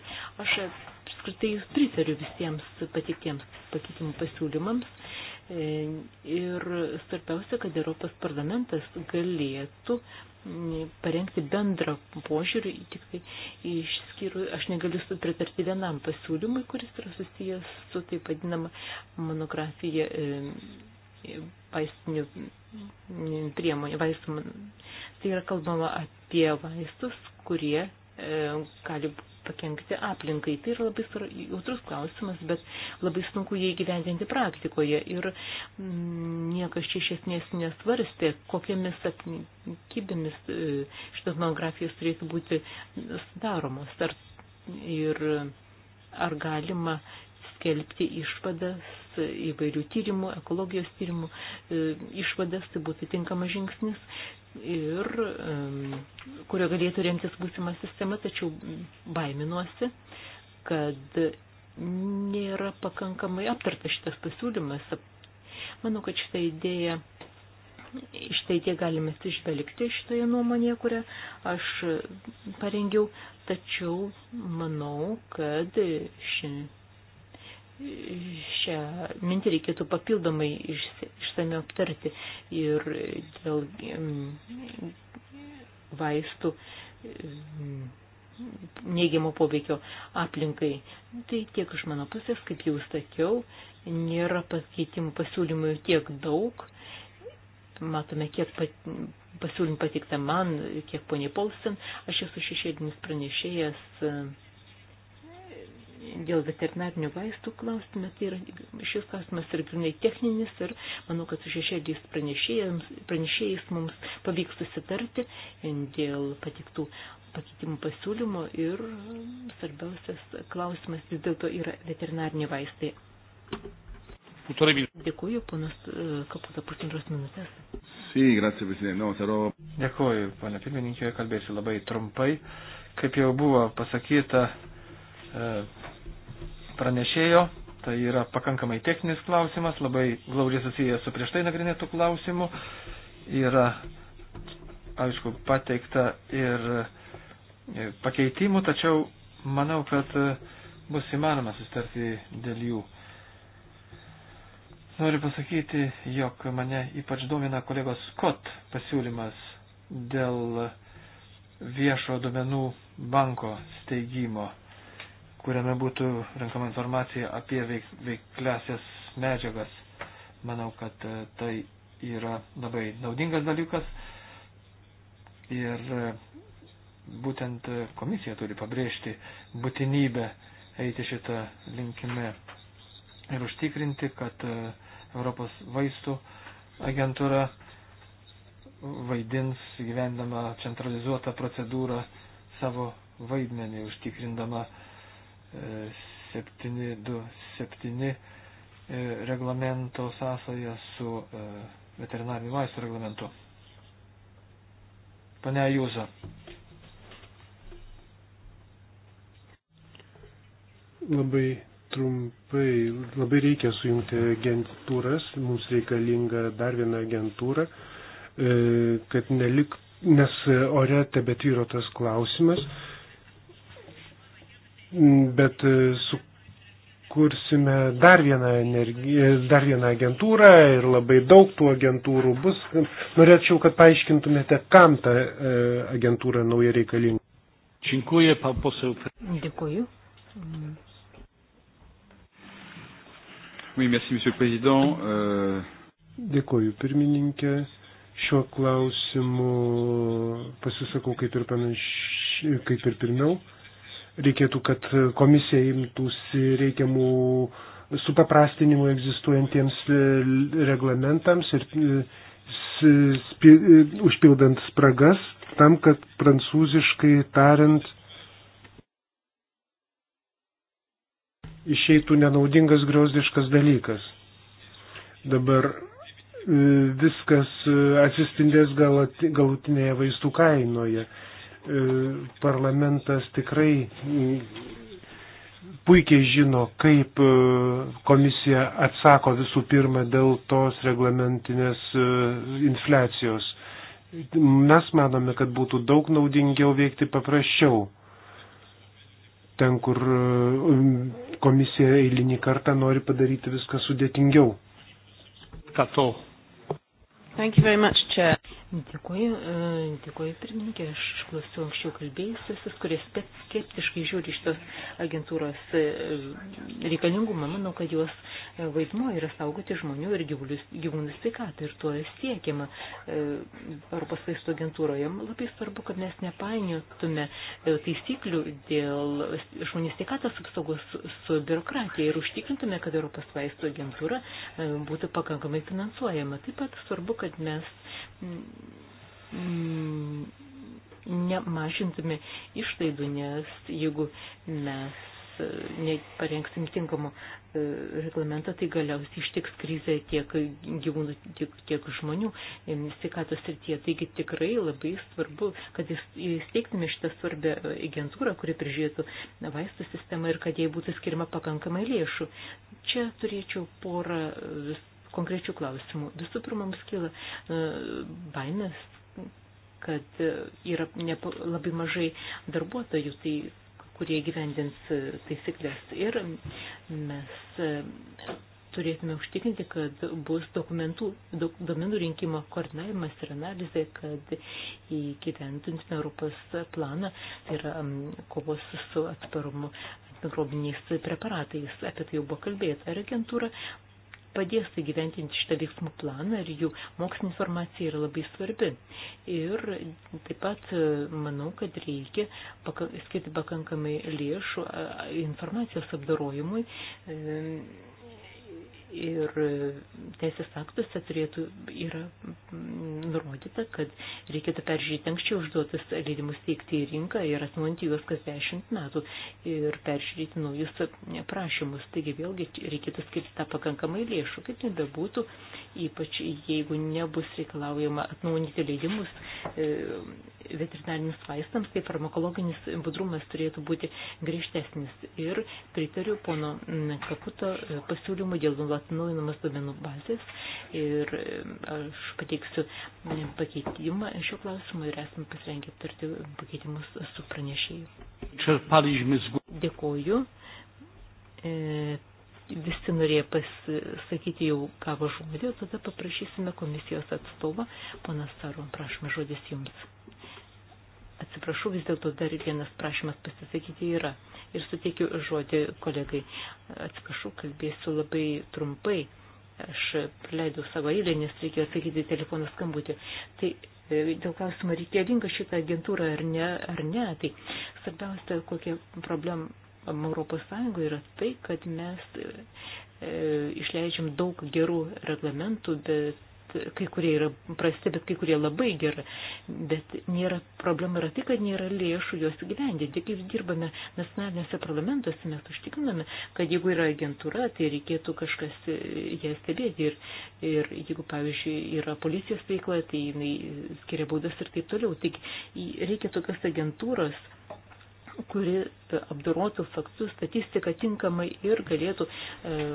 Aš apskritai pritariu visiems pateiktiems pakeitimų pasiūlymams E, ir svarbiausia, kad Europos parlamentas galėtų parengti bendrą požiūrį, tik tai išskyrų, aš negaliu pritarti vienam pasiūlymui, kuris yra susijęs su taip vadinama monografija e, vaistinių priemonių, vaistų. Tai yra kalbama apie vaistus, kurie e, gali pakengti aplinkai. Tai yra labai jautrus klausimas, bet labai sunku jį gyvendinti praktikoje. Ir mm, niekas čia iš esmės nesvarstė, kokiamis aplinkybėmis e, šitas monografijos turėtų būti sudaromos. Ar, ir ar galima skelbti išvadas įvairių tyrimų, ekologijos tyrimų e, išvadas, tai būtų tinkamas žingsnis ir kurio galėtų remtis būsima sistema, tačiau baiminuosi, kad nėra pakankamai aptartas šitas pasiūlymas. Manau, kad šitą idėją iš tai tie galime išvelgti šitoje nuomonėje, kurią aš parengiau, tačiau manau, kad ši šią mintį reikėtų papildomai išsame aptarti ir dėl mm, vaistų mm, neigiamo poveikio aplinkai. Tai tiek iš mano pusės, kaip jau sakiau, nėra pakeitimų pasiūlymų tiek daug. Matome, kiek pasiūlymų patikta man, kiek poniai Paulsen. Aš esu šešėdinis pranešėjas dėl veterinarinių vaistų klausime, tai yra, šis klausimas yra grinai techninis ir manau, kad su šešėliais pranešėjais mums pavyks susitarti dėl patiktų pakeitimų pasiūlymų ir svarbiausias klausimas vis dėlto yra veterinariniai vaistai. Dėkuoju, ponas e, Kaputa, pusantros minutės. Sí, gracias, presidente. No, sarò... Dėkuoju, ponė pirmininkė, kalbėsiu labai trumpai. Kaip jau buvo pasakyta, e, pranešėjo. Tai yra pakankamai techninis klausimas, labai glaudžiai susijęs su prieš tai nagrinėtų klausimų. Yra, aišku, pateikta ir pakeitimų, tačiau manau, kad e, bus įmanoma sustarti dėl jų. Noriu pasakyti, jog mane ypač domina kolegos Scott pasiūlymas dėl viešo domenų banko steigimo kuriame būtų renkama informacija apie veik, veikliasias medžiagas. Manau, kad e, tai yra labai naudingas dalykas ir e, būtent e, komisija turi pabrėžti būtinybę eiti šitą linkime ir užtikrinti, kad Europos vaistų agentūra vaidins gyvendama centralizuotą procedūrą savo vaidmenį, užtikrindama uh, 727 e, reglamento sąsąją su e, veterinarinių vaistų reglamentu. Pane Jūza. Labai trumpai, labai reikia sujungti agentūras, mums reikalinga dar viena agentūra, e, kad nelik, nes ore tebetvyro tas klausimas, bet e, sukursime dar vieną, energiją, e, dar vieną agentūrą ir labai daug tų agentūrų bus. Norėčiau, kad paaiškintumėte, kam ta e, agentūra nauja reikalinga. Dziękuję, pan poseł. Dziękuję. Oui, merci, monsieur le président. Euh... Dėkoju, pirmininkė. Šiuo klausimu pasisakau kaip ir, panaš... kaip ir pirmiau. Euh, reikėtų, kad komisija imtųsi reikiamų supaprastinimų egzistuojantiems e, reglamentams ir e, e, užpildant spragas tam, kad prancūziškai tariant išeitų nenaudingas griozdiškas dalykas. Dabar viskas atsispindės galutinėje vaistų kainoje. E, parlamentas tikrai puikiai žino, kaip e, komisija atsako visų pirma dėl tos reglamentinės e, infliacijos. Mes manome, kad būtų daug naudingiau veikti paprasčiau. Ten, kur komisija eilinį kartą nori padaryti viską sudėtingiau. Kato. Thank you very much, Chair. Dėkuoju, e, dėkuoju pirmininkė, aš išklausiau anksčiau kalbėjusius, kurie skeptiškai žiūri šitos agentūros e, reikalingumą. Manau, kad jos e, vaidmo yra saugoti žmonių ir gyvulius, gyvūnų sveikatą ir tuo siekiama Europos vaistų agentūroje. Labai svarbu, kad mes nepainiotume taisyklių dėl žmonių sveikatos apsaugos su biurokratija ir užtikrintume, kad Europos vaistų agentūra būtų pakankamai finansuojama. Taip pat svarbu, kad mes Mm, nemažintume išlaidų, nes jeigu mes e, neparengsim tinkamo e, reglamento, tai galiausiai ištiks krizė tiek gyvūnų, tiek, tiek žmonių e, sveikatos srityje. Taigi tikrai labai svarbu, kad įsteigtume šitą svarbę agentūrą, kuri prižiūrėtų vaistų sistemą ir kad jai būtų skirima pakankamai lėšų. Čia turėčiau porą konkrečių klausimų. Visų pirma, mums kyla baimės, kad yra nepa, labai mažai darbuotojų, tai, kurie gyvendins taisyklės. Ir mes e, turėtume užtikrinti, kad bus dokumentų, dok, domenų rinkimo koordinavimas ir analizė, kad įgyventintume Europos planą, tai yra kovos su atsparumu mikrobiniais preparatais. Apie tai jau buvo kalbėta. Ar agentūra padės įgyventinti šitą veiksmų planą ir jų mokslinė informacija yra labai svarbi. Ir taip pat e, manau, kad reikia skirti pakankamai lėšų informacijos apdarojimui. E, ir e, teisės aktuose turėtų yra mm, nurodyta, kad reikėtų peržiūrėti anksčiau užduotus leidimus teikti į rinką ir atnuinti juos kas dešimt metų ir peržiūrėti naujus prašymus. Taigi vėlgi reikėtų skirti tą pakankamai lėšų, kaip nebebūtų, ypač jeigu nebus reikalaujama atnaujinti leidimus e, veterinarinius vaistams, tai farmakologinis budrumas turėtų būti griežtesnis. Ir pritariu pono Kaputo e, pasiūlymų dėl atnaujinamas duomenų bazės ir e, aš pateiksiu pakeitimą šio klausimo ir esame pasirengę aptarti pakeitimus su pranešėjai. Dėkoju visi norėjo pasakyti jau gavo žodį, tada paprašysime komisijos atstovą, ponas Sarom, prašome žodis jums. Atsiprašau, vis dėlto dar vienas prašymas pasisakyti yra. Ir suteikiu žodį kolegai. Atsiprašau, kalbėsiu labai trumpai. Aš leidau savo eilę, nes reikėjo atsakyti telefoną skambutį. Tai e, dėl klausimo reikalinga šitą agentūrą ar ne, ar ne, tai svarbiausia, kokia problema Europos Sąjungoje yra tai, kad mes e, e, išleidžiam daug gerų reglamentų, bet kai kurie yra prasti, bet kai kurie labai gerai. Bet nėra, problema yra tai, kad nėra lėšų juos gyvendinti. Kaip dirbame nacionalinėse parlamentuose, mes užtikriname, kad jeigu yra agentūra, tai reikėtų kažkas e, ją stebėti. Ir, ir jeigu, pavyzdžiui, yra policijos veikla, tai jinai skiria baudas ir taip toliau. Tik reikia tokios agentūros kuri apdorotų faktus, statistiką tinkamai ir galėtų e,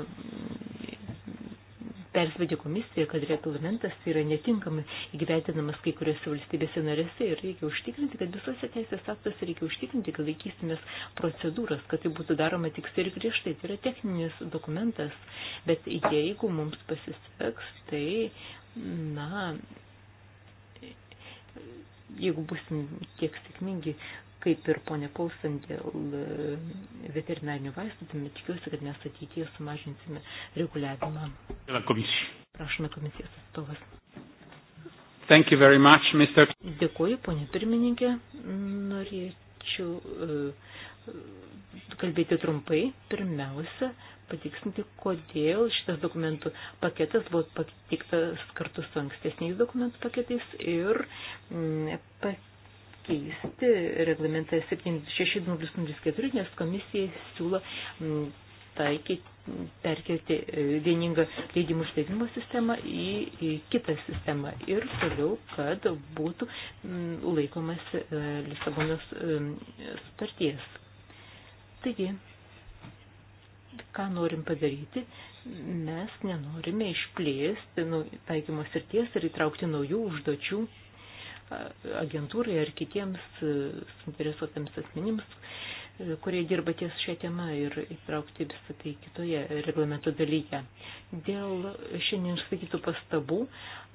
persvedė komisiją, kad reglamentas yra netinkamai įgyventinamas kai kuriuose valstybėse narėse ir reikia užtikrinti, kad visose teisės aktuose reikia užtikrinti, kad laikysimės procedūras, kad tai būtų daroma tiksliai ir griežtai. Tai yra techninis dokumentas, bet jeigu mums pasiseks, tai, na, jeigu busim tiek sėkmingi kaip ir ponė Paulsen dėl e, veterinarinių vaistų, tai tikiuosi, kad mes ateityje sumažinsime reguliavimą. Prašome komisijos atstovas. Thank you very much, Mr. Dėkuoju, ponė pirmininkė. Norėčiau e, kalbėti trumpai. Pirmiausia, patiksinti, kodėl šitas dokumentų paketas buvo patiktas kartu su ankstesniais dokumentų paketais ir mm, keisti reglamentą 6004, nes komisija siūlo mm, taikyti perkelti e, vieningą leidimų išdavimo sistemą į, į kitą sistemą ir toliau, kad būtų mm, laikomas e, Lisabonos e, sutarties. Taigi, ką norim padaryti, mes nenorime išplėsti nu, taikymos ir ties ir įtraukti naujų užduočių agentūrai ar kitiems e, suinteresuotams asmenims, e, kurie dirba ties šią temą ir įtraukti visą tai kitoje reglamento dalyje. Dėl šiandien išsakytų pastabų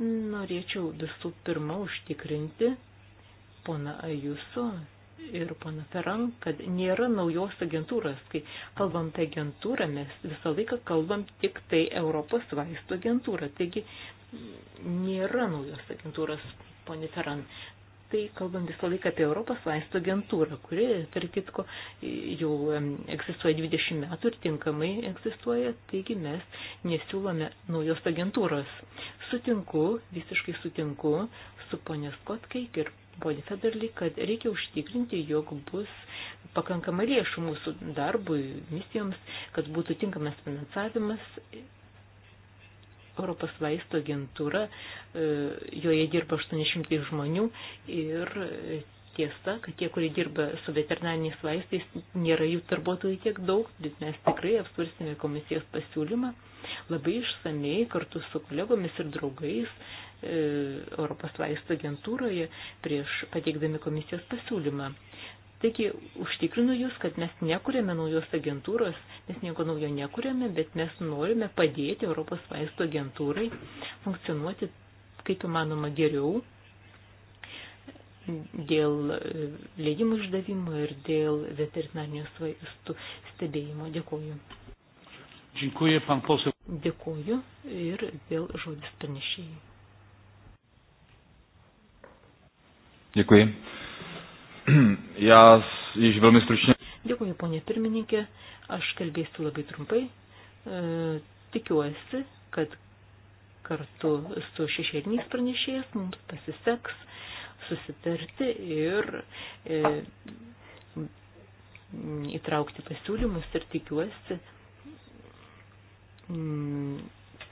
norėčiau visų pirma užtikrinti pona Ajuso ir pana Ferran, kad nėra naujos agentūros. Kai kalbam tą agentūrą, mes visą laiką kalbam tik tai Europos vaistų agentūrą. Taigi nėra naujos agentūros ponė Ferran. Tai kalbam visą laiką apie Europos vaistų agentūrą, kuri, tarp kitko, jau egzistuoja 20 metų ir tinkamai egzistuoja, taigi mes nesiūlome naujos agentūros. Sutinku, visiškai sutinku su ponė Skotkeik ir ponė Federli, kad reikia užtikrinti, jog bus pakankama lėšų mūsų darbui, misijoms, kad būtų tinkamas finansavimas Europos vaisto agentūra, e, joje dirba 800 žmonių ir e, tiesa, kad tie, kurie dirba su veterinariniais vaistais, nėra jų darbuotojų tiek daug, bet mes tikrai apsvarstėme komisijos pasiūlymą labai išsamei kartu su kolegomis ir draugais e, Europos vaisto agentūroje prieš pateikdami komisijos pasiūlymą. Taigi, užtikrinu Jūs, kad mes nekuriame naujos agentūros, mes nieko naujo nekuriame, bet mes norime padėti Europos vaistų agentūrai funkcionuoti kaip įmanoma geriau dėl leidimų išdavimo ir dėl veterinarinių vaistų stebėjimo. Dėkuoju. Dziękuję, pan poseł. Dėkuoju ir vėl žodis pranešėjai. Děkuji. Já již velmi stručně. Dėkuoju, ponė pirmininkė. Aš kalbėsiu labai trumpai. E, tikiuosi, kad kartu su šešėliniais pranešėjais mums pasiseks susitarti ir e, įtraukti pasiūlymus ir tikiuosi, mm,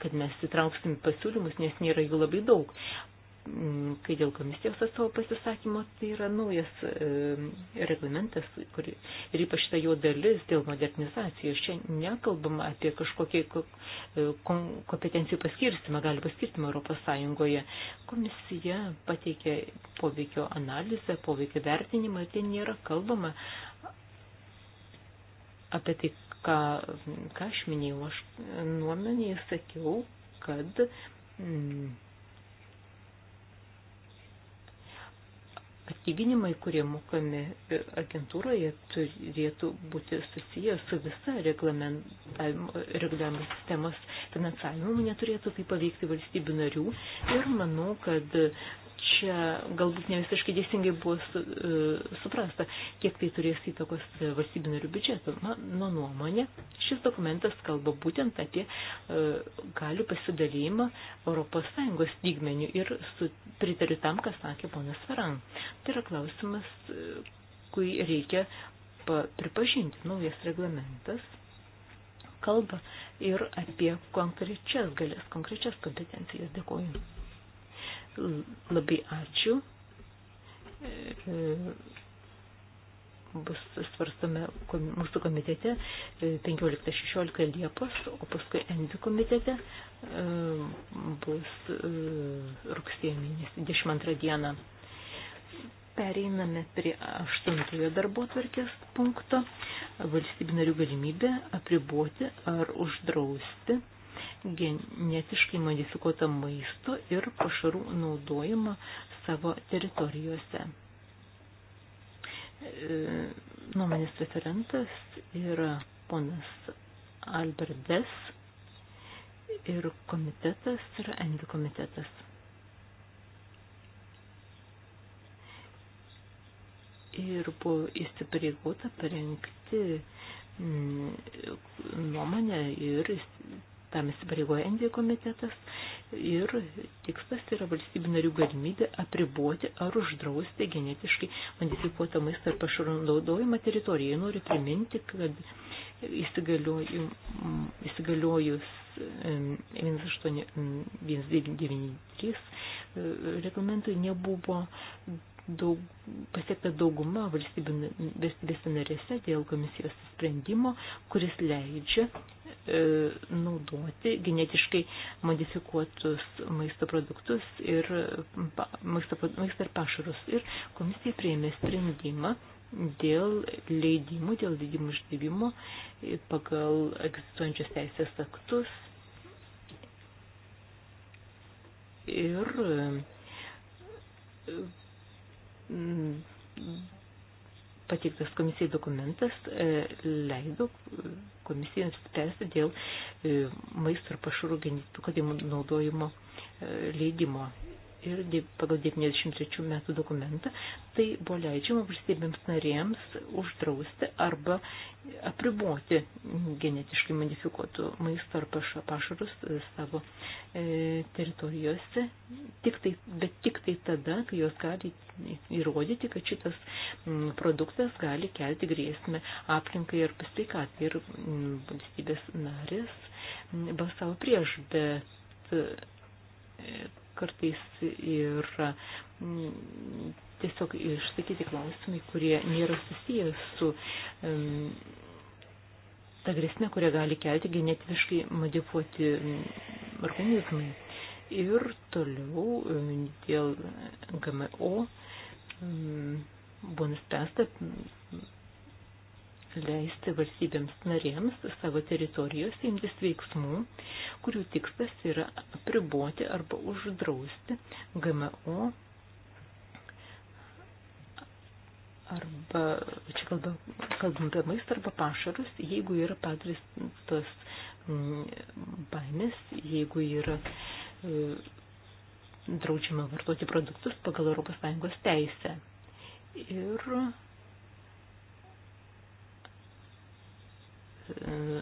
kad mes įtrauksim pasiūlymus, nes nėra jų labai daug. Mm, kai dėl komisijos atstovo pasisakymo, tai yra naujas reglamentas kur, ir ypač ta jo dalis dėl modernizacijos. Čia nekalbama apie kažkokį e, kompetencijų paskirstimą, galių paskirstimą Europos Sąjungoje. Komisija pateikė poveikio analizę, poveikio vertinimą ir ten nėra kalbama apie tai, ką, ką aš minėjau. Aš nuomenėje sakiau, kad. Mm, atlyginimai, kurie mokami agentūroje, turėtų būti susiję su visa reglamentavimo sistemos finansavimu, neturėtų tai paveikti valstybių narių ir manau, kad čia galbūt ne visiškai teisingai buvo su, e, suprasta, kiek tai turės įtakos valstybių narių biudžetų. Mano nuomonė, šis dokumentas kalba būtent apie e, galių pasidalymą ES lygmenių ir su, pritariu tam, kas sakė ponas Feran. Tai yra klausimas, e, kurį reikia pa, pripažinti. Naujas reglamentas kalba ir apie konkrečias galės, konkrečias kompetencijas. Dėkuoju. Labai ačiū. E, bus svarstame mūsų komitete 15-16 e, Liepos, o paskui Envi komitete e, bus rugsėjo mėnesį 22 dieną. Pereiname prie aštuntojo darbo tvarkės punkto valstybių narių galimybę apriboti ar uždrausti genetiškai modifikuotą maisto ir pašarų naudojimą savo teritorijose. E, nuomonės referentas yra ponas Albertas ir komitetas yra Envi komitetas. Ir buvo įsipareigota parengti mm, nuomonę ir tam įsipareigoja Endija komitetas ir tikslas yra valstybių narių galimybė apriboti ar uždrausti genetiškai modifikuotą maistą ar pašarnaudojimą teritorijoje. Noriu priminti, kad įsigaliojus 1893 reglamentui nebuvo daug, pasiekta dauguma valstybės narėse dėl komisijos sprendimo, kuris leidžia e, naudoti genetiškai modifikuotus maisto produktus ir pa, maisto, maisto ir pašarus. Ir komisija prieėmė sprendimą dėl leidimų, dėl leidimų išdavimo pagal egzistuojančius teisės aktus. Ir Mm. pateiktas komisijai dokumentas e, leido komisijai spręsti dėl e, maisto ir pašarų genetikų naudojimo e, leidimo ir pagal 93 metų dokumentą, tai buvo leidžiama valstybėms narėms uždrausti arba apriboti genetiškai modifikuotų maisto arba pašarus e, savo e, teritorijose, tik tai, bet tik tai tada, kai jos gali įrodyti, kad šitas m, produktas gali kelti grėsmę aplinkai ir pasveikatai ir m, valstybės narės balsavo prieš, bet e, kartais yra mm, tiesiog išsakyti klausimai, kurie nėra susiję su um, ta grėsmė, kurią gali kelti genetiškai modifikuoti mm, organizmai. Ir toliau um, dėl GMO um, buvo nuspręsta leisti valstybėms narėms savo teritorijos imtis veiksmų, kurių tikslas yra apriboti arba uždrausti GMO arba, čia kalbam, kalbam apie maistą arba pašarus, jeigu yra pagristos mm, baimės, jeigu yra e, draudžiama vartoti produktus pagal ES teisę. Ir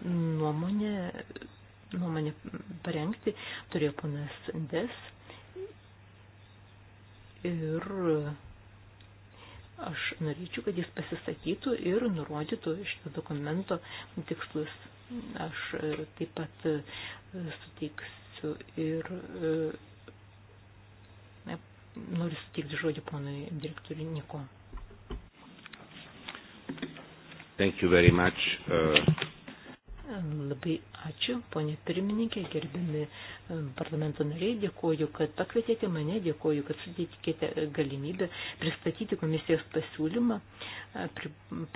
nuomonę, nuomonę parengti turėjo ponas Des. Ir aš norėčiau, kad jis pasisakytų ir nurodytų šito dokumento tikslus. Aš taip pat e, suteiksiu ir ne, noriu suteikti žodį ponui direktoriui Niko. Thank you very much. Uh... Labai ačiū, ponė pirmininkė, gerbiami e, parlamento nariai, dėkoju, kad pakvietėte mane, dėkoju, kad sudėtikėte e, galimybę pristatyti komisijos pasiūlymą, e,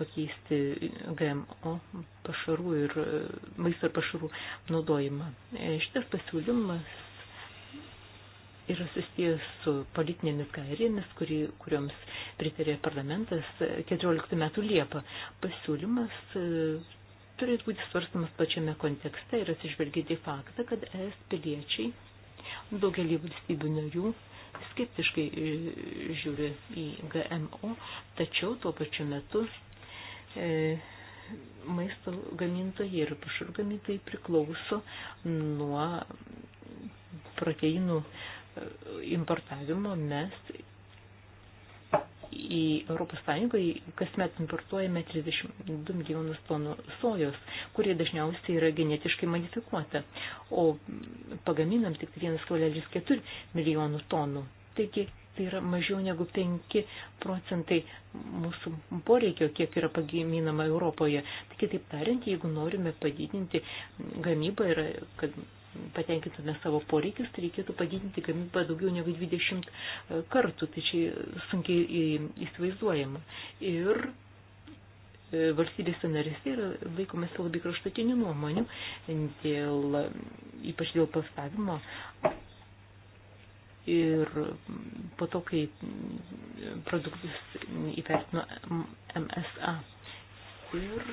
pakeisti GMO pašarų ir maisto ir pašarų naudojimą. Šitas pasiūlymas yra susijęs su politinėmis gairėmis, kuri, kurioms pritarė parlamentas 14 metų Liepą. Pasiūlymas turi būti svarstamas pačiame kontekste ir atsižvelgyti faktą, kad ES piliečiai daugelį valstybių narių skeptiškai e, žiūri į GMO, tačiau tuo pačiu metu e, maisto gamintojai ir pašarų gamintojai priklauso nuo proteinų e, importavimo mes į Europos Sąjungą kasmet importuojame 32 milijonus tonų sojos, kurie dažniausiai yra genetiškai modifikuota, o pagaminam tik 1,4 milijonų tonų. Taigi tai yra mažiau negu 5 procentai mūsų poreikio, kiek yra pagaminama Europoje. Tai kitaip tariant, jeigu norime padidinti gamybą ir kad patenkintume savo poreikius, tai reikėtų padidinti gamybą daugiau negu 20 e, kartų, tai čia sunkiai įsivaizduojama. Ir e, valstybėse narėse yra laikomasi labai kraštutinių nuomonių, dėl, ypač dėl pastavimo. Ir po to, kai produktus įvertino MSA. Ir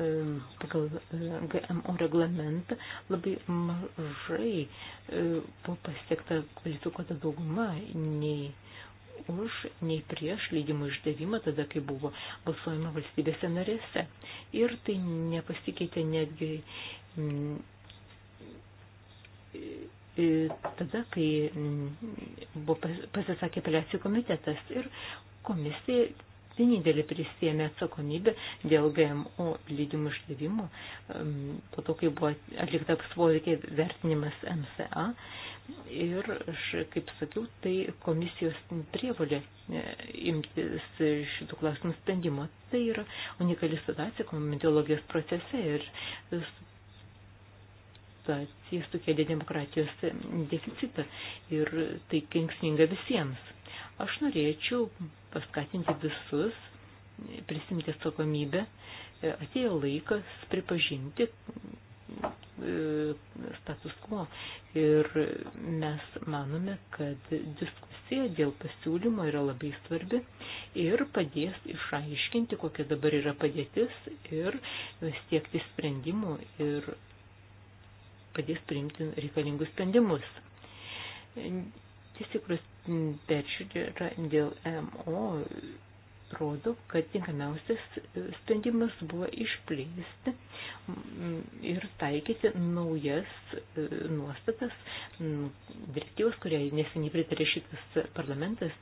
E, pagal e, GMO reglamentą labai mažai e, buvo pasiekta kvalifikuota dauguma nei už, nei prieš leidimų išdavimą tada, kai buvo balsuojama valstybėse narėse. Ir tai nepasikeitė netgi m, tada, kai m, buvo pasisakė apeliacijų komitetas ir komisija vienintelė prisėmė atsakomybę dėl GMO lydimų išdavimo, po to, kai buvo atlikta apspoveikė vertinimas MCA. Ir aš, kaip sakiau, tai komisijos prievalė e, imtis šitų klausimų sprendimo. Tai yra unikali situacija komitologijos procese ir situacija sukėlė demokratijos deficitą ir tai kenksminga visiems. Aš norėčiau paskatinti visus prisimti atsakomybę. E, atėjo laikas pripažinti e, status quo ir mes manome, kad diskusija dėl pasiūlymo yra labai svarbi ir padės išaiškinti, kokia dabar yra padėtis ir siekti sprendimų ir padės priimti reikalingus sprendimus Tiesiogros peržiūra dėl MO rodo, kad tinkamiausias sprendimas buvo išplėsti ir taikyti naujas e, nuostatas nu, direktyvos, kuriai neseniai pritarė šitas parlamentas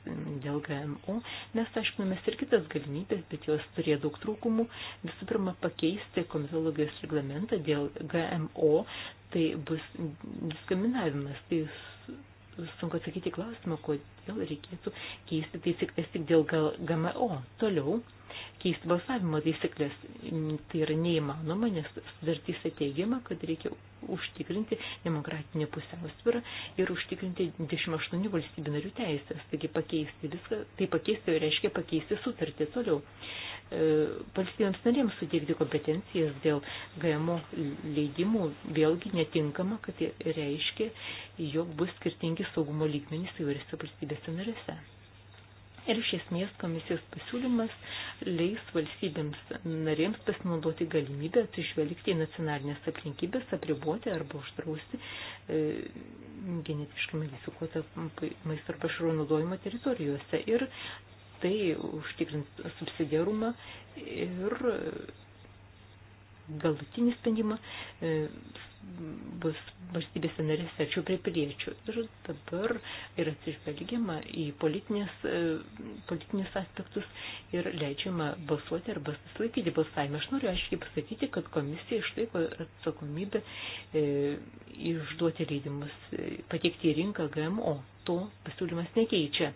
dėl GMO. Mes aiškinamės ir kitas galimybės, bet jos turėjo daug trūkumų. Visų pirma, pakeisti komitologijos reglamentą dėl GMO, tai bus diskriminavimas, tai sunku atsakyti klausimą, kodėl reikėtų keisti taisyklės tik dėl GMO. Toliau keisti balsavimo taisyklės. Tai yra neįmanoma, nes sudartyse teigiama, kad reikia užtikrinti demokratinį pusiausvyrą ir užtikrinti 28 valstybių narių teisės. Taigi pakeisti viską, tai pakeisti reiškia pakeisti sutartį toliau. E, valstybėms narėms suteikti kompetencijas dėl GMO leidimų vėlgi netinkama, kad tai reiškia, jog bus skirtingi saugumo lygmenys įvairiose valstybėse narėse. Ir iš esmės komisijos pasiūlymas leis valstybėms narėms pasinaudoti galimybę atsižvelgti į nacionalinės aplinkybės, apriboti arba uždrausti e, genetiškai modifikuotą maisto arba šarų naudojimo teritorijose. Ir tai užtikrins subsidiarumą ir e, galutinį sprendimą e, bus valstybėse narės arčiau prie piliečių. Ir dabar yra atsižvelgiama į politinės, e, politinės aspektus ir leidžiama balsuoti arba susilaikyti balsavimą. Aš noriu aiškiai pasakyti, kad komisija išlaiko atsakomybę e, išduoti leidimus, e, pateikti į rinką GMO. To pasiūlymas nekeičia.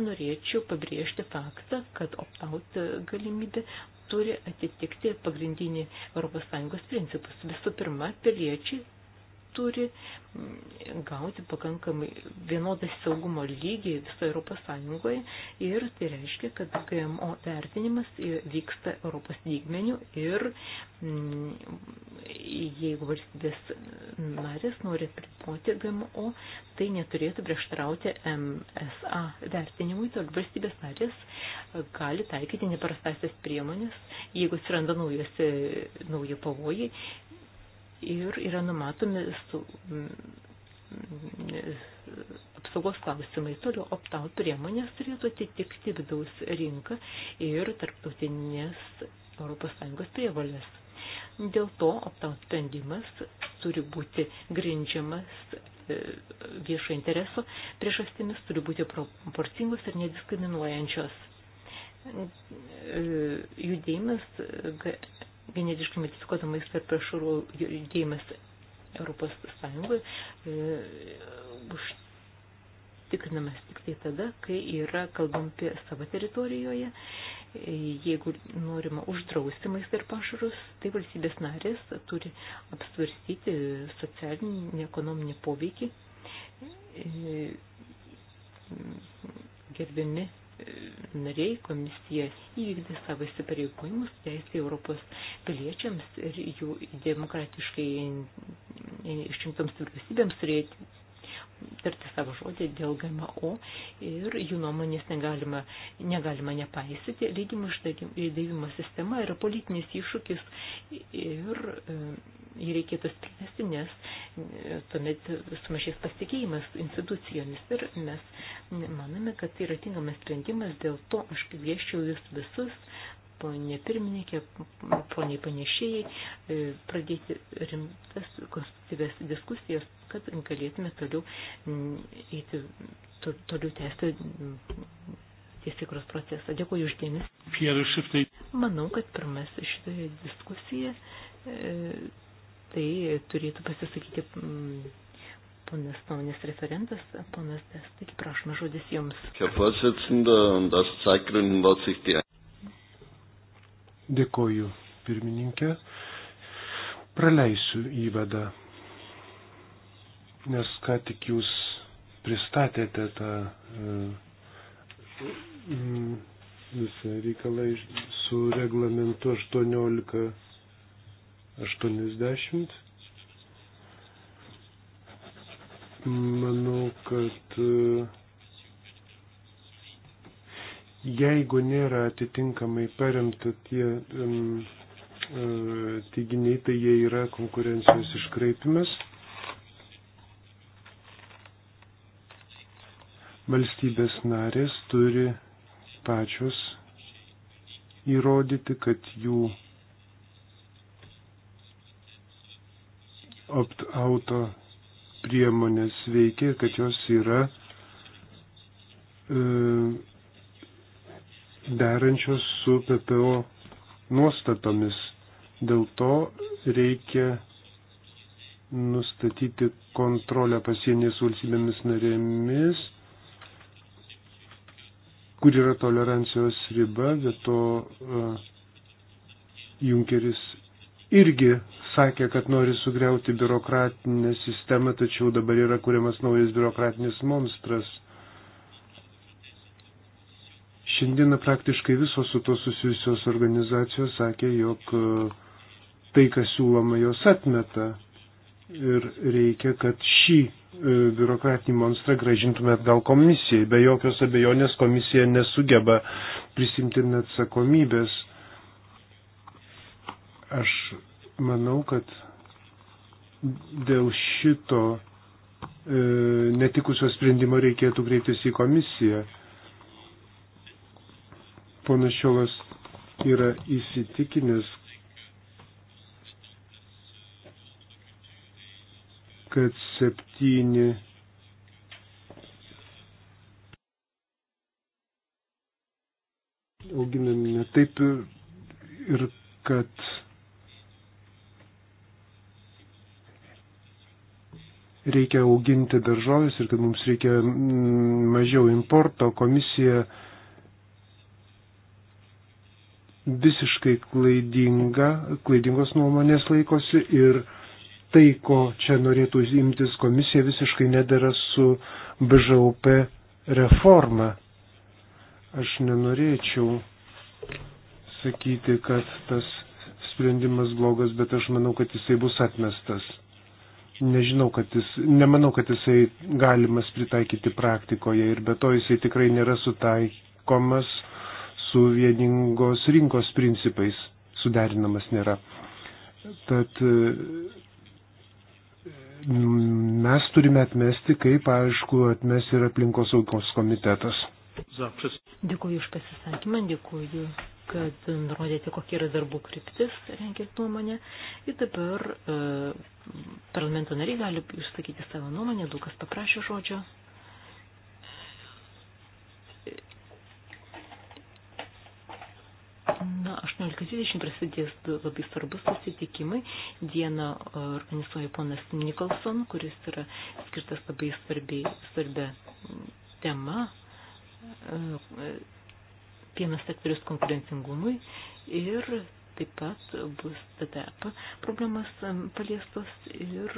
Norėčiau pabrėžti faktą, kad opt-out galimybė turi atitikti pagrindinį ES principus. Visų pirma, piliečiai turi gauti pakankamai vienodą saugumo lygį visoje Europos Sąjungoje ir tai reiškia, kad GMO vertinimas vyksta Europos lygmenių ir mm, jeigu valstybės narės nori apriboti GMO, tai neturėtų prieštrauti MSA vertinimui, todėl valstybės narės gali taikyti neprastasias priemonės, jeigu atsiranda naujas, nauji pavojai ir yra numatomi su mm, apsaugos klausimai. Toliau opt-out priemonės turėtų atitikti vidaus rinką ir tarptautinės ES prievalės. Dėl to opt-out sprendimas turi būti grindžiamas e, viešo intereso priežastimis, turi būti proporcingos ir nediskriminuojančios. E, judėjimas genetiškai modifikuotamais per prašarų judėjimas Europos Sąjungoje e, užtikrinamas tik tai tada, kai yra kalbam apie savo teritorijoje. E, jeigu norima uždrausti maistą ir pašarus, tai valstybės narės turi apsvarstyti socialinį, ekonominį poveikį e, gerbiami nariai, komisija įvykdė savo įsipareigojimus teisė Europos piliečiams ir jų demokratiškai išrinktoms vyriausybėms turėti tarti savo žodį dėl GMO ir jų nuomonės negalima, negalima nepaisyti. Leidimų išdavimo sistema yra politinis iššūkis ir e, jį reikėtų spręsti, nes e, tuomet sumažės pasitikėjimas institucijomis ir mes manome, kad tai yra tinkamas sprendimas, dėl to aš kvieščiau jūs visus, ponė pirmininkė, poniai panešėjai, e, pradėti rimtas konstruktyvės diskusijas, kad galėtume toliau eiti, toliau tęsti tiesiekros procesą. Dėkuoju uždėmesi. Manau, kad pirmas šitoje diskusijoje e, tai turėtų pasisakyti mm, ponas nuomonės referentas, ponas Des. Taigi prašome žodis jums. Dėkoju, pirmininkė. Praleisiu įvadą, nes ką tik jūs pristatėte tą e, mm, visą reikalą su reglamentu 18. 80. Manau, kad e, jeigu nėra atitinkamai paremta tie um, teiginiai, tai jie yra konkurencijos iškraipimas. Valstybės narės turi pačios įrodyti, kad jų opt-auto priemonės veikia ir kad jos yra e, derančios su PPO nuostatomis. Dėl to reikia nustatyti kontrolę pasienės valstybėmis narėmis, kur yra tolerancijos riba, bet to uh, Junkeris irgi sakė, kad nori sugriauti biurokratinę sistemą, tačiau dabar yra kuriamas naujas biurokratinis monstras. Šiandieną praktiškai visos su to susijusios organizacijos sakė, jog e, tai, kas siūloma, jos atmeta. Ir reikia, kad šį e, biurokratinį monstrą gražintume atgal komisijai. Be jokios abejonės komisija nesugeba prisimti net atsakomybės. Aš Manau, kad dėl šito e, netikusio sprendimo reikėtų kreiptis į komisiją. Ponas Šiolas yra įsitikinęs, kad septyni auginami ne taip ir kad reikia auginti daržovės ir kad mums reikia mm, mažiau importo, komisija visiškai klaidinga, klaidingos nuomonės laikosi ir tai, ko čia norėtų imtis komisija, visiškai nedara su BŽUP reforma. Aš nenorėčiau sakyti, kad tas sprendimas blogas, bet aš manau, kad jisai bus atmestas nežinau, kad jis, nemanau, kad jisai galimas pritaikyti praktikoje ir be to jisai tikrai nėra sutaikomas su vieningos rinkos principais, suderinamas nėra. Tad mm, mes turime atmesti, kaip aišku, atmes ir aplinkos saugos komitetas. Dėkuoju už pasisakymą, dėkuoju kad nurodėte, kokia yra darbų kryptis, renkės nuomonė. Ir dabar e, parlamento nariai gali išsakyti savo nuomonę, daug kas paprašė žodžio. Na, 18.20 prasidės labai svarbus susitikimai. Dieną organizuoja ponas Nikolson, kuris yra skirtas labai svarbi, svarbia tema e, pieno sektorius konkurencingumui ir taip pat bus TTIP problemas paliestos ir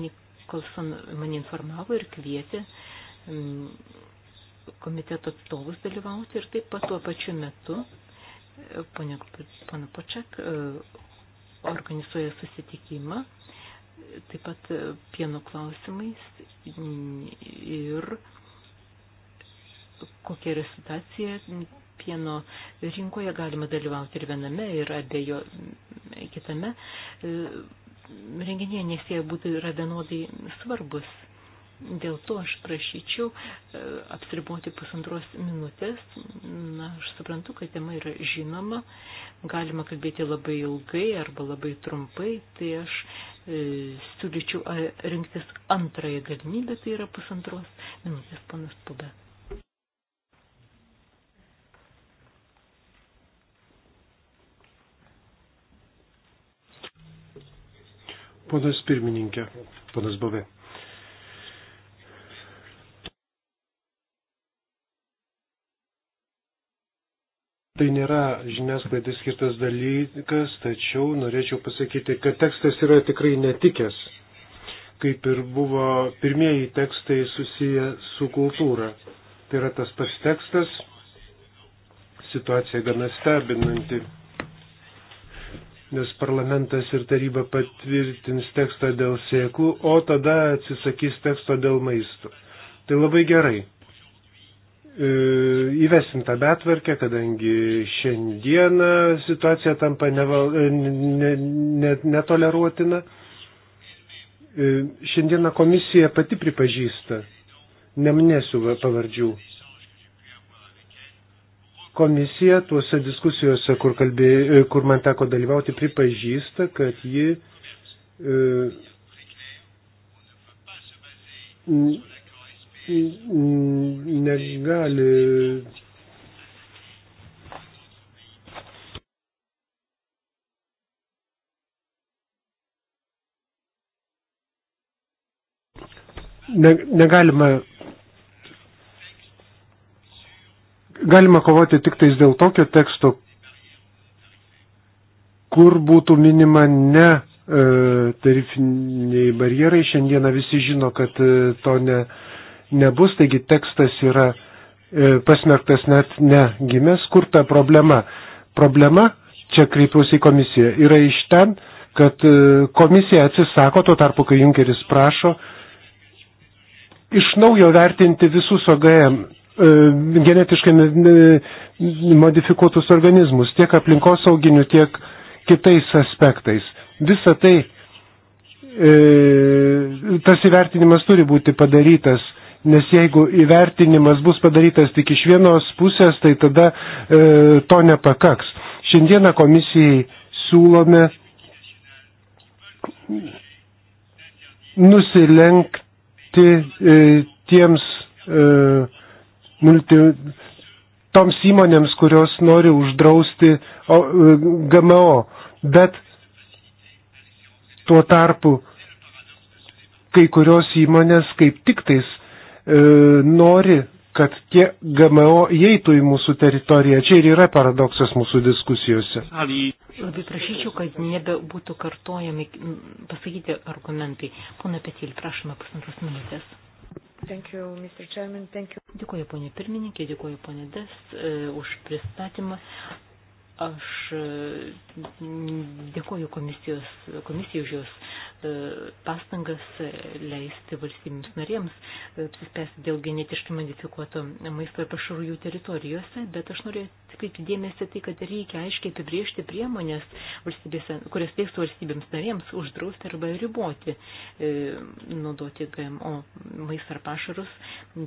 Nikolson mane informavo ir kvietė komiteto atstovus dalyvauti ir taip pat tuo pačiu metu e, pana Poček e, organizuoja susitikimą e, taip pat pieno klausimais ir kokia yra situacija pieno rinkoje, galima dalyvauti ir viename, ir abejo kitame renginėje, nes jie būtų yra vienodai svarbus. Dėl to aš prašyčiau e, apsiriboti pusantros minutės. Na, aš suprantu, kad tema yra žinoma, galima kalbėti labai ilgai arba labai trumpai, tai aš e, siūlyčiau rinktis antrąją galimybę, tai yra pusantros minutės, panas Pube. Ponas pirmininkė, ponas Bove. Tai nėra žiniasklaidai skirtas dalykas, tačiau norėčiau pasakyti, kad tekstas yra tikrai netikęs, kaip ir buvo pirmieji tekstai susiję su kultūra. Tai yra tas pats tekstas, situacija gana stebinanti nes parlamentas ir taryba patvirtins tekstą dėl sėklų, o tada atsisakys teksto dėl maisto. Tai labai gerai. E, įvesim tą betvarkę, kadangi šiandieną situacija tampa neval, e, ne, ne, netoleruotina. E, šiandieną komisija pati pripažįsta, neminėsiu pavardžių, Komisija tuose diskusijose, kur, kalbė, e, kur man teko dalyvauti, pripažįsta, kad ji e, negali ne, negalima galima kovoti tik tais dėl tokio teksto, kur būtų minima ne e, tarifiniai barjerai. Šiandieną visi žino, kad e, to ne, nebus, taigi tekstas yra e, pasmerktas net ne gimės. Kur ta problema? Problema, čia kreipiausi į komisiją, yra iš ten, kad komisija atsisako, tuo tarpu, kai Junkeris prašo, iš naujo vertinti visus OGM E, genetiškai modifikuotus organizmus, tiek aplinkosauginių, tiek kitais aspektais. Visa tai, e, tas įvertinimas turi būti padarytas, nes jeigu įvertinimas bus padarytas tik iš vienos pusės, tai tada e, to nepakaks. Šiandieną komisijai siūlome nusilenkti tiems uh, multi, toms įmonėms, kurios nori uždrausti GMO. E, Bet tuo tarpu kai kurios įmonės kaip tik tais e, nori, kad tie GMO įeitų į mūsų teritoriją. Čia ir yra paradoksas mūsų diskusijose. Labai prašyčiau, kad nebebūtų kartojami pasakyti argumentai. Pone Petil, prašome pusantros minutės. Thank you, Mr. Chairman. Thank you. Dėkuoju, ponė pirmininkė, dėkuoju, ponė Des, e, už pristatymą. Aš e, dėkuoju komisijos, komisijai už jos E, pastangas e, leisti valstybėms narėms e, apsispręsti dėl genetiškai modifikuoto maisto ir pašarų jų teritorijose, bet aš noriu atkreipti dėmesį tai, kad reikia aiškiai apibriežti priemonės, kurias teistų valstybėms narėms uždrausti arba riboti e, naudoti GMO maistą ar pašarus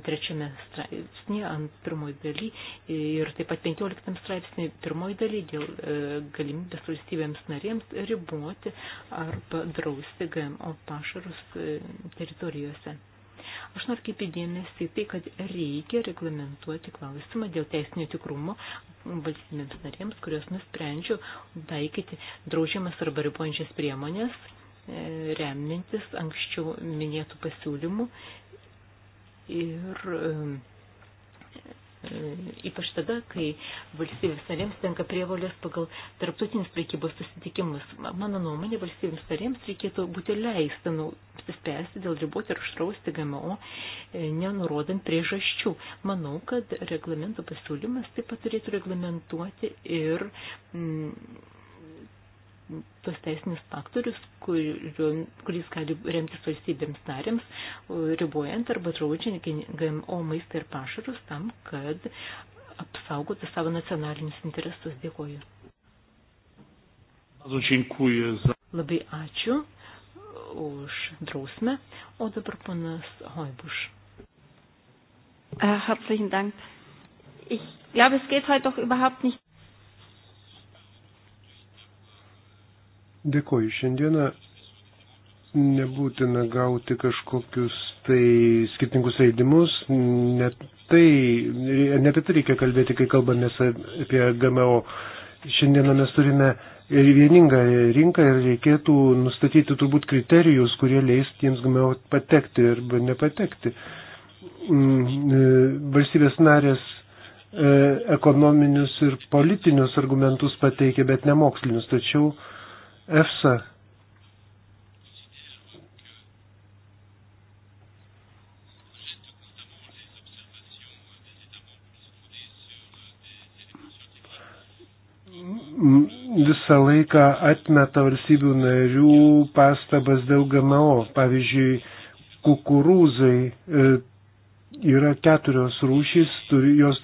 trečiame straipsnėje ant pirmoji daly ir taip pat penkioliktam straipsnėje pirmoji daly dėl e, galimybės valstybėms narėms riboti arba drausti naudoti GMO pašarus e, teritorijose. Aš noriu kaip įdėmėsi tai, kad reikia reglamentuoti klausimą dėl teisinio tikrumo valstybėms narėms, kurios nusprendžia taikyti draudžiamas arba ribojančias priemonės, e, remintis anksčiau minėtų pasiūlymų ir e, ypač tada, kai valstybės narėms tenka prievolės pagal tarptautinius prekybos susitikimus. Mano nuomonė, valstybėms narėms reikėtų būti leista nuspręsti dėl riboti ir uždrausti GMO, nenurodant priežasčių. Manau, kad reglamento pasiūlymas taip pat turėtų reglamentuoti ir. Mm, tos teisinis faktorius, kur, kuris gali remtis valstybėms narėms, ribojant arba draudžiant GMO maistą ir pašarus tam, kad apsaugoti savo nacionalinius interesus. Dėkuoju. Labai ačiū už drausmę, o dabar panas Hoibuš. Äh, herzlichen Dank. Ich glaube, es geht heute doch überhaupt nicht Dėkuoju. Šiandieną nebūtina gauti kažkokius tai skirtingus leidimus, net tai, ne apie tai reikia kalbėti, kai kalbamės apie GMO. Šiandieną mes turime ir vieningą rinką ir reikėtų nustatyti turbūt kriterijus, kurie leis tiems GMO patekti ir nepatekti. Mm, e, valstybės narės e, ekonominius ir politinius argumentus pateikė, bet ne mokslinius. Tačiau EFSA visą laiką atmeta valstybių narių pastabas dėl GMO. Pavyzdžiui, kukurūzai e, yra keturios rūšys, turi, jos,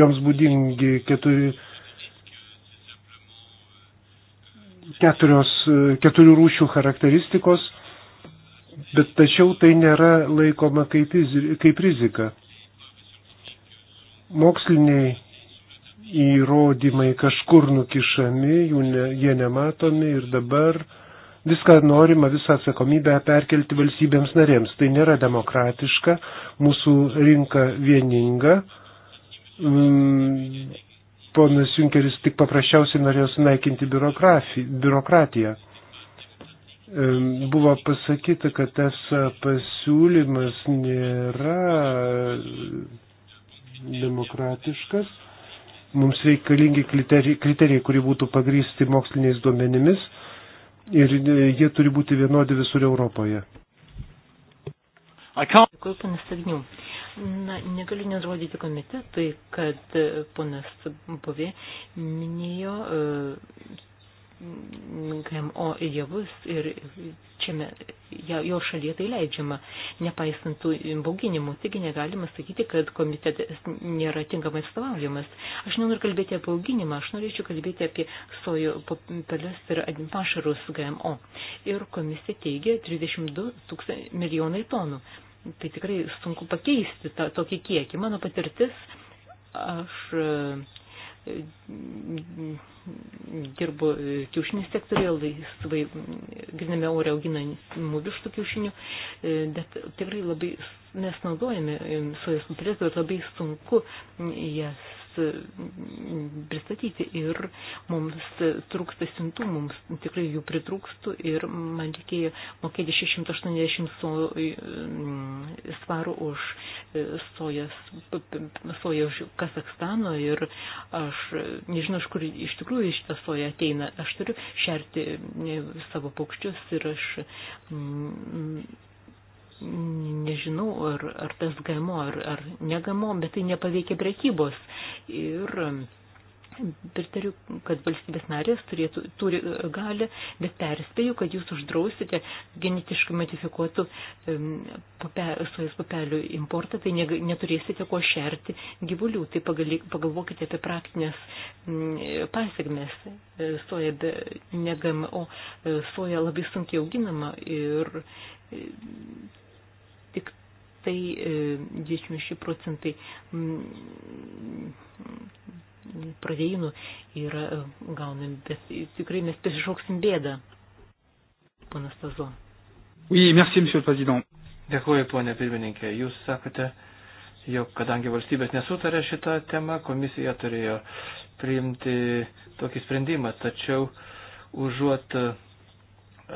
joms būdingi keturi keturios, keturių rūšių charakteristikos, bet tačiau tai nėra laikoma kaip, kaip rizika. Moksliniai įrodymai kažkur nukišami, ne, jie nematomi ir dabar viską norima, visą atsakomybę perkelti valstybėms narėms. Tai nėra demokratiška, mūsų rinka vieninga. Mm, ponas Junkeris tik paprasčiausiai norėjo sunaikinti biurokratiją. Buvo pasakyta, kad tas pasiūlymas nėra demokratiškas. Mums reikalingi kriterijai, kriterijai kurie būtų pagrysti moksliniais duomenimis ir e, jie turi būti vienodi visur Europoje. Dėkui, panas Agnių. Na, negaliu nerodyti komitetui, kad e, ponas Bovė minėjo e, GMO javus ir čia jo šalyje tai leidžiama, nepaisant tų bauginimų. Taigi negalima sakyti, kad komitetas nėra tinkamai atstovaujamas. Aš nenoriu kalbėti apie auginimą, aš norėčiau kalbėti apie sojų peles ir pašarus GMO. Ir komisija teigia 32 milijonai tonų tai tikrai sunku pakeisti tą, tokį kiekį. Mano patirtis, aš e, dirbu kiaušinis sektorėje, laisvai griname ore auginamų vištų kiaušinių, e, bet tikrai labai mes naudojame e, sojas nutrėtų ir labai sunku jas pristatyti ir mums trūksta siuntų, mums tikrai jų pritrūkstų ir man reikėjo mokėti 680 so, mm, svarų už e, sojas, soją už Kazakstano ir aš nežinau, iš kur iš tikrųjų šitą soją ateina. Aš turiu šerti e, savo paukščius ir aš. Mm, nežinau, ar, ar tas GMO, ar, ar negamo, bet tai nepaveikia prekybos. Ir um, pritariu, kad valstybės narės turėtų, turi gali, bet perspėju, kad jūs uždrausite genetiškai modifikuotų um, sojos papelių importą, tai ne, neturėsite ko šerti gyvulių. Tai pagalvokite apie praktinės mm, pasiekmes. Soja be negamo, soja labai sunkiai auginama ir tik tai 26 e, procentai proteinų yra e, gaunami, bet tikrai mes prišauksim bėdą. Panas Tazo. Oui, merci, monsieur le président. Dėkuoju, ponė pirmininkė. Jūs sakote, jog kadangi valstybės nesutarė šitą temą, komisija turėjo priimti tokį sprendimą, tačiau užuot e,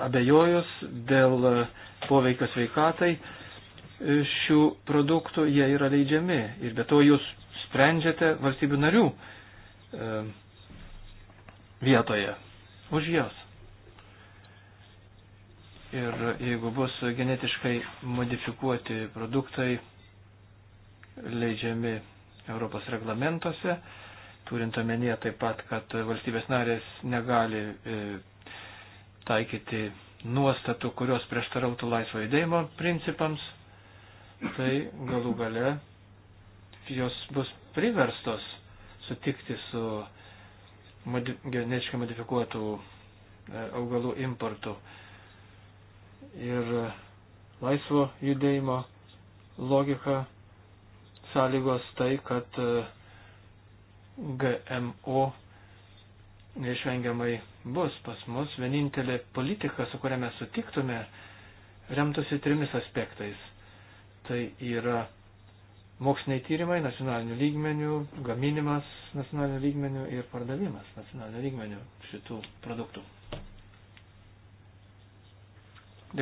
abejojus dėl poveikio sveikatai, šių produktų, jie yra leidžiami. Ir be to jūs sprendžiate valstybių narių e, vietoje už jos. Ir jeigu bus genetiškai modifikuoti produktai leidžiami Europos reglamentuose, turint omenyje taip pat, kad valstybės narės negali e, taikyti nuostatų, kurios prieštarautų laisvo judėjimo principams, tai galų gale jos bus priverstos sutikti su modi genetiškai modifikuotų e, augalų importu. Ir e, laisvo judėjimo logika sąlygos tai, kad e, GMO neišvengiamai bus pas mus. Vienintelė politika, su kuria mes sutiktume, remtųsi trimis aspektais Tai yra moksliniai tyrimai nacionalinių lygmenių, gaminimas nacionalinių lygmenių ir pardavimas nacionalinių lygmenių šitų produktų.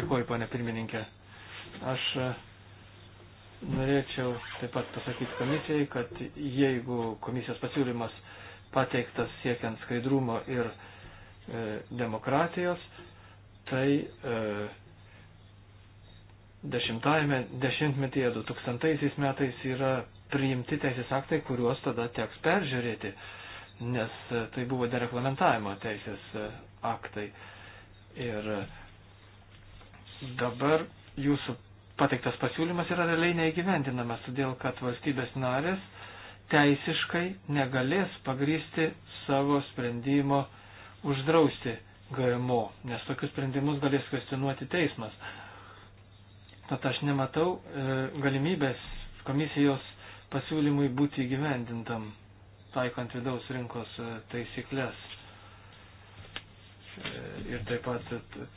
Dėkuoju, ponė pirmininkė. Aš e, norėčiau taip pat pasakyti komisijai, kad jeigu komisijos pasiūlymas pateiktas siekiant skaidrumo ir e, demokratijos, tai e, dešimtajame dešimtmetyje, 2000 metais yra priimti teisės aktai, kuriuos tada teks peržiūrėti, nes tai buvo dereglamentavimo teisės aktai. Ir dabar jūsų pateiktas pasiūlymas yra realiai neįgyvendinamas, todėl kad valstybės narės teisiškai negalės pagrysti savo sprendimo uždrausti GMO, nes tokius sprendimus galės kvestionuoti teismas. Tad aš nematau e, galimybės komisijos pasiūlymui būti įgyvendintam, taikant vidaus rinkos e, taisyklės e, ir taip pat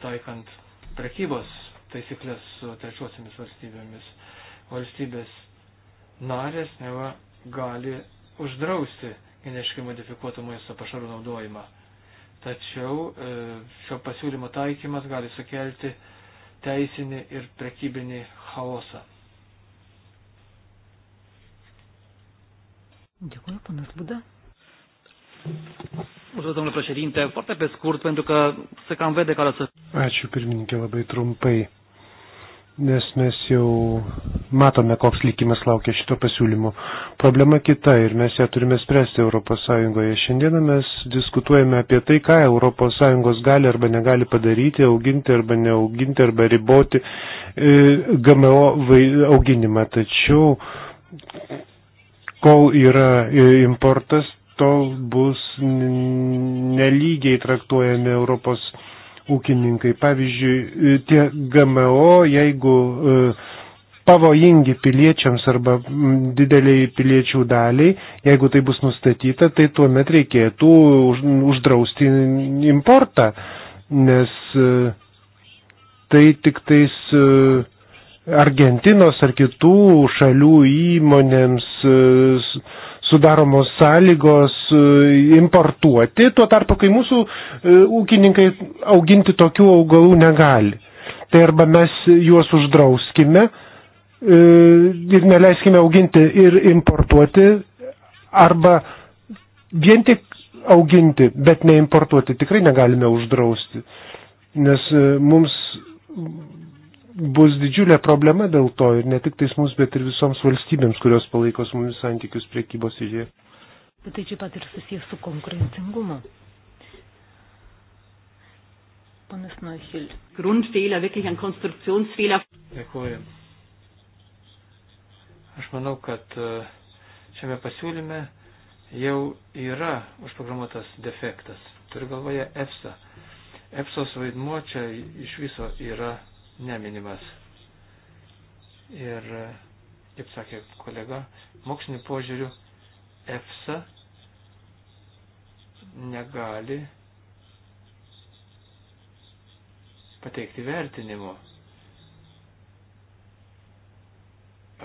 taikant prekybos taisyklės su trečiosiamis valstybėmis. Valstybės narės neva gali uždrausti geniškai modifikuoto maisto pašarų naudojimą. Tačiau e, šio pasiūlymo taikymas gali sukelti teisinį ir prekybinį chaosą. Dėkuoju, panas Buda. Mulțumesc, domnule președinte. Foarte pe scurt, pentru că se cam vede care să... Ačiū, pirmininkė, labai trumpai nes mes jau matome, koks likimas laukia šito pasiūlymo. Problema kita ir mes ją turime spręsti ES. Šiandieną mes diskutuojame apie tai, ką ES gali arba negali padaryti, auginti arba neauginti arba riboti e, GMO auginimą. Tačiau, kol yra e, importas, tol bus nelygiai traktuojami Europos ūkininkai. Pavyzdžiui, e, tie GMO, jeigu e, pavojingi piliečiams arba dideliai piliečių daliai, jeigu tai bus nustatyta, tai tuomet reikėtų uždrausti importą, nes e, tai tik tais Argentinos ar kitų šalių įmonėms sudaromos sąlygos e, importuoti, tuo tarpu, kai mūsų e, ūkininkai auginti tokių augalų negali. Tai arba mes juos uždrauskime e, ir neleiskime auginti ir importuoti, arba vien tik auginti, bet neimportuoti tikrai negalime uždrausti, nes mums bus didžiulė problema dėl to ir ne tik tais mums, bet ir visoms valstybėms, kurios palaiko su mumis santykius priekybos idėje. Bet tai čia pat ir susijęs su konkurencingumu. Ponas Neuchil. Grundfehler, wirklich ein Konstruktionsfehler. Dėkuoju. Aš manau, kad e, šiame pasiūlyme jau yra užprogramuotas defektas. Turiu galvoje EFSA. EFSOS vaidmuo čia iš viso yra neminimas. Ir, kaip sakė kolega, mokslinio požiūriu EFSA negali pateikti vertinimo.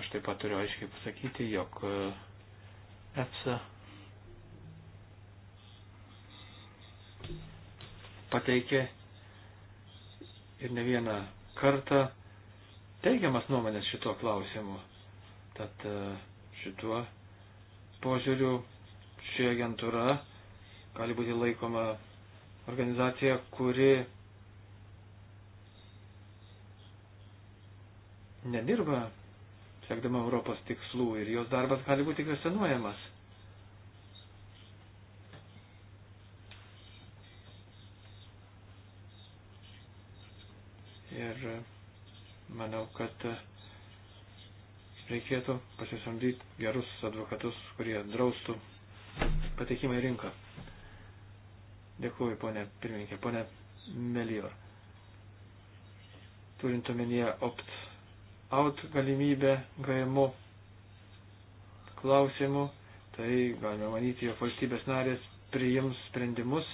Aš taip pat turiu aiškiai pasakyti, jog e, EFSA pateikė ir ne vieną kartą teigiamas nuomonės šituo klausimu. Tad e, šituo požiūriu ši agentūra gali būti laikoma organizacija, kuri nedirba siekdama Europos tikslų ir jos darbas gali būti kvestionuojamas. ir e, manau, kad e, reikėtų pasisamdyti gerus advokatus, kurie draustų patekimą į rinką. Dėkuoju, ponė pirmininkė, ponė Melior. Turint omenyje opt-out galimybę gaimu klausimų, tai galime manyti, jog valstybės narės priims sprendimus,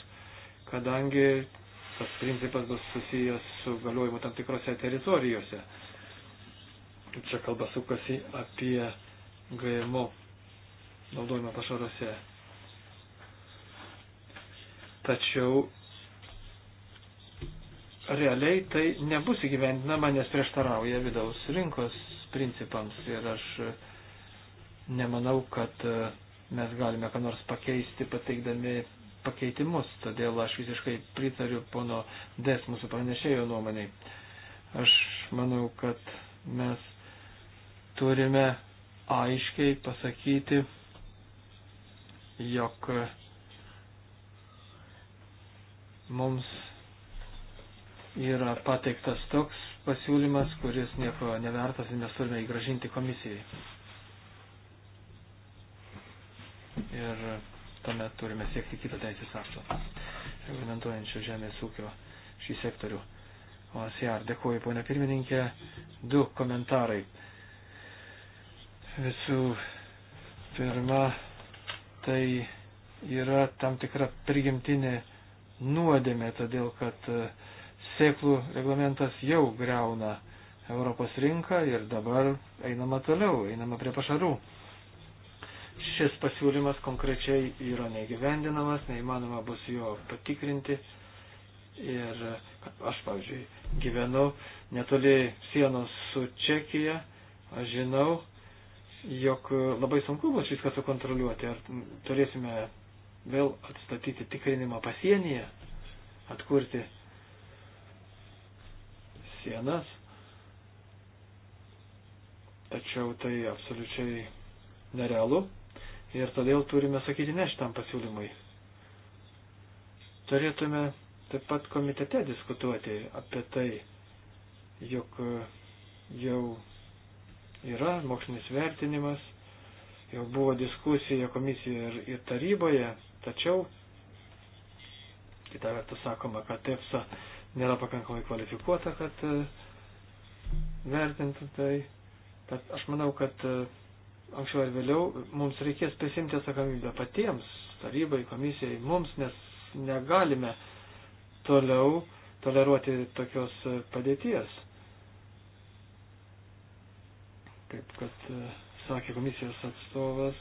kadangi tas principas bus susijęs su galiojimu tam tikrose teritorijose. Čia kalba sukasi apie GMO naudojimą pašaruose. Tačiau realiai tai nebus įgyvendinama, nes prieštarauja vidaus rinkos principams ir aš nemanau, kad mes galime ką nors pakeisti, pateikdami pakeitimus, todėl aš visiškai pritariu pono Des mūsų pranešėjo nuomoniai. Aš manau, kad mes turime aiškiai pasakyti, jog mums yra pateiktas toks pasiūlymas, kuris nieko nevertas ir mes turime įgražinti komisijai. Ir tuomet turime siekti kito teisės akto, reglamentuojančio žemės ūkio šį sektorių. O ASEAR, dėkuoju, ponia pirmininkė, du komentarai. Visų pirma, tai yra tam tikra prigimtinė nuodėmė, todėl kad e, sėklų reglamentas jau greuna Europos rinką ir dabar einama toliau, einama prie pašarų. Šis pasiūlymas konkrečiai yra negyvendinamas, neįmanoma bus jo patikrinti. Ir aš, pavyzdžiui, gyvenu netoli sienos su Čekija, aš žinau, jog labai sunku bus viską sukontroliuoti. Ar turėsime vėl atstatyti tikrinimą pasienyje, atkurti sienas. Tačiau tai absoliučiai nerealu ir todėl turime sakyti ne šitam pasiūlymui. Turėtume taip pat komitete diskutuoti apie tai, jog jau yra mokslinis vertinimas, jau buvo diskusija komisijoje ir, ir taryboje, tačiau kitą vertus sakoma, kad EFSA nėra pakankamai kvalifikuota, kad e, vertintų tai. Tad aš manau, kad e, anksčiau ar vėliau mums reikės prisimti atsakomybę patiems, tarybai, komisijai, mums, nes negalime toliau toleruoti tokios padėties. Kaip kad e, sakė komisijos atstovas,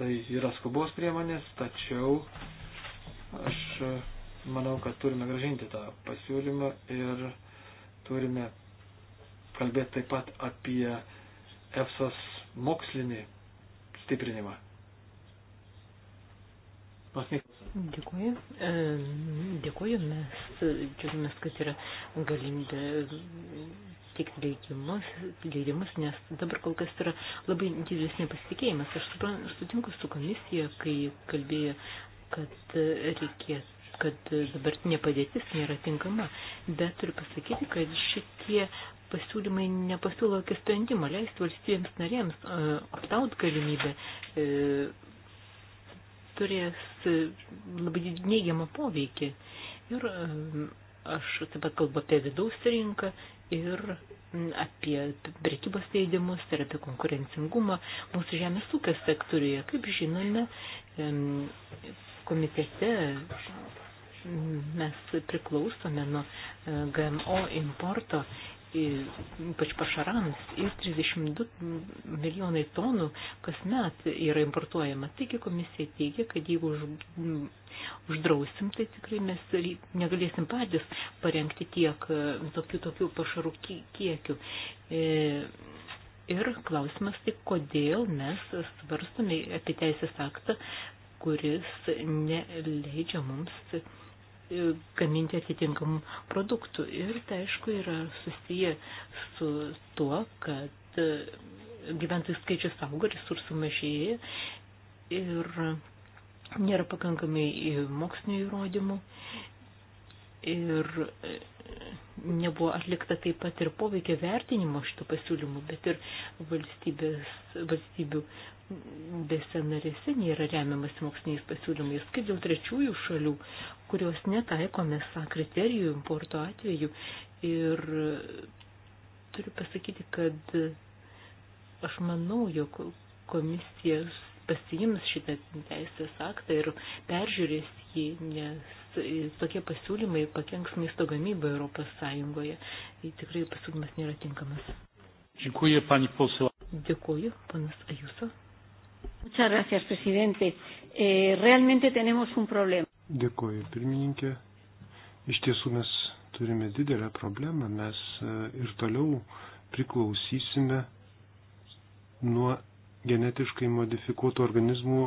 tai yra skubos priemonės, tačiau aš e, manau, kad turime gražinti tą pasiūlymą ir turime kalbėti taip pat apie EFSOS mokslinį stiprinimą. Dėkuoju. E, dėkuoju. Mes e, džiaugiamės, kad yra galimybė teikti leidimus, leidimus, nes dabar kol kas yra labai didelis nepasitikėjimas. Aš sutinku su komisija, kai kalbėjo, kad reikės kad dabartinė padėtis nėra tinkama, bet turiu pasakyti, kad šitie pasiūlymai nepasiūlo jokio sprendimo, leisti valstybėms narėms aptaut e, galimybę e, turės e, labai neigiamą poveikį. Ir aš taip pat kalbu apie vidaus rinką ir apie prekybos leidimus ir apie konkurencingumą mūsų žemės ūkio sektoriuje. Kaip žinome, komitete mes priklausome nuo GMO importo ypač pašarams, ir 32 milijonai tonų kasmet yra importuojama. Taigi komisija teigia, kad jeigu už, uždrausim, tai tikrai mes negalėsim patys parengti tiek tokių, tokių pašarų kiekių. E, ir klausimas tai, kodėl mes svarstame apie teisės aktą, kuris neleidžia mums gaminti atitinkamų produktų. Ir tai aišku yra susiję su tuo, kad e, gyventojų skaičius auga, resursų mažėja ir nėra pakankamai mokslinio įrodymų ir e, nebuvo atlikta taip pat ir poveikia vertinimo šitų pasiūlymų, bet ir valstybės, valstybių besenarėse nėra remiamas moksliniais pasiūlymais, kaip dėl trečiųjų šalių, kurios netaikome SA kriterijų importo atveju. Ir turiu pasakyti, kad aš manau, jog komisija pasiims šitą teisės aktą ir peržiūrės jį, nes tokie pasiūlymai pakenks maisto gamybą Europos Sąjungoje. Tai tikrai pasiūlymas nėra tinkamas. Dziękuję, pani poseł. Dziękuję, panas Ajuso. Muchas gracias, presidente. Eh, realmente tenemos un problema. Dėkuoju, pirmininkė. Iš tiesų mes turime didelę problemą, mes e, ir toliau priklausysime nuo genetiškai modifikuotų organizmų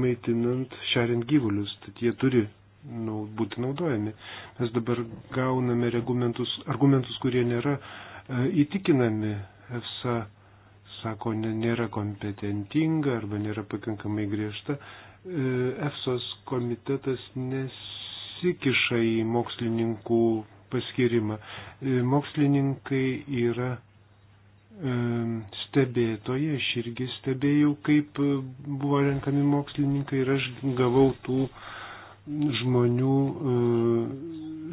maitinant šeriant gyvulius, tad jie turi nu, būti naudojami. Mes dabar gauname argumentus, argumentus kurie nėra e, įtikinami. EFSA sako, ne, nėra kompetentinga arba nėra pakankamai griežta. E, EFSOS komitetas nesikiša į mokslininkų paskirimą. E, mokslininkai yra e, stebėtoje, aš irgi stebėjau, kaip buvo renkami mokslininkai ir aš gavau tų žmonių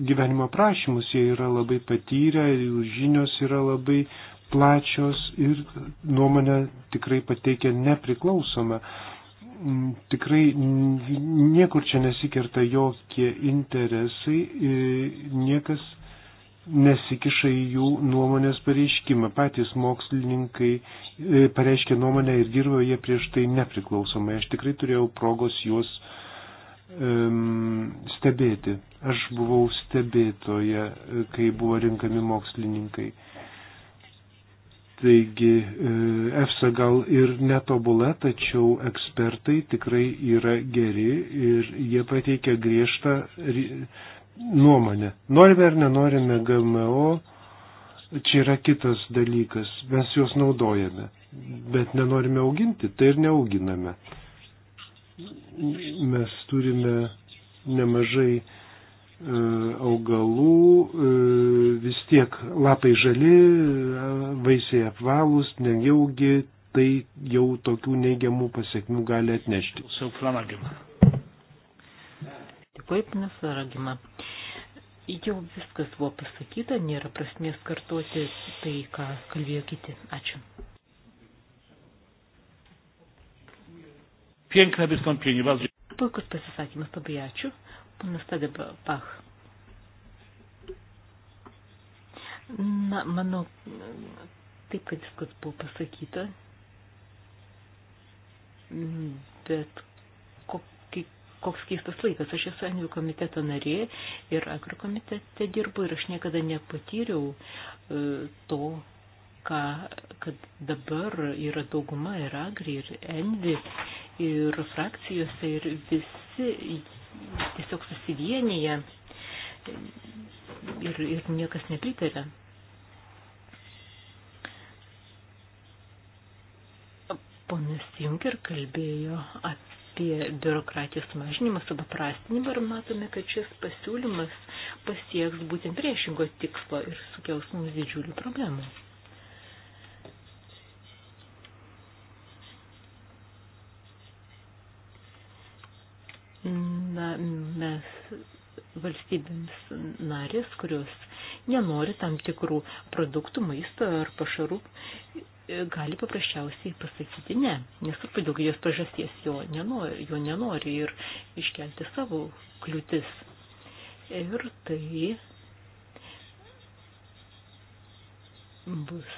gyvenimo prašymus, jie yra labai patyrę, jų žinios yra labai plačios ir nuomonę tikrai pateikia nepriklausoma. Mm, tikrai niekur čia nesikerta jokie interesai, niekas nesikiša į jų nuomonės pareiškimą. Patys mokslininkai pareiškė nuomonę ir dirbo jie prieš tai nepriklausomai. Aš tikrai turėjau progos juos um, stebėti. Aš buvau stebėtoje, kai buvo rinkami mokslininkai. Uh, Taigi e, EFSA gal ir netobula, tačiau ekspertai tikrai yra geri ir jie pateikia griežtą nuomonę. Norime ar nenorime GMO, čia yra kitas dalykas, mes juos naudojame, bet nenorime auginti, tai ir neauginame. Mes turime nemažai E, augalų e, vis tiek lapai žali, e, vaisiai apvalūs, nejaugi tai jau tokių neigiamų pasiekmių gali atnešti. Dėkui, panas Varagima. Jau viskas buvo pasakyta, nėra prasmės kartuoti tai, ką kalbėjo kiti. Ačiū. Piękne wystąpienie, bardzo. Puikus pasisakymas, labai ačiū. Panas Tadepach. Na, manau, taip, kad viskas buvo pasakyta. Bet kokį, koks keistas laikas. Aš esu Anvių komiteto narė ir agrokomitete dirbu ir aš niekada nepatyriau e, to, ką, kad dabar yra dauguma ir agri, ir envi, ir frakcijose, ir visi tiesiog susivienyje ir, ir niekas nepritarė. Ponas Junker kalbėjo apie biurokratijos mažinimą, supaprastinimą ir matome, kad šis pasiūlymas pasieks būtent priešingo tikslo ir sukels mums didžiulių problemų. mes valstybėms narės, kurios nenori tam tikrų produktų, maisto ar pašarų, gali paprasčiausiai pasakyti ne, nesvarbu dėl jos priežasties, jo nenori, jo nenori ir iškelti savo kliūtis. Ir tai bus.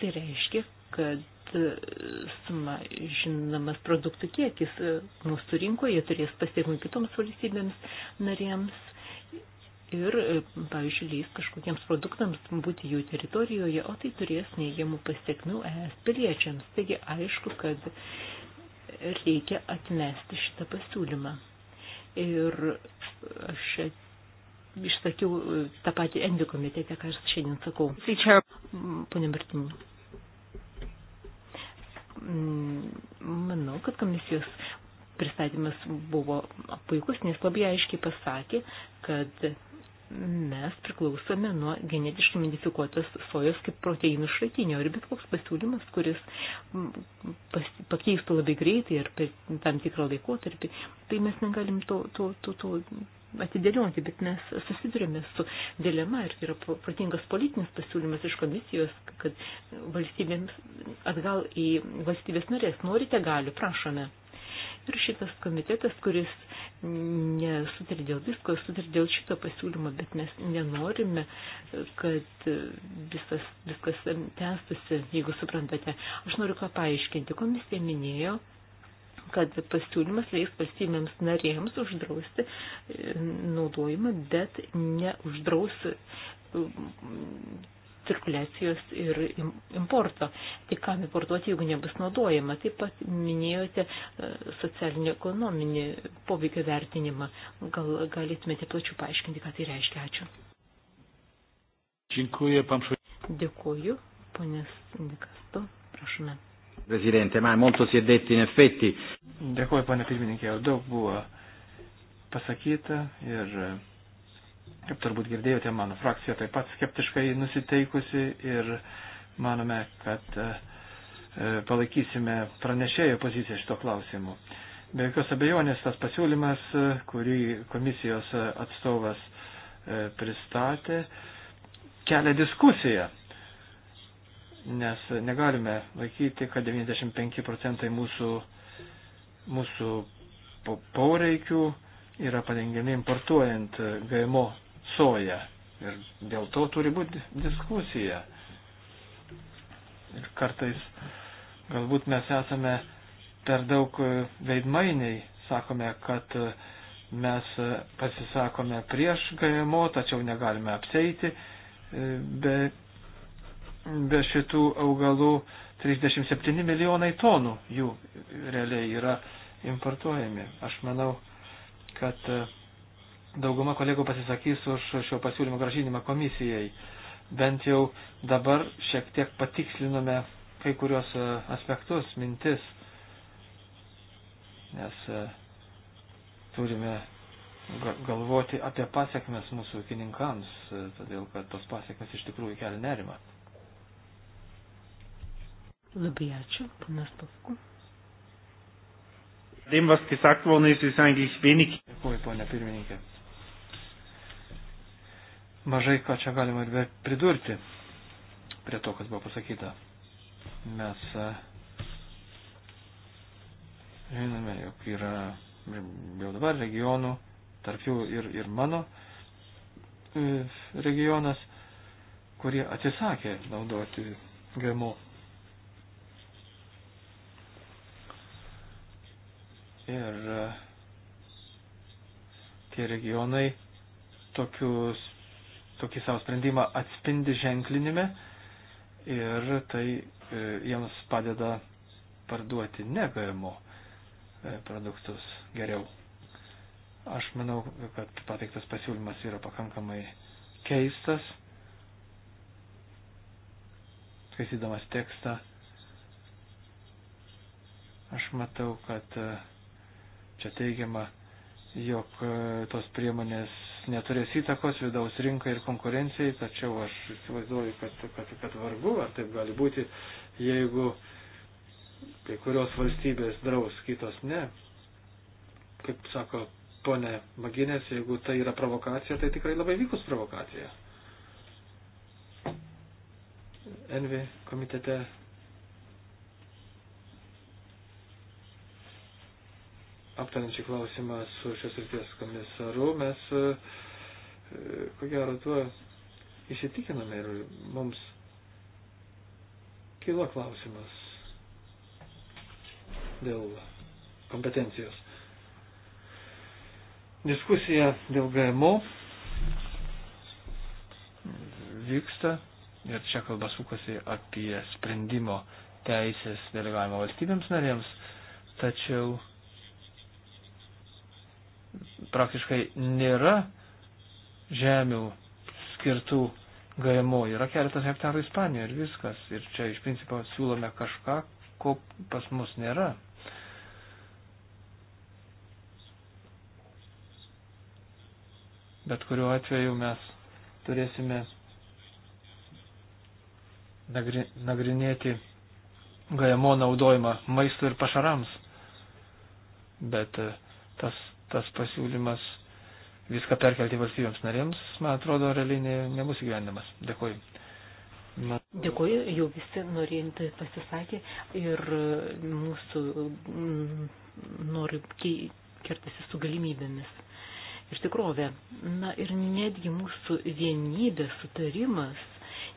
Tai reiškia, kad sumažinamas produktų kiekis mūsų rinkoje turės pasiekmių kitoms valstybėms narėms ir, pavyzdžiui, leis kažkokiems produktams būti jų teritorijoje, o tai turės neįgiamų pasiekmių ES piliečiams. Taigi aišku, kad reikia atmesti šitą pasiūlymą. Ir aš išsakiau tą patį endokomitete, ką aš šiandien sakau. Pone Bertinu. Mm, manau, kad komisijos pristatymas buvo puikus, nes labai aiškiai pasakė, kad mes priklausome nuo genetiškai modifikuotos sojos kaip proteinų šaltinio ir bet koks pasiūlymas, kuris pas, pakeistų labai greitai ir per tam tikrą laikotarpį, tai mes negalim to, to, to, to atidėlioti, bet mes susidurėme su dilema ir yra protingas politinis pasiūlymas iš komisijos, kad valstybėms atgal į valstybės narės norite, galiu, prašome. Ir šitas komitetas, kuris nesutarė dėl visko, sutarė dėl šito pasiūlymo, bet mes nenorime, kad visas, viskas tęstusi, jeigu suprantate. Aš noriu ką paaiškinti. Komisija minėjo, kad pasiūlymas leis valstybėms narėms uždrausti e, naudojimą, bet neuždraus cirkuliacijos ir importo. Tai kam importuoti, jeigu nebus naudojama? Taip pat minėjote e, socialinį ekonominį poveikio vertinimą. Gal galėtumėte plačiau paaiškinti, ką tai reiškia? Ačiū. Dziękuję, pan... Dėkuoju, ponės Nikasto. Prašome. Presidente, ma molto si è detto in effetti. Dėkuoju, ponė pirmininkė, jau daug buvo pasakyta ir Kaip turbūt girdėjote, mano frakcija taip pat skeptiškai nusiteikusi ir manome, kad e, e, palaikysime pranešėjo poziciją šito klausimu. Be jokios abejonės tas pasiūlymas, e, kurį komisijos atstovas pristatė, kelia diskusiją, nes negalime laikyti, kad 95 procentai mūsų, mūsų poreikių yra padengiami importuojant GMO soja. Ir dėl to turi būti diskusija. Ir kartais galbūt mes esame per daug e, veidmainiai, sakome, kad e, mes e, pasisakome prieš GMO, tačiau negalime apseiti be, be šitų augalų. 37 milijonai tonų jų realiai yra importuojami. Aš manau, kad uh, dauguma kolegų pasisakys už šio pasiūlymo gražinimą komisijai. Bent jau dabar šiek tiek patikslinome kai kurios e, aspektus, mintis, nes e, turime galvoti apie pasiekmes mūsų ūkininkams, e, todėl kad tos pasiekmes iš tikrųjų kelia nerimą. Labai ačiū, panas Pasku. Dem, was gesagt worden ist, ist eigentlich wenig. Dėkuoju, ponia pirmininkė mažai ką čia galima ir pridurti prie to, kas buvo pasakyta. Mes e, žinome, jog yra jau dabar regionų, tarp jų ir, ir mano e, regionas, kurie atsisakė naudoti GMO. Ir e, tie regionai tokius tokį savo sprendimą atspindi ženklinime ir tai e, jiems padeda parduoti ne GMO e, produktus geriau. Aš manau, kad pateiktas pasiūlymas yra pakankamai keistas. Skaitydamas tekstą, aš matau, kad e, čia teigiama, jog tos priemonės neturės įtakos vidaus rinkai ir konkurencijai, tačiau aš įsivaizduoju, kad, kad, kad vargu, ar taip gali būti, jeigu kai kurios valstybės draus, kitos ne. Kaip sako ponė Maginės, jeigu tai yra provokacija, tai tikrai labai vykus provokacija. Envi komitete aptarant šį klausimą su šios ryties komisaru, mes, e, ko gero, tuo įsitikiname ir mums kilo klausimas dėl kompetencijos. Diskusija dėl GMO vyksta ir čia kalba sukasi apie sprendimo teisės delegavimo valstybėms narėms, tačiau praktiškai nėra žemių skirtų GMO. Yra keletas hektarų Ispanijoje ir viskas. Ir čia iš principo siūlome kažką, ko pas mus nėra. Bet kuriuo atveju mes turėsime nagri, nagrinėti GMO naudojimą maistui ir pašarams. Bet e, tas tas pasiūlymas viską perkelti valstybėms narėms, man atrodo, realiai ne, nebus įgyvendamas. Dėkuoju. Man... Dėkuoju, jau visi norėjantį pasisakė ir mm, mūsų mm, nori kertasi su galimybėmis. Iš tikrovė, na ir netgi mūsų vienybė, sutarimas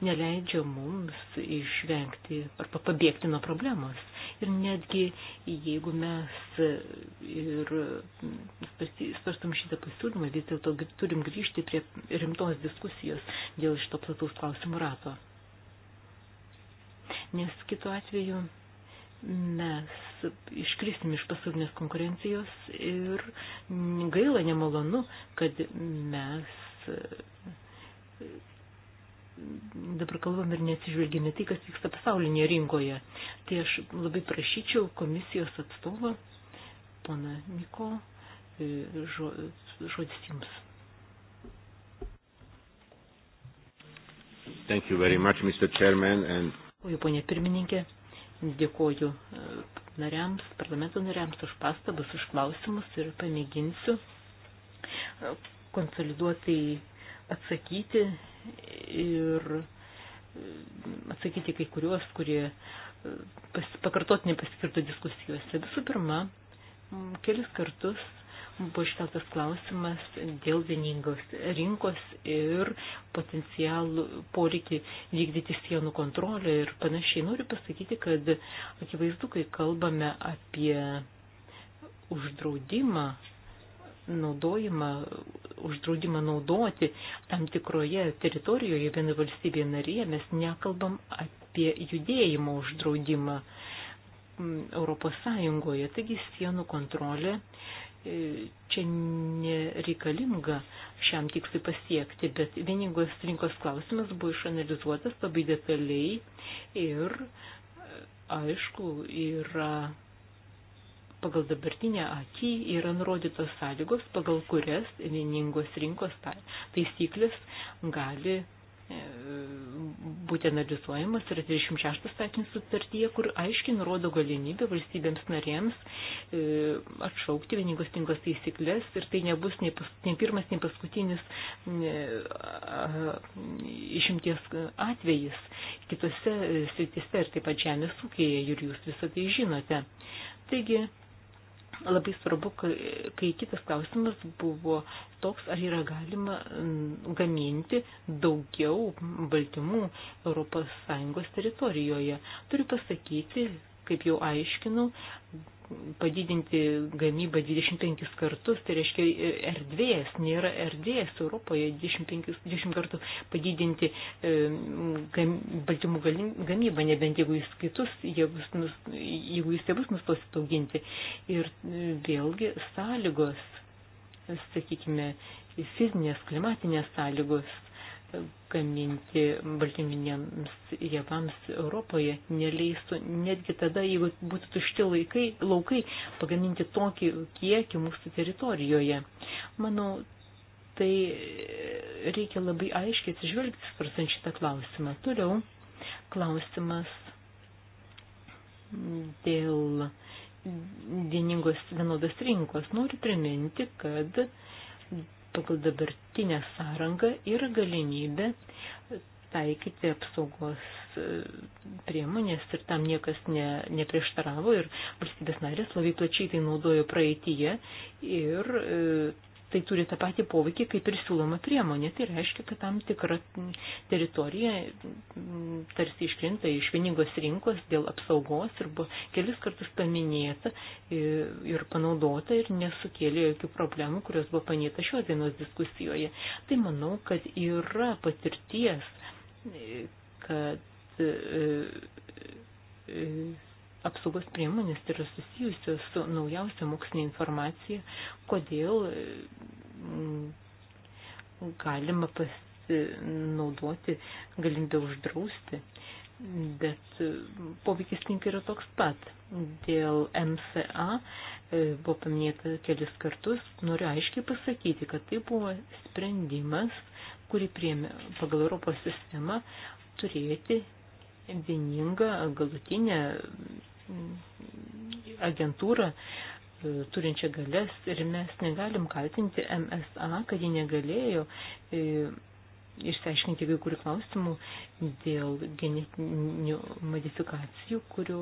neleidžia mums išvengti arba pabėgti nuo problemos. Ir netgi jeigu mes ir svarstam šitą pasiūlymą, vis dėlto turim grįžti prie rimtos diskusijos dėl šito plataus klausimų rato. Nes kitu atveju mes iškrisim iš pasaulinės konkurencijos ir gaila nemalonu, kad mes dabar kalbam ir neatsižvelgime tai, kas vyksta pasaulinėje rinkoje. Tai aš labai prašyčiau komisijos atstovą, pana Niko, e, žo, žodis jums. Thank you very much, Mr. Chairman. And... Oju, ponė pirmininkė, dėkoju e, nariams, parlamento nariams už pastabas, už klausimus ir pamėginsiu e, konsoliduotai atsakyti ir mm, atsakyti kai kuriuos, kurie mm, pas, pakartotinai paskirto diskusijose. Visų pirma, mm, kelis kartus buvo iškeltas klausimas dėl vieningos rinkos ir potencialų poreikį vykdyti sienų kontrolę ir panašiai. Noriu pasakyti, kad akivaizdu, kai kalbame apie uždraudimą naudojimą, uždraudimą naudoti tam tikroje teritorijoje viena valstybė narėje, mes nekalbam apie judėjimo uždraudimą mm, Europos Sąjungoje. Taigi sienų kontrolė e, čia nereikalinga šiam tikslui pasiekti, bet vieningos rinkos klausimas buvo išanalizuotas labai detaliai ir e, aišku yra pagal dabartinę akį yra nurodytos sąlygos, pagal kurias vieningos rinkos taisyklės gali e, būti analizuojamas yra 36 statinės sutartyje, kur aiškiai nurodo galimybę valstybėms narėms e, atšaukti vieningos rinkos taisyklės ir tai nebus nei, pas, nei pirmas, nei paskutinis e, išimties atvejis kitose sritise ir taip pat žemės ūkėje ir jūs visą tai žinote. Taigi, labai svarbu, kai kitas klausimas buvo toks, ar yra galima mm, gaminti daugiau baltymų ES teritorijoje. Turiu pasakyti, kaip jau aiškinau, padidinti gamybą 25 kartus, tai reiškia e, erdvės, nėra erdvės Europoje 25, 20 kartų padidinti e, gam, baltymų gamybą, nebent jeigu jis kitus, jeigu, nus, jeigu jis tėvus nustosit auginti. Ir e, vėlgi sąlygos, sakykime, fizinės, klimatinės sąlygos gaminti baltyminėms javams Europoje neleistų netgi tada, jeigu būtų tušti laikai, laukai, pagaminti tokį kiekį mūsų teritorijoje. Manau, tai reikia labai aiškiai atsižvelgti, svarstant šitą klausimą. Toliau klausimas dėl vieningos vienodos rinkos. Noriu priminti, kad pagal dabartinę sąrangą yra galimybė taikyti apsaugos e, priemonės ir tam niekas ne, neprieštaravo ir valstybės narės labai plačiai tai naudojo praeityje ir e, tai turi tą patį poveikį, kaip ir siūloma priemonė. Tai reiškia, kad tam tikra teritorija mm, tarsi iškrinta iš vieningos rinkos dėl apsaugos ir buvo kelis kartus paminėta ir panaudota ir nesukėlė jokių problemų, kurios buvo panėta šios dienos diskusijoje. Tai manau, kad yra patirties, kad apsaugos priemonės tai yra susijusios su naujausia mokslinė informacija, kodėl mm, galima pasinaudoti galimybę uždrausti, bet poveikis tinkai yra toks pat. Dėl MCA e, buvo paminėta kelis kartus, noriu aiškiai pasakyti, kad tai buvo sprendimas, kurį priėmė pagal Europos sistemą turėti vieningą galutinę agentūrą e, turinčią galės ir mes negalim kaltinti MSA, kad ji negalėjo e, išsiaiškinti kai kurių klausimų dėl genetinių modifikacijų, kurių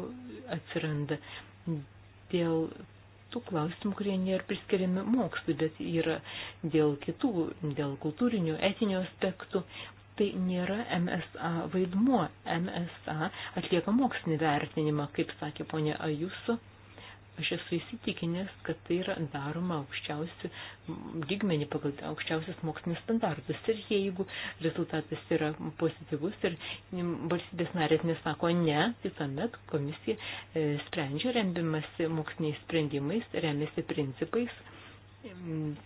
atsiranda dėl tų klausimų, kurie nėra priskiriami mokslui, bet yra dėl kitų, dėl kultūrinių, etinių aspektų, tai nėra MSA vaidmuo. MSA atlieka mokslinį vertinimą, kaip sakė ponė Ajuso. Aš esu įsitikinęs, kad tai yra daroma aukščiausių lygmenį pagal aukščiausius mokslinis standartus. Ir jeigu rezultatas yra pozityvus ir valstybės narės nesako ne, tai tuomet komisija e, sprendžia remdamasi moksliniais sprendimais, remiasi principais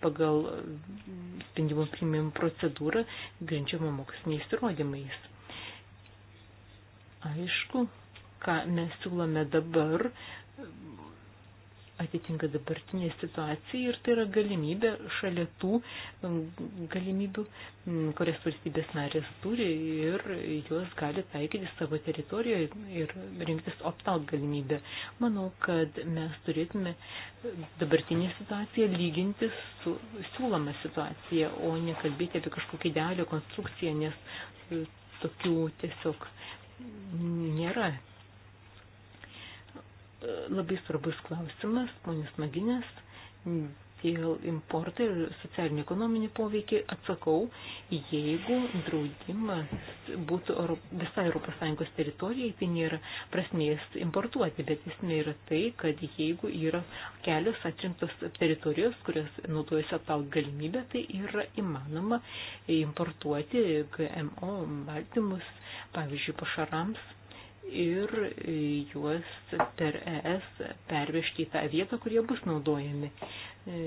pagal mm, sprendimų priimimų procedūrą grindžiama moksliniais įrodymais. Aišku, ką mes siūlome dabar, atitinka dabartinė situacija ir tai yra galimybė šalia tų galimybių, kurias valstybės narės turi ir juos gali taikyti savo teritorijoje ir rinktis opt-out galimybę. Manau, kad mes turėtume dabartinę situaciją lyginti su siūloma situacija, o ne kalbėti apie kažkokią idealią konstrukciją, nes tokių tiesiog nėra labai svarbus klausimas, ponis Maginės, dėl importo ir socialinį ekonominį poveikį atsakau, jeigu draudimas būtų visai ES teritorijai, tai nėra prasmės importuoti, bet esmė yra tai, kad jeigu yra kelios atrimtos teritorijos, kurios naudojasi apsaugą galimybę, tai yra įmanoma importuoti GMO baltymus, pavyzdžiui, pašarams ir juos per ES pervežti į tą vietą, kur jie bus naudojami. E,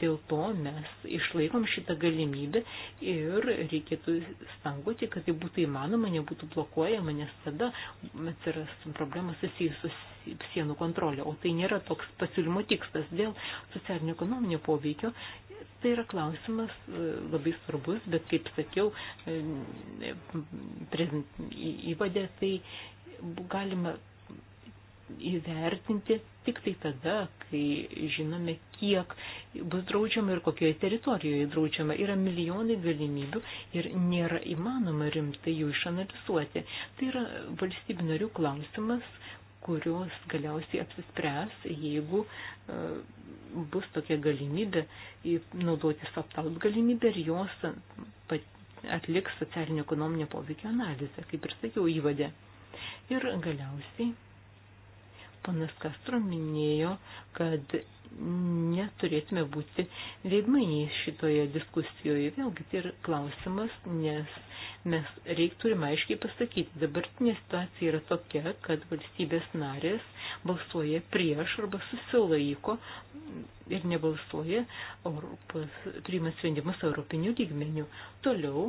dėl to mes išlaikom šitą galimybę ir reikėtų stangoti, kad tai būtų įmanoma, nebūtų blokuojama, nes tada atsiras problemas susijusios sienų kontrolė, o tai nėra toks pasiūlymo tikslas dėl socialinio ekonominio poveikio. Tai yra klausimas e, labai svarbus, bet kaip sakiau, e, įvadė, tai galima įvertinti tik tai tada, kai žinome, kiek bus draudžiama ir kokioje teritorijoje draudžiama. Yra milijonai galimybių ir nėra įmanoma rimtai jų išanalizuoti. Tai yra valstybių narių klausimas, kurios galiausiai apsispręs, jeigu e, bus tokia galimybė naudotis aptaut galimybę ir jos atliks socialinio ekonominio poveikio analizę, kaip ir sakiau įvadė. Ir galiausiai, panas Kastro minėjo, kad neturėtume būti veidmainiai šitoje diskusijoje. Vėlgi tai yra klausimas, nes mes reik turime aiškiai pasakyti, dabartinė situacija yra tokia, kad valstybės narės balsuoja prieš arba susilaiko ir nebalsuoja, priima sprendimus europinių lygmenių. Toliau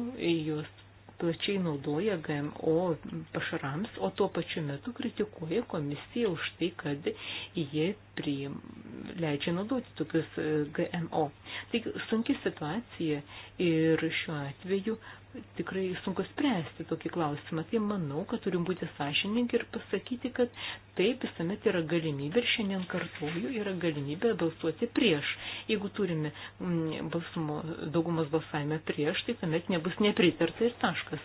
jos plačiai naudoja GMO pašarams, o tuo pačiu metu kritikuoja komisiją už tai, kad jie priim, leidžia naudoti tokius e, GMO. Taigi sunki situacija ir šiuo atveju tikrai sunku spręsti tokį klausimą. Tai manau, kad turim būti sąžininkai ir pasakyti, kad taip visuomet yra galimybė ir šiandien kartuoju yra galimybė balsuoti prieš. Jeigu turime mm, balsumo, daugumos balsavime prieš, tai tuomet nebus nepritarta ir taškas.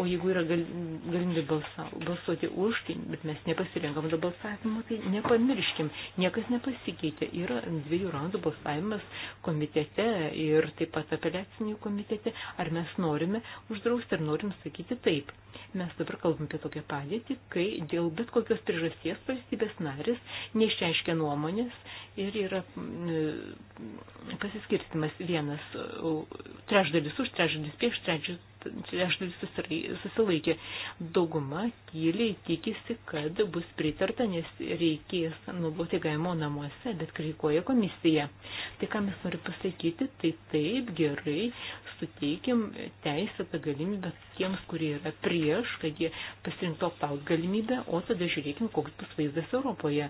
O jeigu yra gal, galimybė balsa, balsuoti už, tai, bet mes nepasirinkam do balsavimo, tai nepamirškim, niekas nepasikeitė. Yra dviejų randų balsavimas komitete ir taip pat apeliacinių komitete. Ar mes norime uždrausti ir norim sakyti taip. Mes dabar kalbam apie tokią padėtį, kai dėl bet kokios priežasties valstybės narės neišreiškia nuomonės ir yra mm, e, pasiskirstimas vienas e, trečdalis už, trečdalis prieš, trečdalis trečdalis susilaikė. Dauguma tyliai tikisi, kad bus pritarta, nes reikės naudoti gaimo namuose, bet kritikuoja komisija. Tai ką mes noriu pasakyti, tai taip gerai suteikim teisę tą galimybę tiems, kurie yra prieš, kad jie pasirinkto aptaut galimybę, o tada žiūrėkim, koks bus vaizdas Europoje.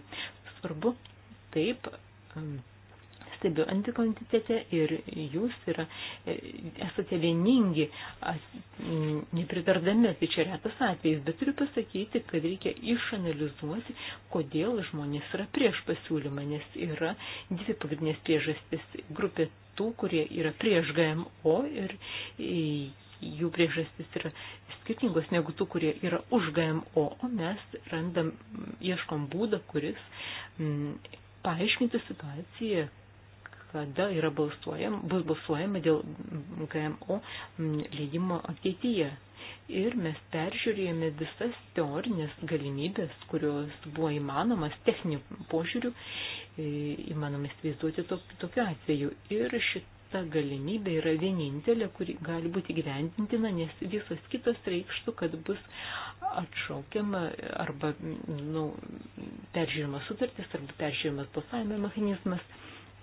Svarbu, taip. Um, stebiu antikomitete ir jūs yra, e, esate vieningi, nepritardami, tai čia retas atvejis, bet turiu pasakyti, kad reikia išanalizuoti, kodėl žmonės yra prieš pasiūlymą, nes yra dvi pagrindinės priežastis grupė tų, kurie yra prieš GMO ir e, jų priežastis yra skirtingos negu tų, kurie yra už GMO, o mes randam, ieškom būdą, kuris m, paaiškinti situaciją, kada yra balsuojama, bus balsuojama dėl GMO leidimo ateityje. Ir mes peržiūrėjome visas teorinės galimybės, kurios buvo įmanomas techninių požiūrių, e, įmanoma įsivaizduoti to, tokiu atveju. Ir šita galimybė yra vienintelė, kuri gali būti gyventintina, nes visos kitos reikštų, kad bus atšaukiama arba nu, peržiūrima sutartis arba peržiūrimas balsavimo mechanizmas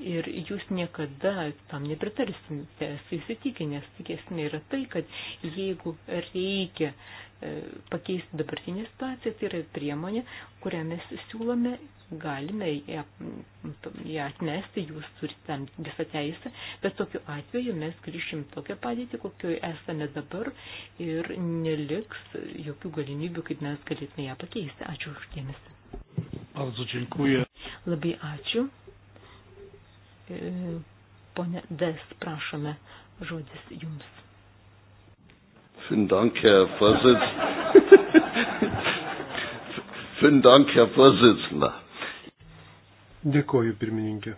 ir jūs niekada tam nepritarsite, esu įsitikinęs, tikėsime yra tai, kad jeigu reikia e, pakeisti dabartinę situaciją, tai yra priemonė, kurią mes siūlome, galime ją, ją atmesti, jūs turite tam visą teisę, bet tokiu atveju mes grįšim tokią padėtį, kokioje esame dabar ir neliks jokių galimybių, kaip mes galėtume ją pakeisti. Ačiū už dėmesį. Labai ačiū. E, pone Des, prašome, žodis jums. Vielen Dank, Herr Vorsitzender. Vielen Dank, Herr Vorsitzender. Dėkoju, pirmininkė.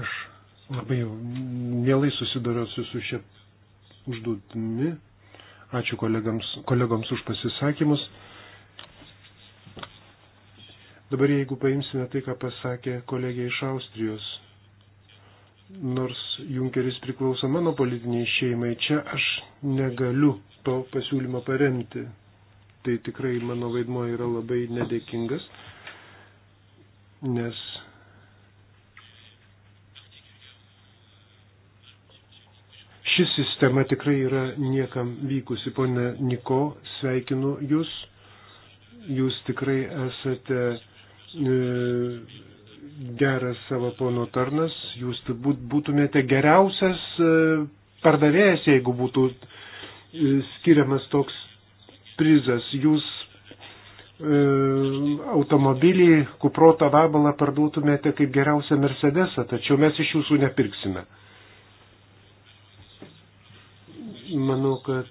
Aš labai mielai susidorosiu su šia užduotimi. Ačiū kolegams, kolegoms už pasisakymus. Dabar jeigu paimsime tai, ką pasakė kolegė iš Austrijos, nors Junkeris priklauso mano politiniai šeimai, čia aš negaliu to pasiūlymo paremti. Tai tikrai mano vaidmo yra labai nedėkingas, nes ši sistema tikrai yra niekam vykusi. Pone Niko, sveikinu Jūs. Jūs tikrai esate E, geras savo pono tarnas, jūs turbūt būtumėte geriausias e, pardavėjas, jeigu būtų e, skiriamas toks prizas. Jūs automobilį, kuprotą vabalą parduotumėte kaip geriausią Mercedesą, tačiau mes iš jūsų nepirksime. Manau, kad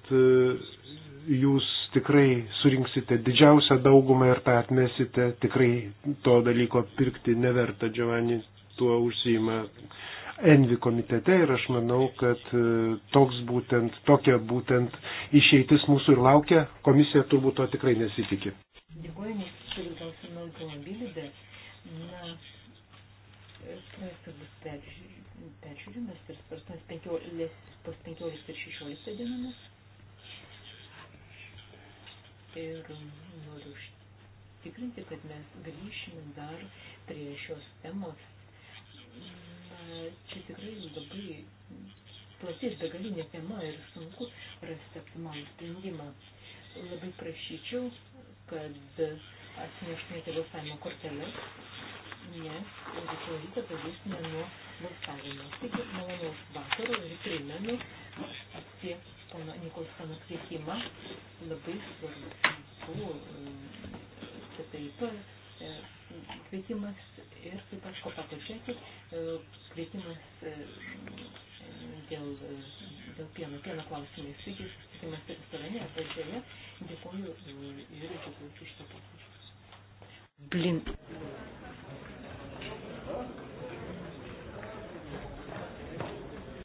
jūs tikrai surinksite didžiausią daugumą ir tą atmesite, tikrai to dalyko pirkti neverta, Giovanni tuo užsima Envi komitete ir aš manau, kad e, toks būtent, tokia būtent išeitis mūsų ir laukia, komisija turbūt to tikrai nesitikė. Dėkuoju, nes turiu gal seną automobilį, bet, na, projektas bus peržiūrimas ir svarstamas 15, 15 ir 16 dienomis ir noriu užtikrinti, kad mes grįšime dar prie šios temos. Na, čia tikrai labai plati ir begalinė tema ir sunku rasti optimalų sprendimą. Labai prašyčiau, kad atsineštumėte balsavimo korteles, nes rytoj rytą pradėsime nuo balsavimo. Taigi, malonaus vakaro ir primenu apie pono Nikolsono kvietimą. Labai svarbu kitaip e, e, kvietimas ir taip pat ko pakočiati e, kvietimas dėl, dėl pieno, pieno klausimai. Sveiki, susitikimas restorane pradžioje. Dėkuoju ir dėkuoju už tą pokalbį. Blin.